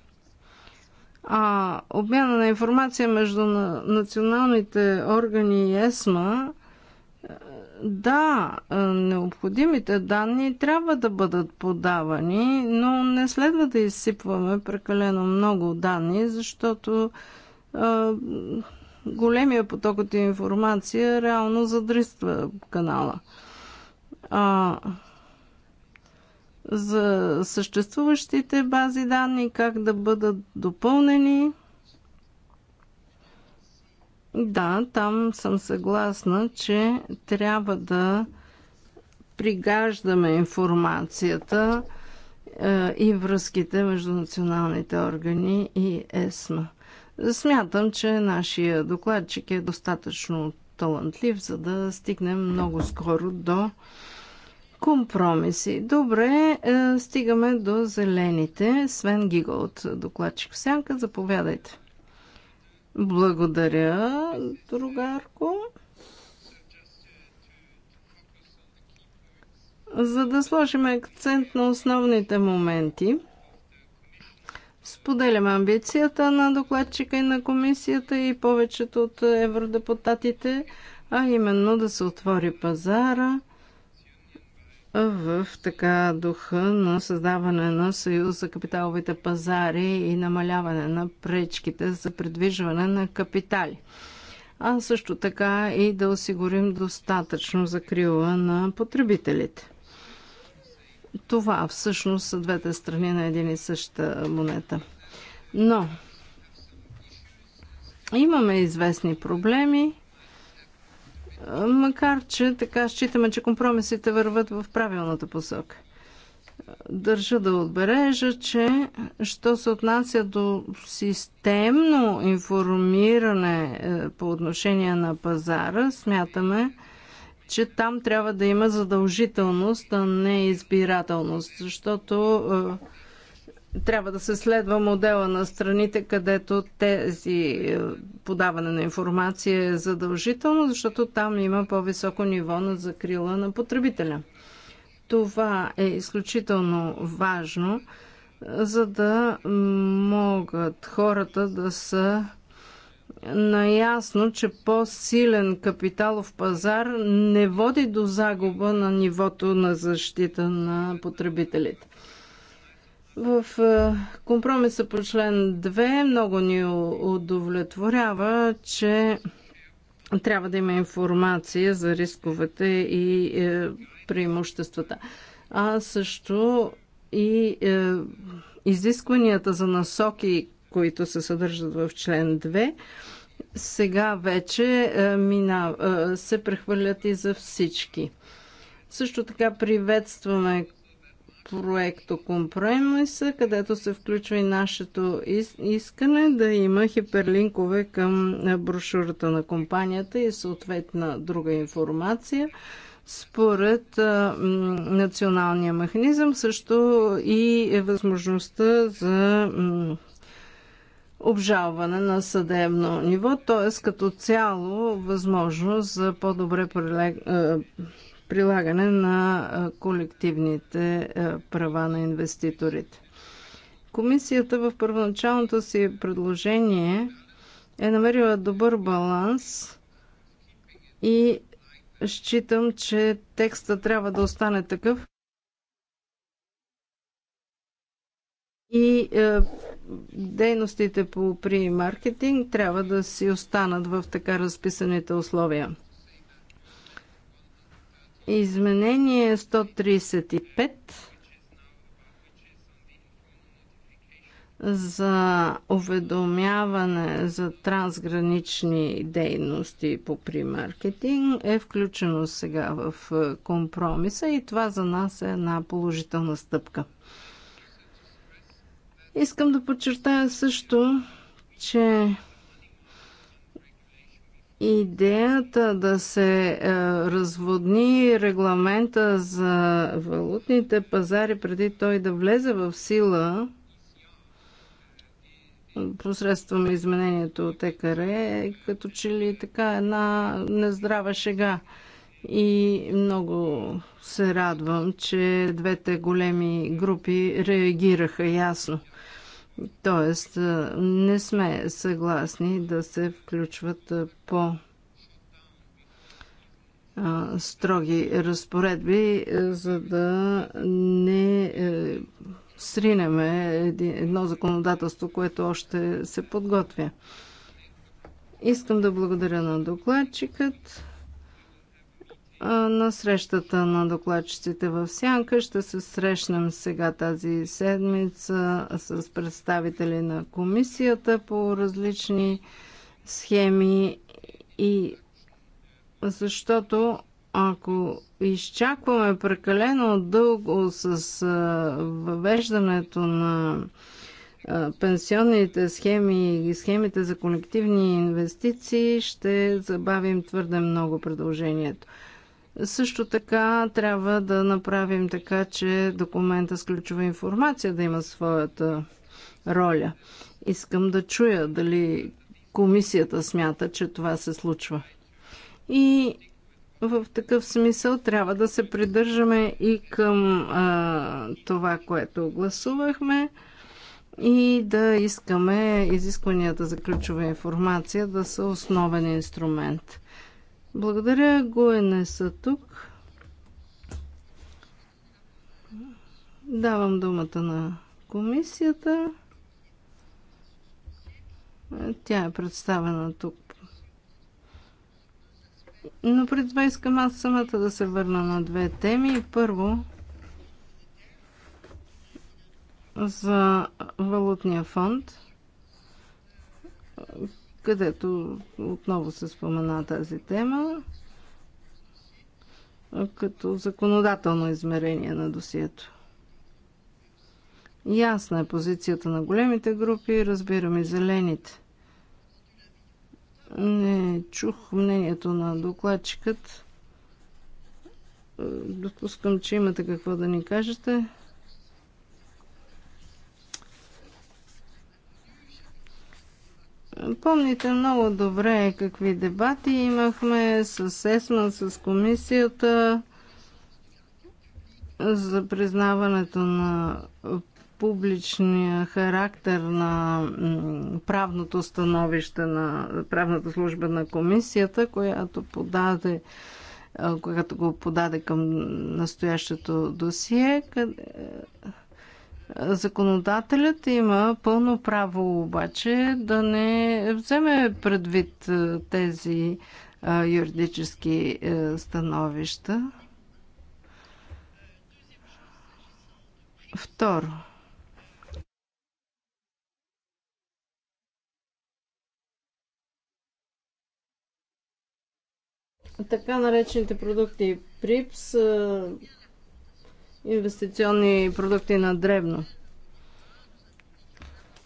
А обмяна на информация между националните органи и ЕСМА да, е, необходимите данни трябва да бъдат подавани, но не следва да изсипваме прекалено много данни, защото а, е, големия поток от информация реално задриства канала. А, за съществуващите бази данни, как да бъдат допълнени, да, там съм съгласна, че трябва да пригаждаме информацията е, и връзките между националните органи и ЕСМА. Смятам, че нашия докладчик е достатъчно талантлив, за да стигнем много скоро до компромиси. Добре, е, стигаме до зелените. Свен от докладчик в сянка, заповядайте. Благодаря, другарко. За да сложим акцент на основните моменти, споделям амбицията на докладчика и на комисията и повечето от евродепутатите, а именно да се отвори пазара – в така духа на създаване на съюз за капиталовите пазари и намаляване на пречките за придвижване на капитали. А също така и да осигурим достатъчно закрила на потребителите. Това всъщност са двете страни на един и съща монета. Но имаме известни проблеми Макар, че така считаме, че компромисите върват в правилната посока. Държа да отбележа, че що се отнася до системно информиране е, по отношение на пазара, смятаме, че там трябва да има задължителност, а не избирателност, защото е, трябва да се следва модела на страните, където тези е, подаване на информация е задължително, защото там има по-високо ниво на закрила на потребителя. Това е изключително важно, за да могат хората да са наясно, че по-силен капиталов пазар не води до загуба на нивото на защита на потребителите. В е, компромиса по член 2 много ни удовлетворява, че трябва да има информация за рисковете и е, преимуществата. А също и е, изискванията за насоки, които се съдържат в член 2, сега вече мина, се прехвърлят и за всички. Също така приветстваме проекто компромиса, където се включва и нашето искане да има хиперлинкове към брошурата на компанията и съответна друга информация според а, националния механизъм, също и е възможността за обжалване на съдебно ниво, т.е. като цяло възможност за по-добре прилагане на колективните права на инвеститорите. Комисията в първоначалното си предложение е намерила добър баланс и считам, че текста трябва да остане такъв. И е, дейностите по при маркетинг трябва да си останат в така разписаните условия. Изменение 135 за уведомяване за трансгранични дейности по примаркетинг е включено сега в е, компромиса и това за нас е една положителна стъпка. Искам да подчертая също, че Идеята да се е, разводни регламента за валутните пазари преди той да влезе в сила посредством изменението от ЕКР е като че ли така една нездрава шега. И много се радвам, че двете големи групи реагираха ясно. Тоест, не сме съгласни да се включват по строги разпоредби, за да не е, сринеме едно законодателство, което още се подготвя. Искам да благодаря на докладчикът на срещата на докладчиците в Сянка. Ще се срещнем сега тази седмица с представители на комисията по различни схеми и защото ако изчакваме прекалено дълго с въвеждането на пенсионните схеми и схемите за колективни инвестиции, ще забавим твърде много предложението. Също така трябва да направим така, че документа с ключова информация да има своята роля. Искам да чуя дали комисията смята, че това се случва. И в такъв смисъл трябва да се придържаме и към а, това, което гласувахме и да искаме изискванията за ключова информация да са основен инструмент. Благодаря, Гоене са тук. Давам думата на комисията. Тя е представена тук. Но пред това искам аз самата да се върна на две теми. Първо, за валутния фонд където отново се спомена тази тема като законодателно измерение на досието. Ясна е позицията на големите групи, разбирам и зелените. Не чух мнението на докладчикът. Допускам, че имате какво да ни кажете. Помните много добре какви дебати имахме с ЕСМА, с комисията за признаването на публичния характер на правното становище на правната служба на комисията, която подаде когато го подаде към настоящето досие, къде, Законодателят има пълно право обаче да не вземе предвид е, тези е, юридически е, становища. Второ. Така наречените продукти ПРИПС инвестиционни продукти на Древно.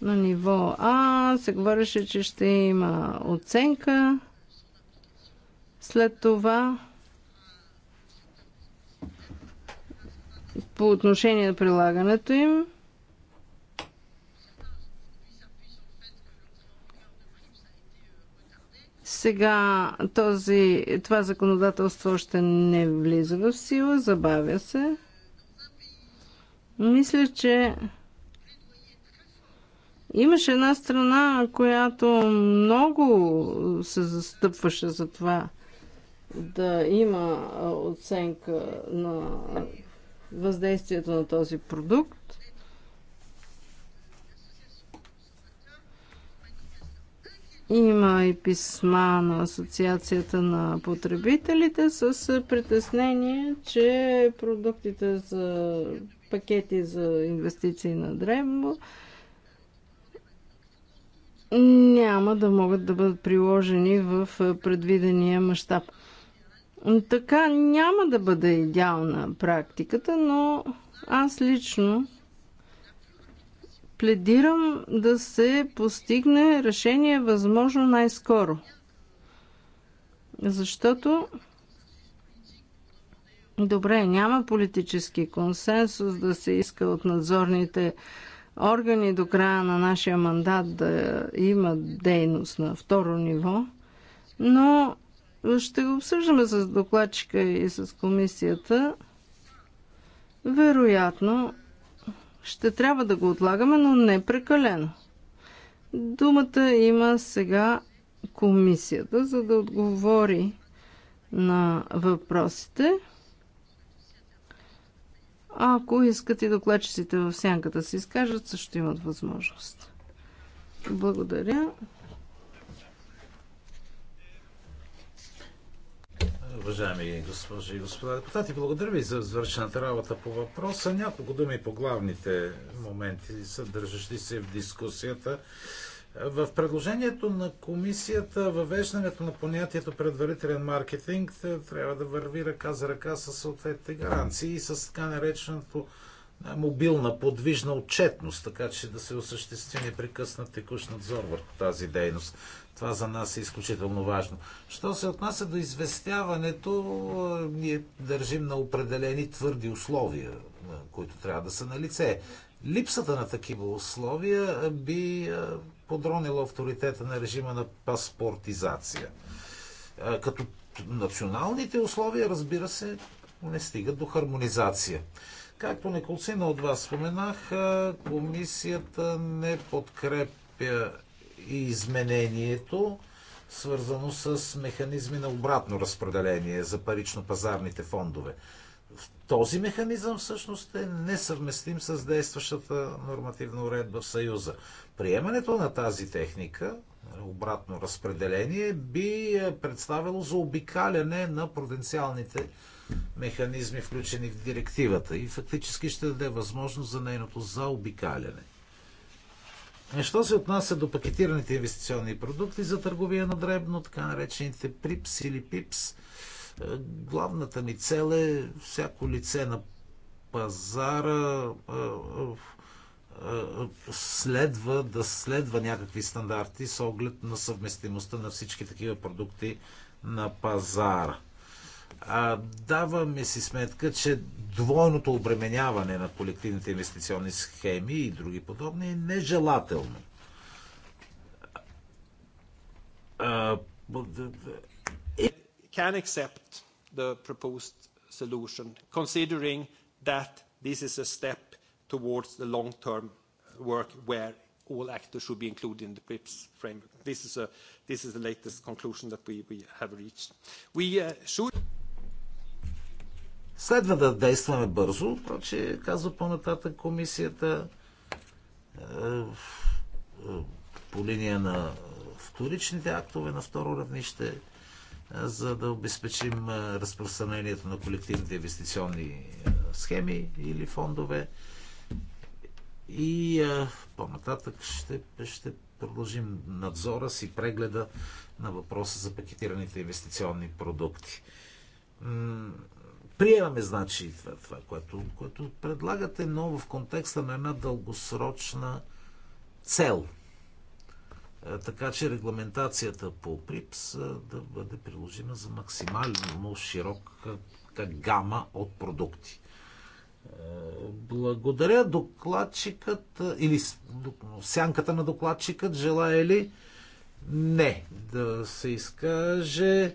На ниво А се говореше, че ще има оценка. След това по отношение на прилагането им. Сега този, това законодателство още не влиза в сила, забавя се. Мисля, че имаше една страна, която много се застъпваше за това да има оценка на въздействието на този продукт. Има и писма на Асоциацията на потребителите с притеснение, че продуктите за пакети за инвестиции на древно няма да могат да бъдат приложени в предвидения мащаб. Така няма да бъде идеална практиката, но аз лично пледирам да се постигне решение възможно най-скоро. Защото Добре, няма политически консенсус да се иска от надзорните органи до края на нашия мандат да има дейност на второ ниво, но ще го обсъждаме с докладчика и с комисията. Вероятно ще трябва да го отлагаме, но не прекалено. Думата има сега комисията, за да отговори на въпросите. А ако искат и докладчиците в сянката да се изкажат, също имат възможност. Благодаря. Уважаеми госпожи и господа депутати, благодаря ви за извършената работа по въпроса. Няколко думи по главните моменти, съдържащи се в дискусията. В предложението на комисията въвеждането на понятието предварителен маркетинг трябва да върви ръка за ръка с съответните гаранции и с така нареченото мобилна подвижна отчетност, така че да се осъществи непрекъснат текущ надзор върху тази дейност. Това за нас е изключително важно. Що се отнася до известяването, ние държим на определени твърди условия, които трябва да са на лице. Липсата на такива условия би подронила авторитета на режима на паспортизация. Като националните условия, разбира се, не стигат до хармонизация. Както неколцина от вас споменах, комисията не подкрепя изменението, свързано с механизми на обратно разпределение за парично-пазарните фондове. Този механизъм всъщност е несъвместим с действащата нормативна уредба в Съюза. Приемането на тази техника, обратно разпределение, би е, представило за обикаляне на потенциалните механизми, включени в директивата и фактически ще даде възможност за нейното заобикаляне. Е, що се отнася до пакетираните инвестиционни продукти за търговия на дребно, така наречените ПРИПС или ПИПС, е, главната ни цел е всяко лице на пазара е, е, следва да следва някакви стандарти с оглед на съвместимостта на всички такива продукти на пазара. А, даваме си сметка, че двойното обременяване на колективните инвестиционни схеми и други подобни е нежелателно. А, can accept the proposed solution, considering that this is a step towards the long-term work where all actors should be included in the BRICS framework. This is the latest conclusion that we have reached. We should Следва да действаме бързо, проче казва по-нататък комисията по линия на вторичните актове на второ равнище за да обезпечим разпространението на колективните инвестиционни схеми или фондове. И по-нататък ще, ще продължим надзора си, прегледа на въпроса за пакетираните инвестиционни продукти. Приемаме, значи, това, това което, което предлагате, но в контекста на една дългосрочна цел – е, така че регламентацията по ПРИПС е, да бъде приложима за максимално широка гама от продукти. Е, благодаря докладчикът или сянката на докладчикът желая ли не да се изкаже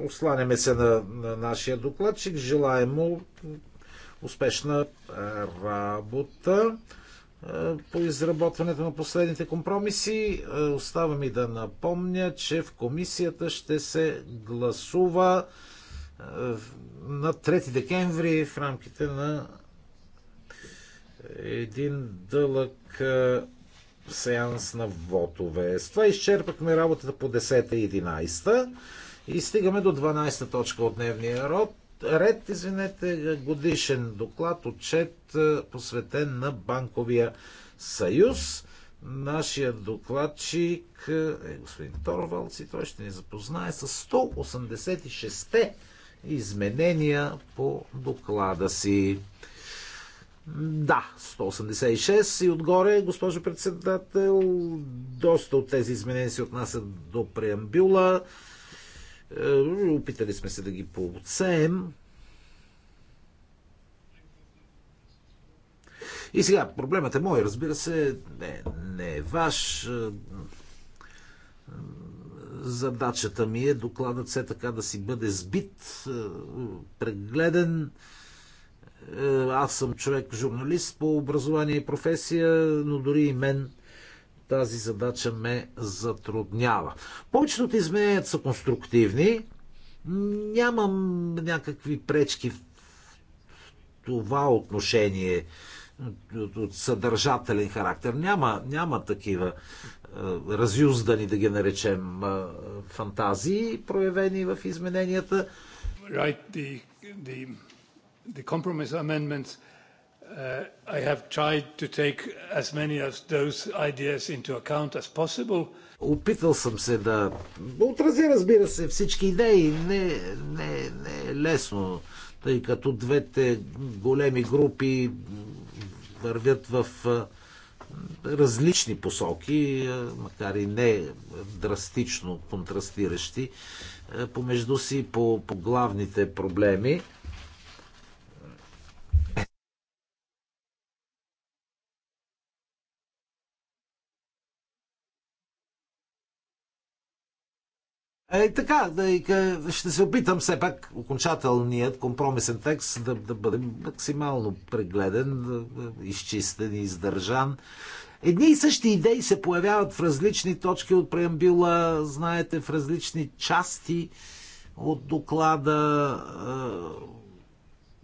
осланяме се на, на нашия докладчик желаем му успешна работа е, по изработването на последните компромиси. Е, остава ми да напомня, че в комисията ще се гласува е, на 3 декември в рамките на един дълъг сеанс на вотове. С това изчерпахме работата по 10 и 11 и стигаме до 12 точка от дневния род ред, извинете, годишен доклад, отчет, е, посветен на Банковия съюз. Нашия докладчик е, е господин Торвалци, той ще ни запознае с 186-те изменения по доклада си. Да, 186 и отгоре, госпожо председател, доста от тези изменения се отнасят до преамбюла. Е, опитали сме се да ги поотсеем. И сега, проблемът е мой, разбира се, не, не е ваш. Е, задачата ми е докладът все така да си бъде сбит, е, прегледен. Аз съм човек, журналист по образование и професия, но дори и мен тази задача ме затруднява. Повечето от измененията са конструктивни. Нямам някакви пречки в това отношение от съдържателен характер. Няма, няма такива разюздани, да ги наречем, фантазии, проявени в измененията. Right, the, the, the Uh, I have tried to take as many of those ideas into account as possible. Опитал съм се да отразя, разбира се, всички идеи. Не, не, не е лесно, тъй като двете големи групи вървят в различни посоки, макар и не драстично контрастиращи, помежду си по, по главните проблеми. Е, така, ще се опитам все пак окончателният компромисен текст да, да бъде максимално прегледен, изчистен и издържан. Едни и същи идеи се появяват в различни точки от преамбила, знаете, в различни части от доклада.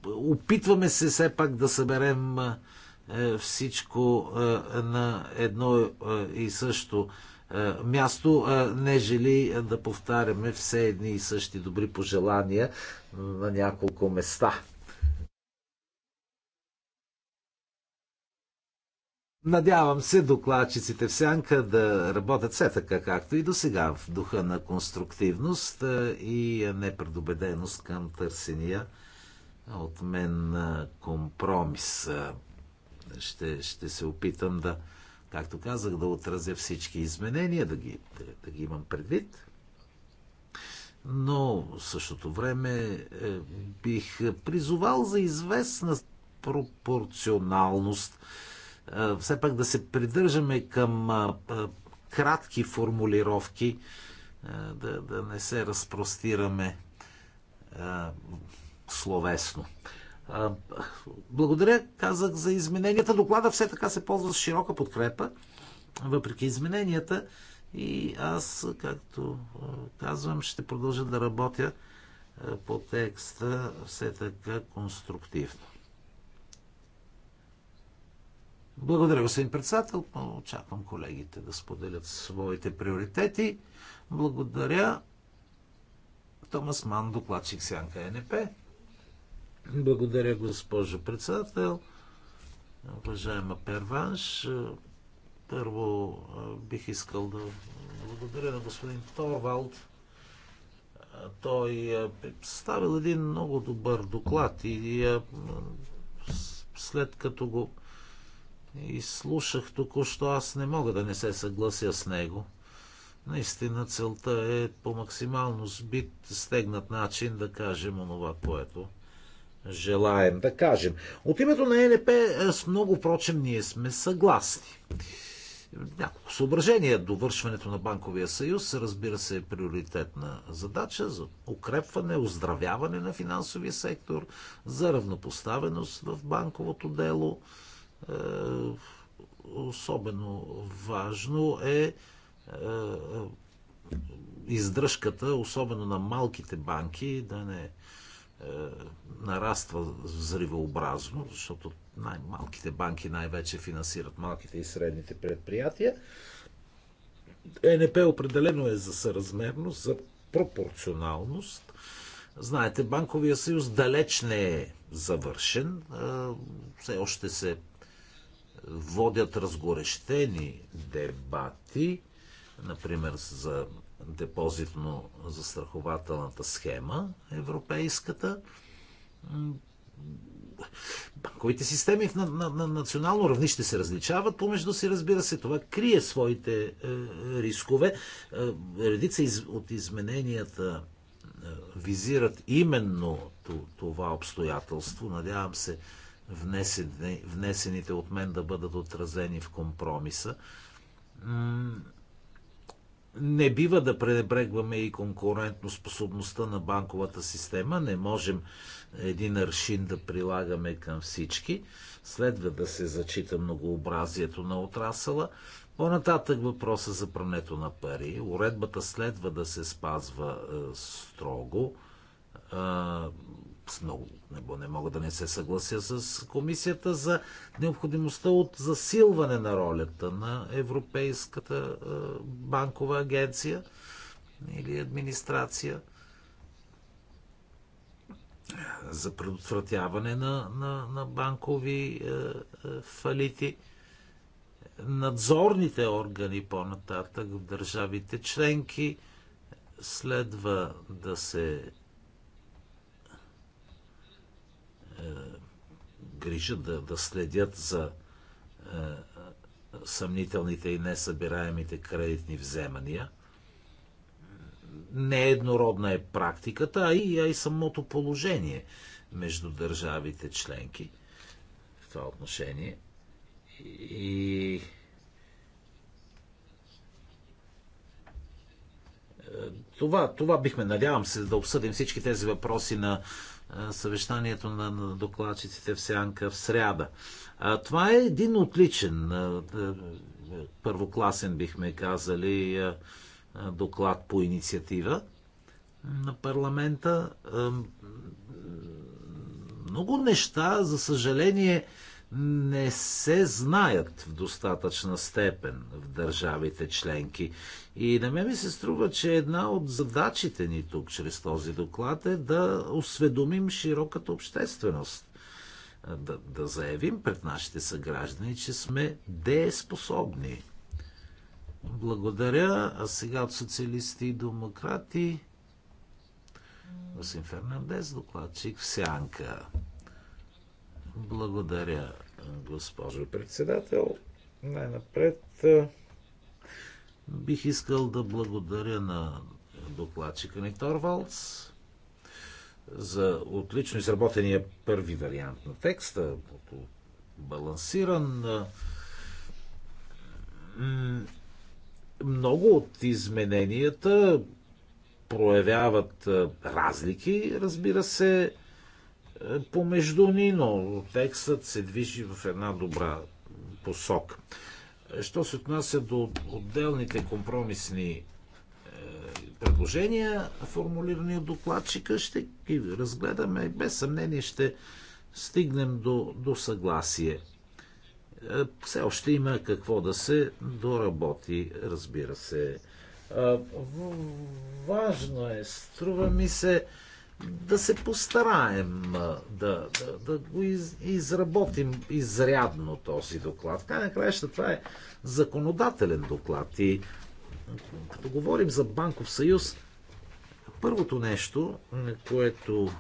Е, опитваме се все пак да съберем е, всичко е, на едно и също е, място, е, нежели да повтаряме все едни и същи добри пожелания на няколко места. Надявам се докладчиците в сянка да работят все така, както и до сега, в духа на конструктивност е, и непредобеденост към търсения от мен компромис. Ще, ще се опитам да както казах, да отразя всички изменения, да ги, да, да ги имам предвид. Но в същото време е, бих призовал за известна пропорционалност. Е, все пак да се придържаме към е, е кратки формулировки, е, да, да не се разпростираме е, словесно. Благодаря, казах, за измененията. Доклада все така се ползва с широка подкрепа, въпреки измененията. И аз, както казвам, ще продължа да работя по текста все така конструктивно. Благодаря, господин председател. Очаквам колегите да споделят своите приоритети. Благодаря. Томас Ман, докладчик Сянка НП. Благодаря, госпожо председател. Уважаема Перванш, първо бих искал да благодаря на господин Торвалд. Той е ставил един много добър доклад и след като го изслушах току-що, аз не мога да не се съглася с него. Наистина целта е по максимално сбит, стегнат начин да кажем онова, което желаем да кажем. От името на ЕНП е, с много, прочим, ние сме съгласни. Няколко съображения. Довършването на Банковия съюз, разбира се, е приоритетна задача за укрепване, оздравяване на финансовия сектор, за равнопоставеност в банковото дело. Е, особено важно е, е, е издръжката, особено на малките банки, да не е, нараства взривообразно, защото най-малките банки най-вече финансират малките и средните предприятия. Е ЕНП определено е за съразмерност, за пропорционалност. Знаете, Банковия съюз далеч не е завършен. Е, все още се водят разгорещени дебати, например за депозитно-застрахователната схема, европейската. Банковите системи на, на, на национално равнище се различават, помежду си, разбира се, това крие своите е, рискове. Е, редица из, от измененията е, визират именно това обстоятелство. Надявам се, внесените от мен да бъдат отразени в компромиса. Не бива да пренебрегваме и конкурентоспособността на банковата система. Не можем един аршин да прилагаме към всички. Следва да се зачита многообразието на отрасъла. По-нататък въпроса за прането на пари. Уредбата следва да се спазва е, строго. Е, много не мога да не се съглася с комисията за необходимостта от засилване на ролята на Европейската е, банкова агенция или администрация за предотвратяване на, на, на банкови е, е, фалити. Надзорните органи по-нататък в държавите членки следва да се Е, грижат, да, да следят за е, съмнителните и несъбираемите кредитни вземания. Нееднородна е практиката, а и, а и самото положение между държавите членки в това отношение. И е, това, това бихме, надявам се, да обсъдим всички тези въпроси на съвещанието на докладчиците в Сянка в сряда. Това е един отличен, първокласен, бихме казали, доклад по инициатива на парламента. Много неща, за съжаление, не се знаят в достатъчна степен в държавите членки. И на мен ми се струва, че една от задачите ни тук, чрез този доклад, е да осведомим широката общественост. Да, да заявим пред нашите съграждани, че сме дееспособни. Благодаря. А сега от социалисти и демократи. Господин Фернандес, докладчик в Сянка. Благодаря, госпожо председател. Най-напред бих искал да благодаря на докладчика ни Торвалдс за отлично изработения първи вариант на текста, балансиран. Много от измененията проявяват разлики, разбира се, помежду ни, но текстът се движи в една добра посока. Що се отнася до отделните компромисни е, предложения, формулирани от докладчика, ще ги разгледаме и без съмнение ще стигнем до, до съгласие. Е, все още има какво да се доработи, разбира се. Е, важно е, струва ми се, да се постараем да, да, да го из, изработим изрядно този доклад. Край на краища това е законодателен доклад и като говорим за банков съюз, първото нещо, което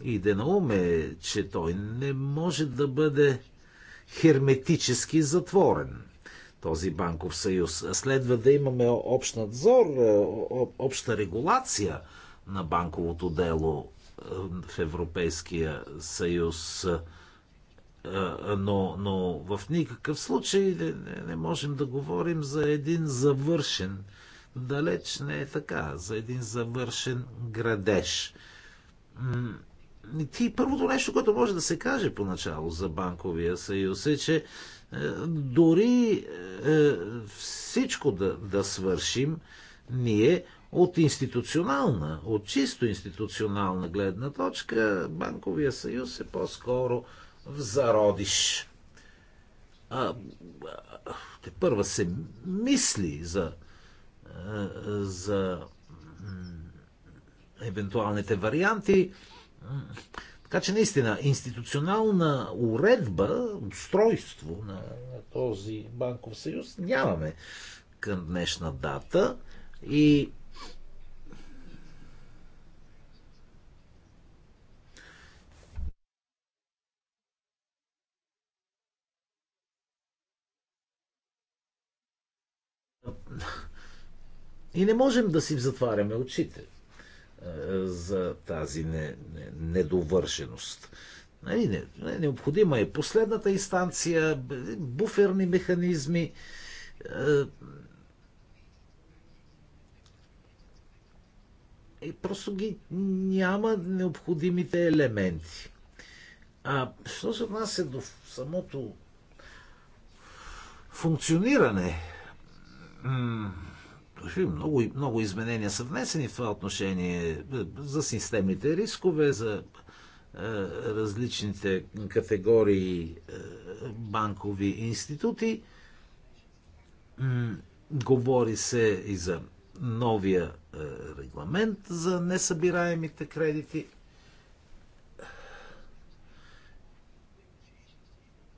иде на ум е, че той не може да бъде херметически затворен този банков съюз. Следва да имаме общ надзор, е, обща регулация на банковото дело е, в Европейския съюз. Е, но, но в никакъв случай не, не, не можем да говорим за един завършен, далеч не е така, за един завършен градеж. Ти първото нещо, което може да се каже поначало за банковия съюз е, че е, дори е, всичко да, да свършим, ние от институционална, от чисто институционална гледна точка, Банковия съюз е по-скоро в зародиш. А, те първа се мисли за, е, за евентуалните варианти. Така че наистина институционална уредба, устройство на този банков съюз нямаме към днешна дата и И не можем да си затваряме очите за тази не, не, недовършеност. Нали, не, не, необходима е последната инстанция, буферни механизми. Е, просто ги няма необходимите елементи. А що се отнася до самото функциониране? много, много изменения са внесени в това отношение за системните рискове, за е, различните категории е, банкови институти. Говори се и за новия е, регламент за несъбираемите кредити.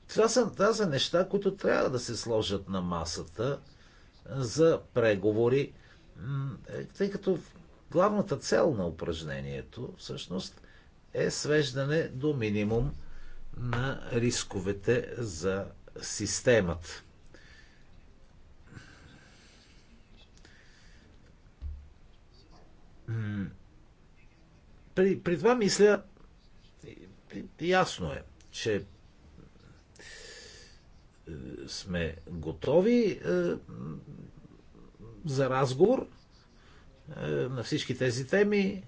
Това са, това са неща, които трябва да се сложат на масата за преговори, е, тъй като главната цел на упражнението всъщност е свеждане до минимум на рисковете за системата. При, при това мисля, ясно е, че сме готови е, за разговор е, на всички тези теми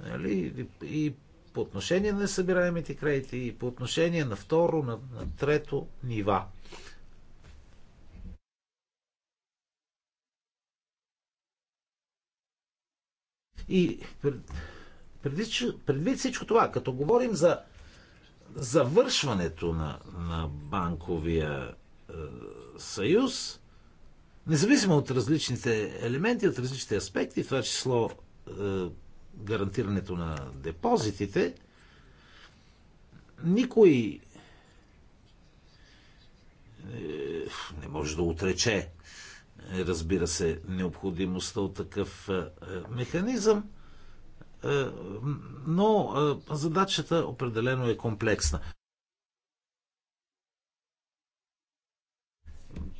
нали, и по отношение на събираемите кредити, и по отношение на второ, на, на трето нива. И пред, предвид, предвид всичко това, като говорим за завършването на, на банковия е, съюз, независимо от различните елементи, от различните аспекти, в това число е, гарантирането на депозитите, никой е, не може да отрече, разбира се, необходимостта от такъв е, механизъм. Е, но е, задачата определено е комплексна.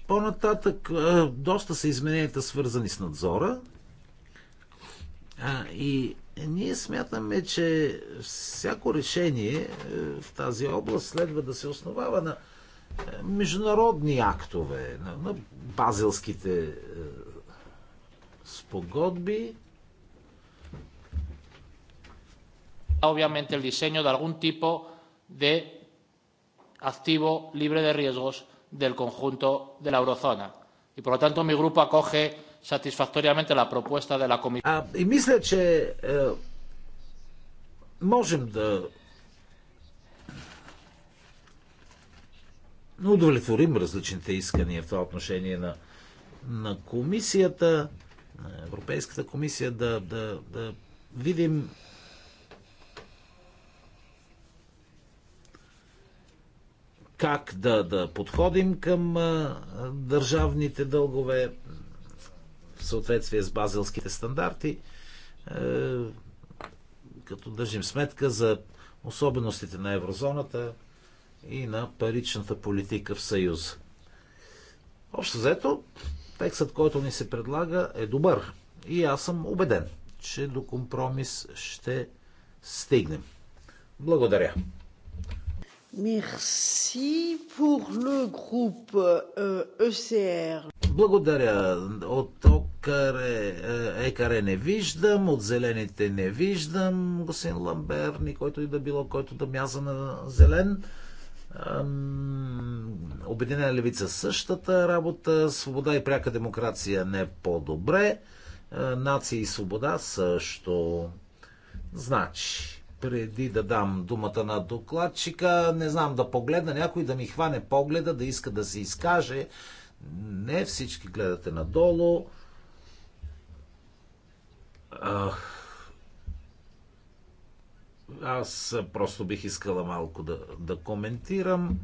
По-нататък е, доста са измененията свързани с надзора и ние смятаме, че всяко решение в тази област следва да се основава на международни актове, на базилските спогодби, obviamente el diseño de algún tipo de activo libre de riesgos del conjunto de la eurozona. Y por lo tanto mi grupo acoge satisfactoriamente la propuesta de la comisión. И мисля, че е, можем да удовлетворим различните искания в това отношение на, на комисията, на Европейската комисия, да, да, да видим как да, да подходим към а, държавните дългове в съответствие с базилските стандарти, а, е, като държим сметка за особеностите на еврозоната и на паричната политика в Съюз. Общо взето, текстът, който ни се предлага, е добър. И аз съм убеден, че до компромис ще стигнем. Благодаря. Merci pour le groupe ECR. Euh, e Благодаря. От Окаре, Екаре не виждам, от Зелените не виждам, господин Ламбер, ни който и да било, който да мяза на зелен. Обединена левица същата работа, свобода и пряка демокрация не по-добре, е, нация и свобода също. Значи, преди да дам думата на докладчика, не знам да погледна някой да ми хване погледа, да иска да се изкаже. Не всички гледате надолу. Аз просто бих искала малко да, да коментирам.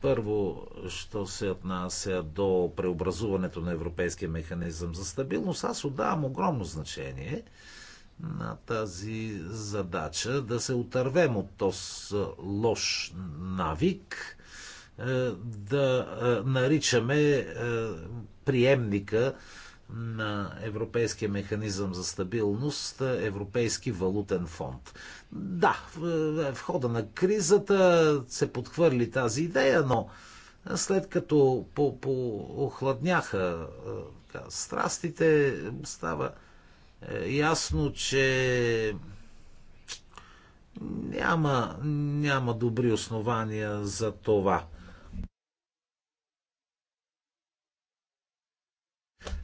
Първо, що се отнася до преобразуването на Европейския механизъм за стабилност, аз отдавам огромно значение на тази задача да се отървем от този е, лош навик е, да е, наричаме приемника на Европейския механизъм за стабилност Европейски валутен фонд. Да, в хода на кризата се подхвърли тази идея, но след като по-охладняха страстите, става е, ясно, че няма, няма добри основания за това.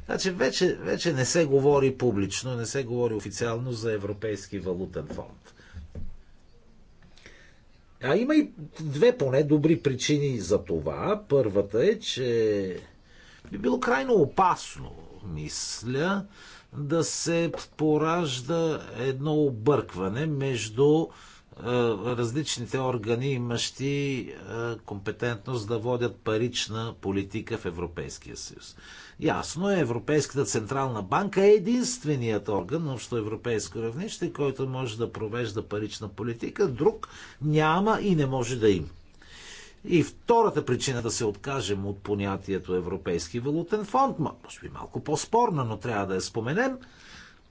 Значи вече, вече не се говори публично, не се говори официално за Европейски валутен фонд. А има и две поне добри причини за това. Първата е, че би било крайно опасно, мисля, да се поражда едно объркване между е, различните органи, имащи е, компетентност да водят парична политика в Европейския съюз. Ясно е, Европейската централна банка е единственият орган на общоевропейско равнище, който може да провежда парична политика. Друг няма и не може да има. И втората причина да се откажем от понятието Европейски валутен фонд, може би малко по-спорна, но трябва да я споменем,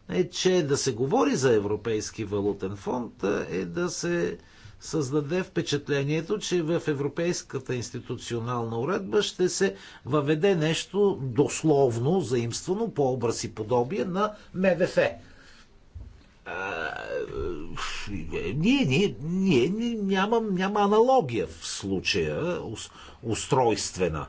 е, че да се говори за Европейски валутен фонд е, е да се създаде впечатлението, че в европейската институционална уредба ще се въведе нещо дословно, заимствано по образ и подобие на МВФ, е, ние, ние, ние нямам, няма аналогия в случая устройствена.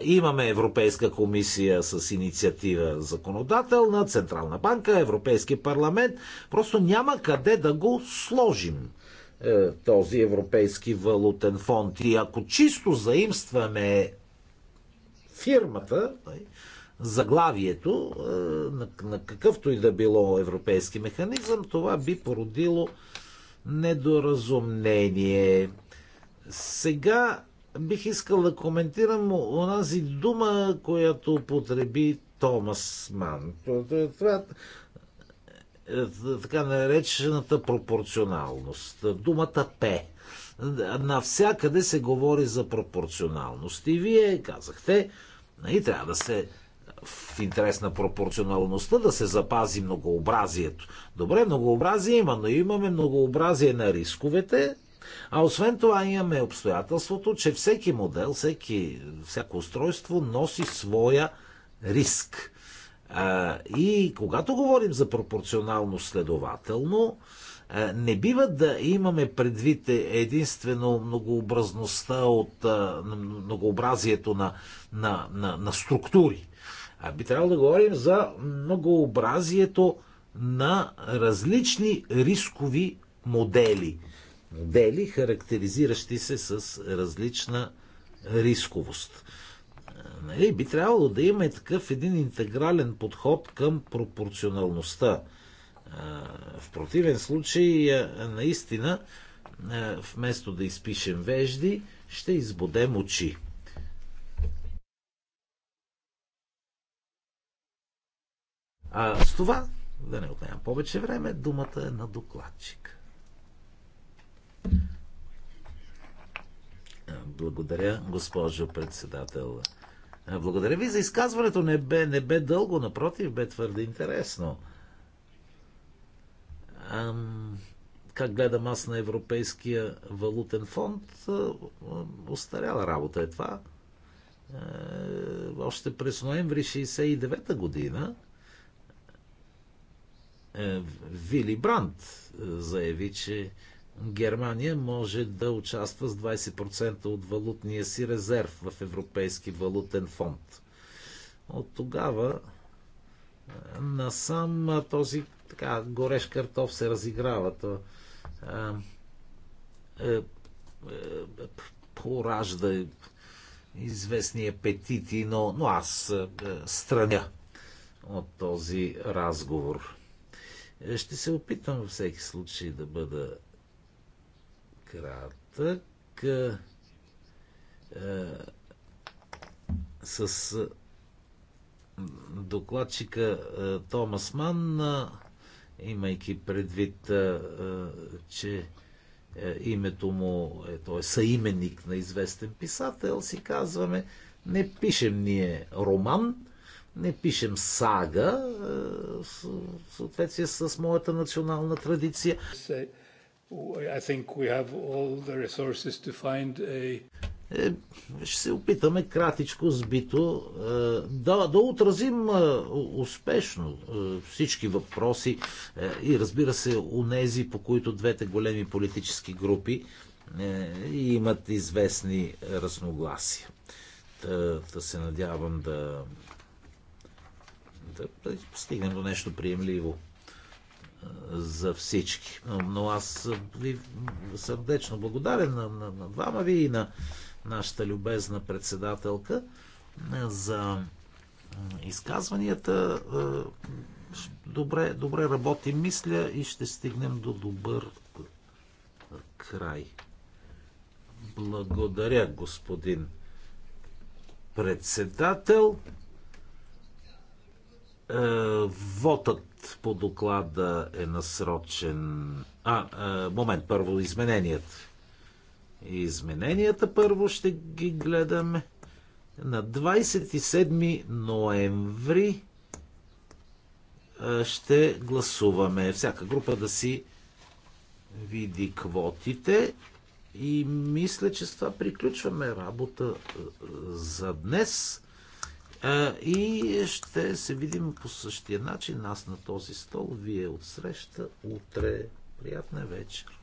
Имаме Европейска комисия с инициатива законодателна, Централна банка, Европейски парламент. Просто няма къде да го сложим е, този Европейски валутен фонд. И ако чисто заимстваме фирмата, нали, заглавието на, на какъвто и да било европейски механизъм, това би породило недоразумение. Сега бих искал да коментирам онази дума, която употреби Томас Ман. Това, така наречената пропорционалност. Думата П. Навсякъде се говори за пропорционалност. И вие казахте, и трябва да се в интерес на пропорционалността да се запази многообразието. Добре, многообразие има, но имаме многообразие на рисковете, а освен това имаме обстоятелството, че всеки модел, всеки, всяко устройство носи своя риск. И когато говорим за пропорционално следователно, не бива да имаме предвид единствено многообразността от многообразието на, на, на, на структури а би трябвало да говорим за многообразието на различни рискови модели. Модели, характеризиращи се с различна рисковост. Е, нали, би трябвало да има и такъв един интегрален подход към пропорционалността. Е, в противен случай, е, наистина, вместо да изпишем вежди, ще избодем очи. А с това, да не отнемам повече време, думата е на докладчик. Благодаря, госпожо председател. Благодаря ви за изказването. Не бе, не бе дълго, напротив, бе твърде интересно. Ам, как гледам аз на Европейския валутен фонд, остаряла работа е това. Е, още през ноември 69-та година е, Вили Бранд е, заяви, че Германия може да участва с 20% от валутния си резерв в Европейски валутен фонд. От тогава е, насам този така, горещ картоф се разиграва. То, а, е, е, поражда известни апетити, но, но аз е, страня от този разговор. Ще се опитам във всеки случай да бъда кратък. с докладчика Томас Ман, имайки предвид, че името му е, той е съименник на известен писател, си казваме, не пишем ние роман, не пишем сага е, в съответствие с моята национална традиция. Е, ще се опитаме кратичко, сбито е, да, да отразим успешно всички въпроси и разбира се, унези, по които двете големи политически групи имат известни разногласия. Да, да се надявам да да, да постигнем до нещо приемливо за всички. Но, но аз ви сърдечно благодарен на, на, на двама ви и на нашата любезна председателка за изказванията. Добре, добре работим, мисля, и ще стигнем до добър край. Благодаря, господин председател. Е, вотът по доклада е насрочен. А, а, е, момент, първо измененията. Измененията първо ще ги гледаме на 27 ноември е, ще гласуваме. Всяка група да си види квотите и мисля, че с това приключваме работа за днес. И ще се видим по същия начин. Аз на този стол, вие отсреща, утре. Приятна вечер.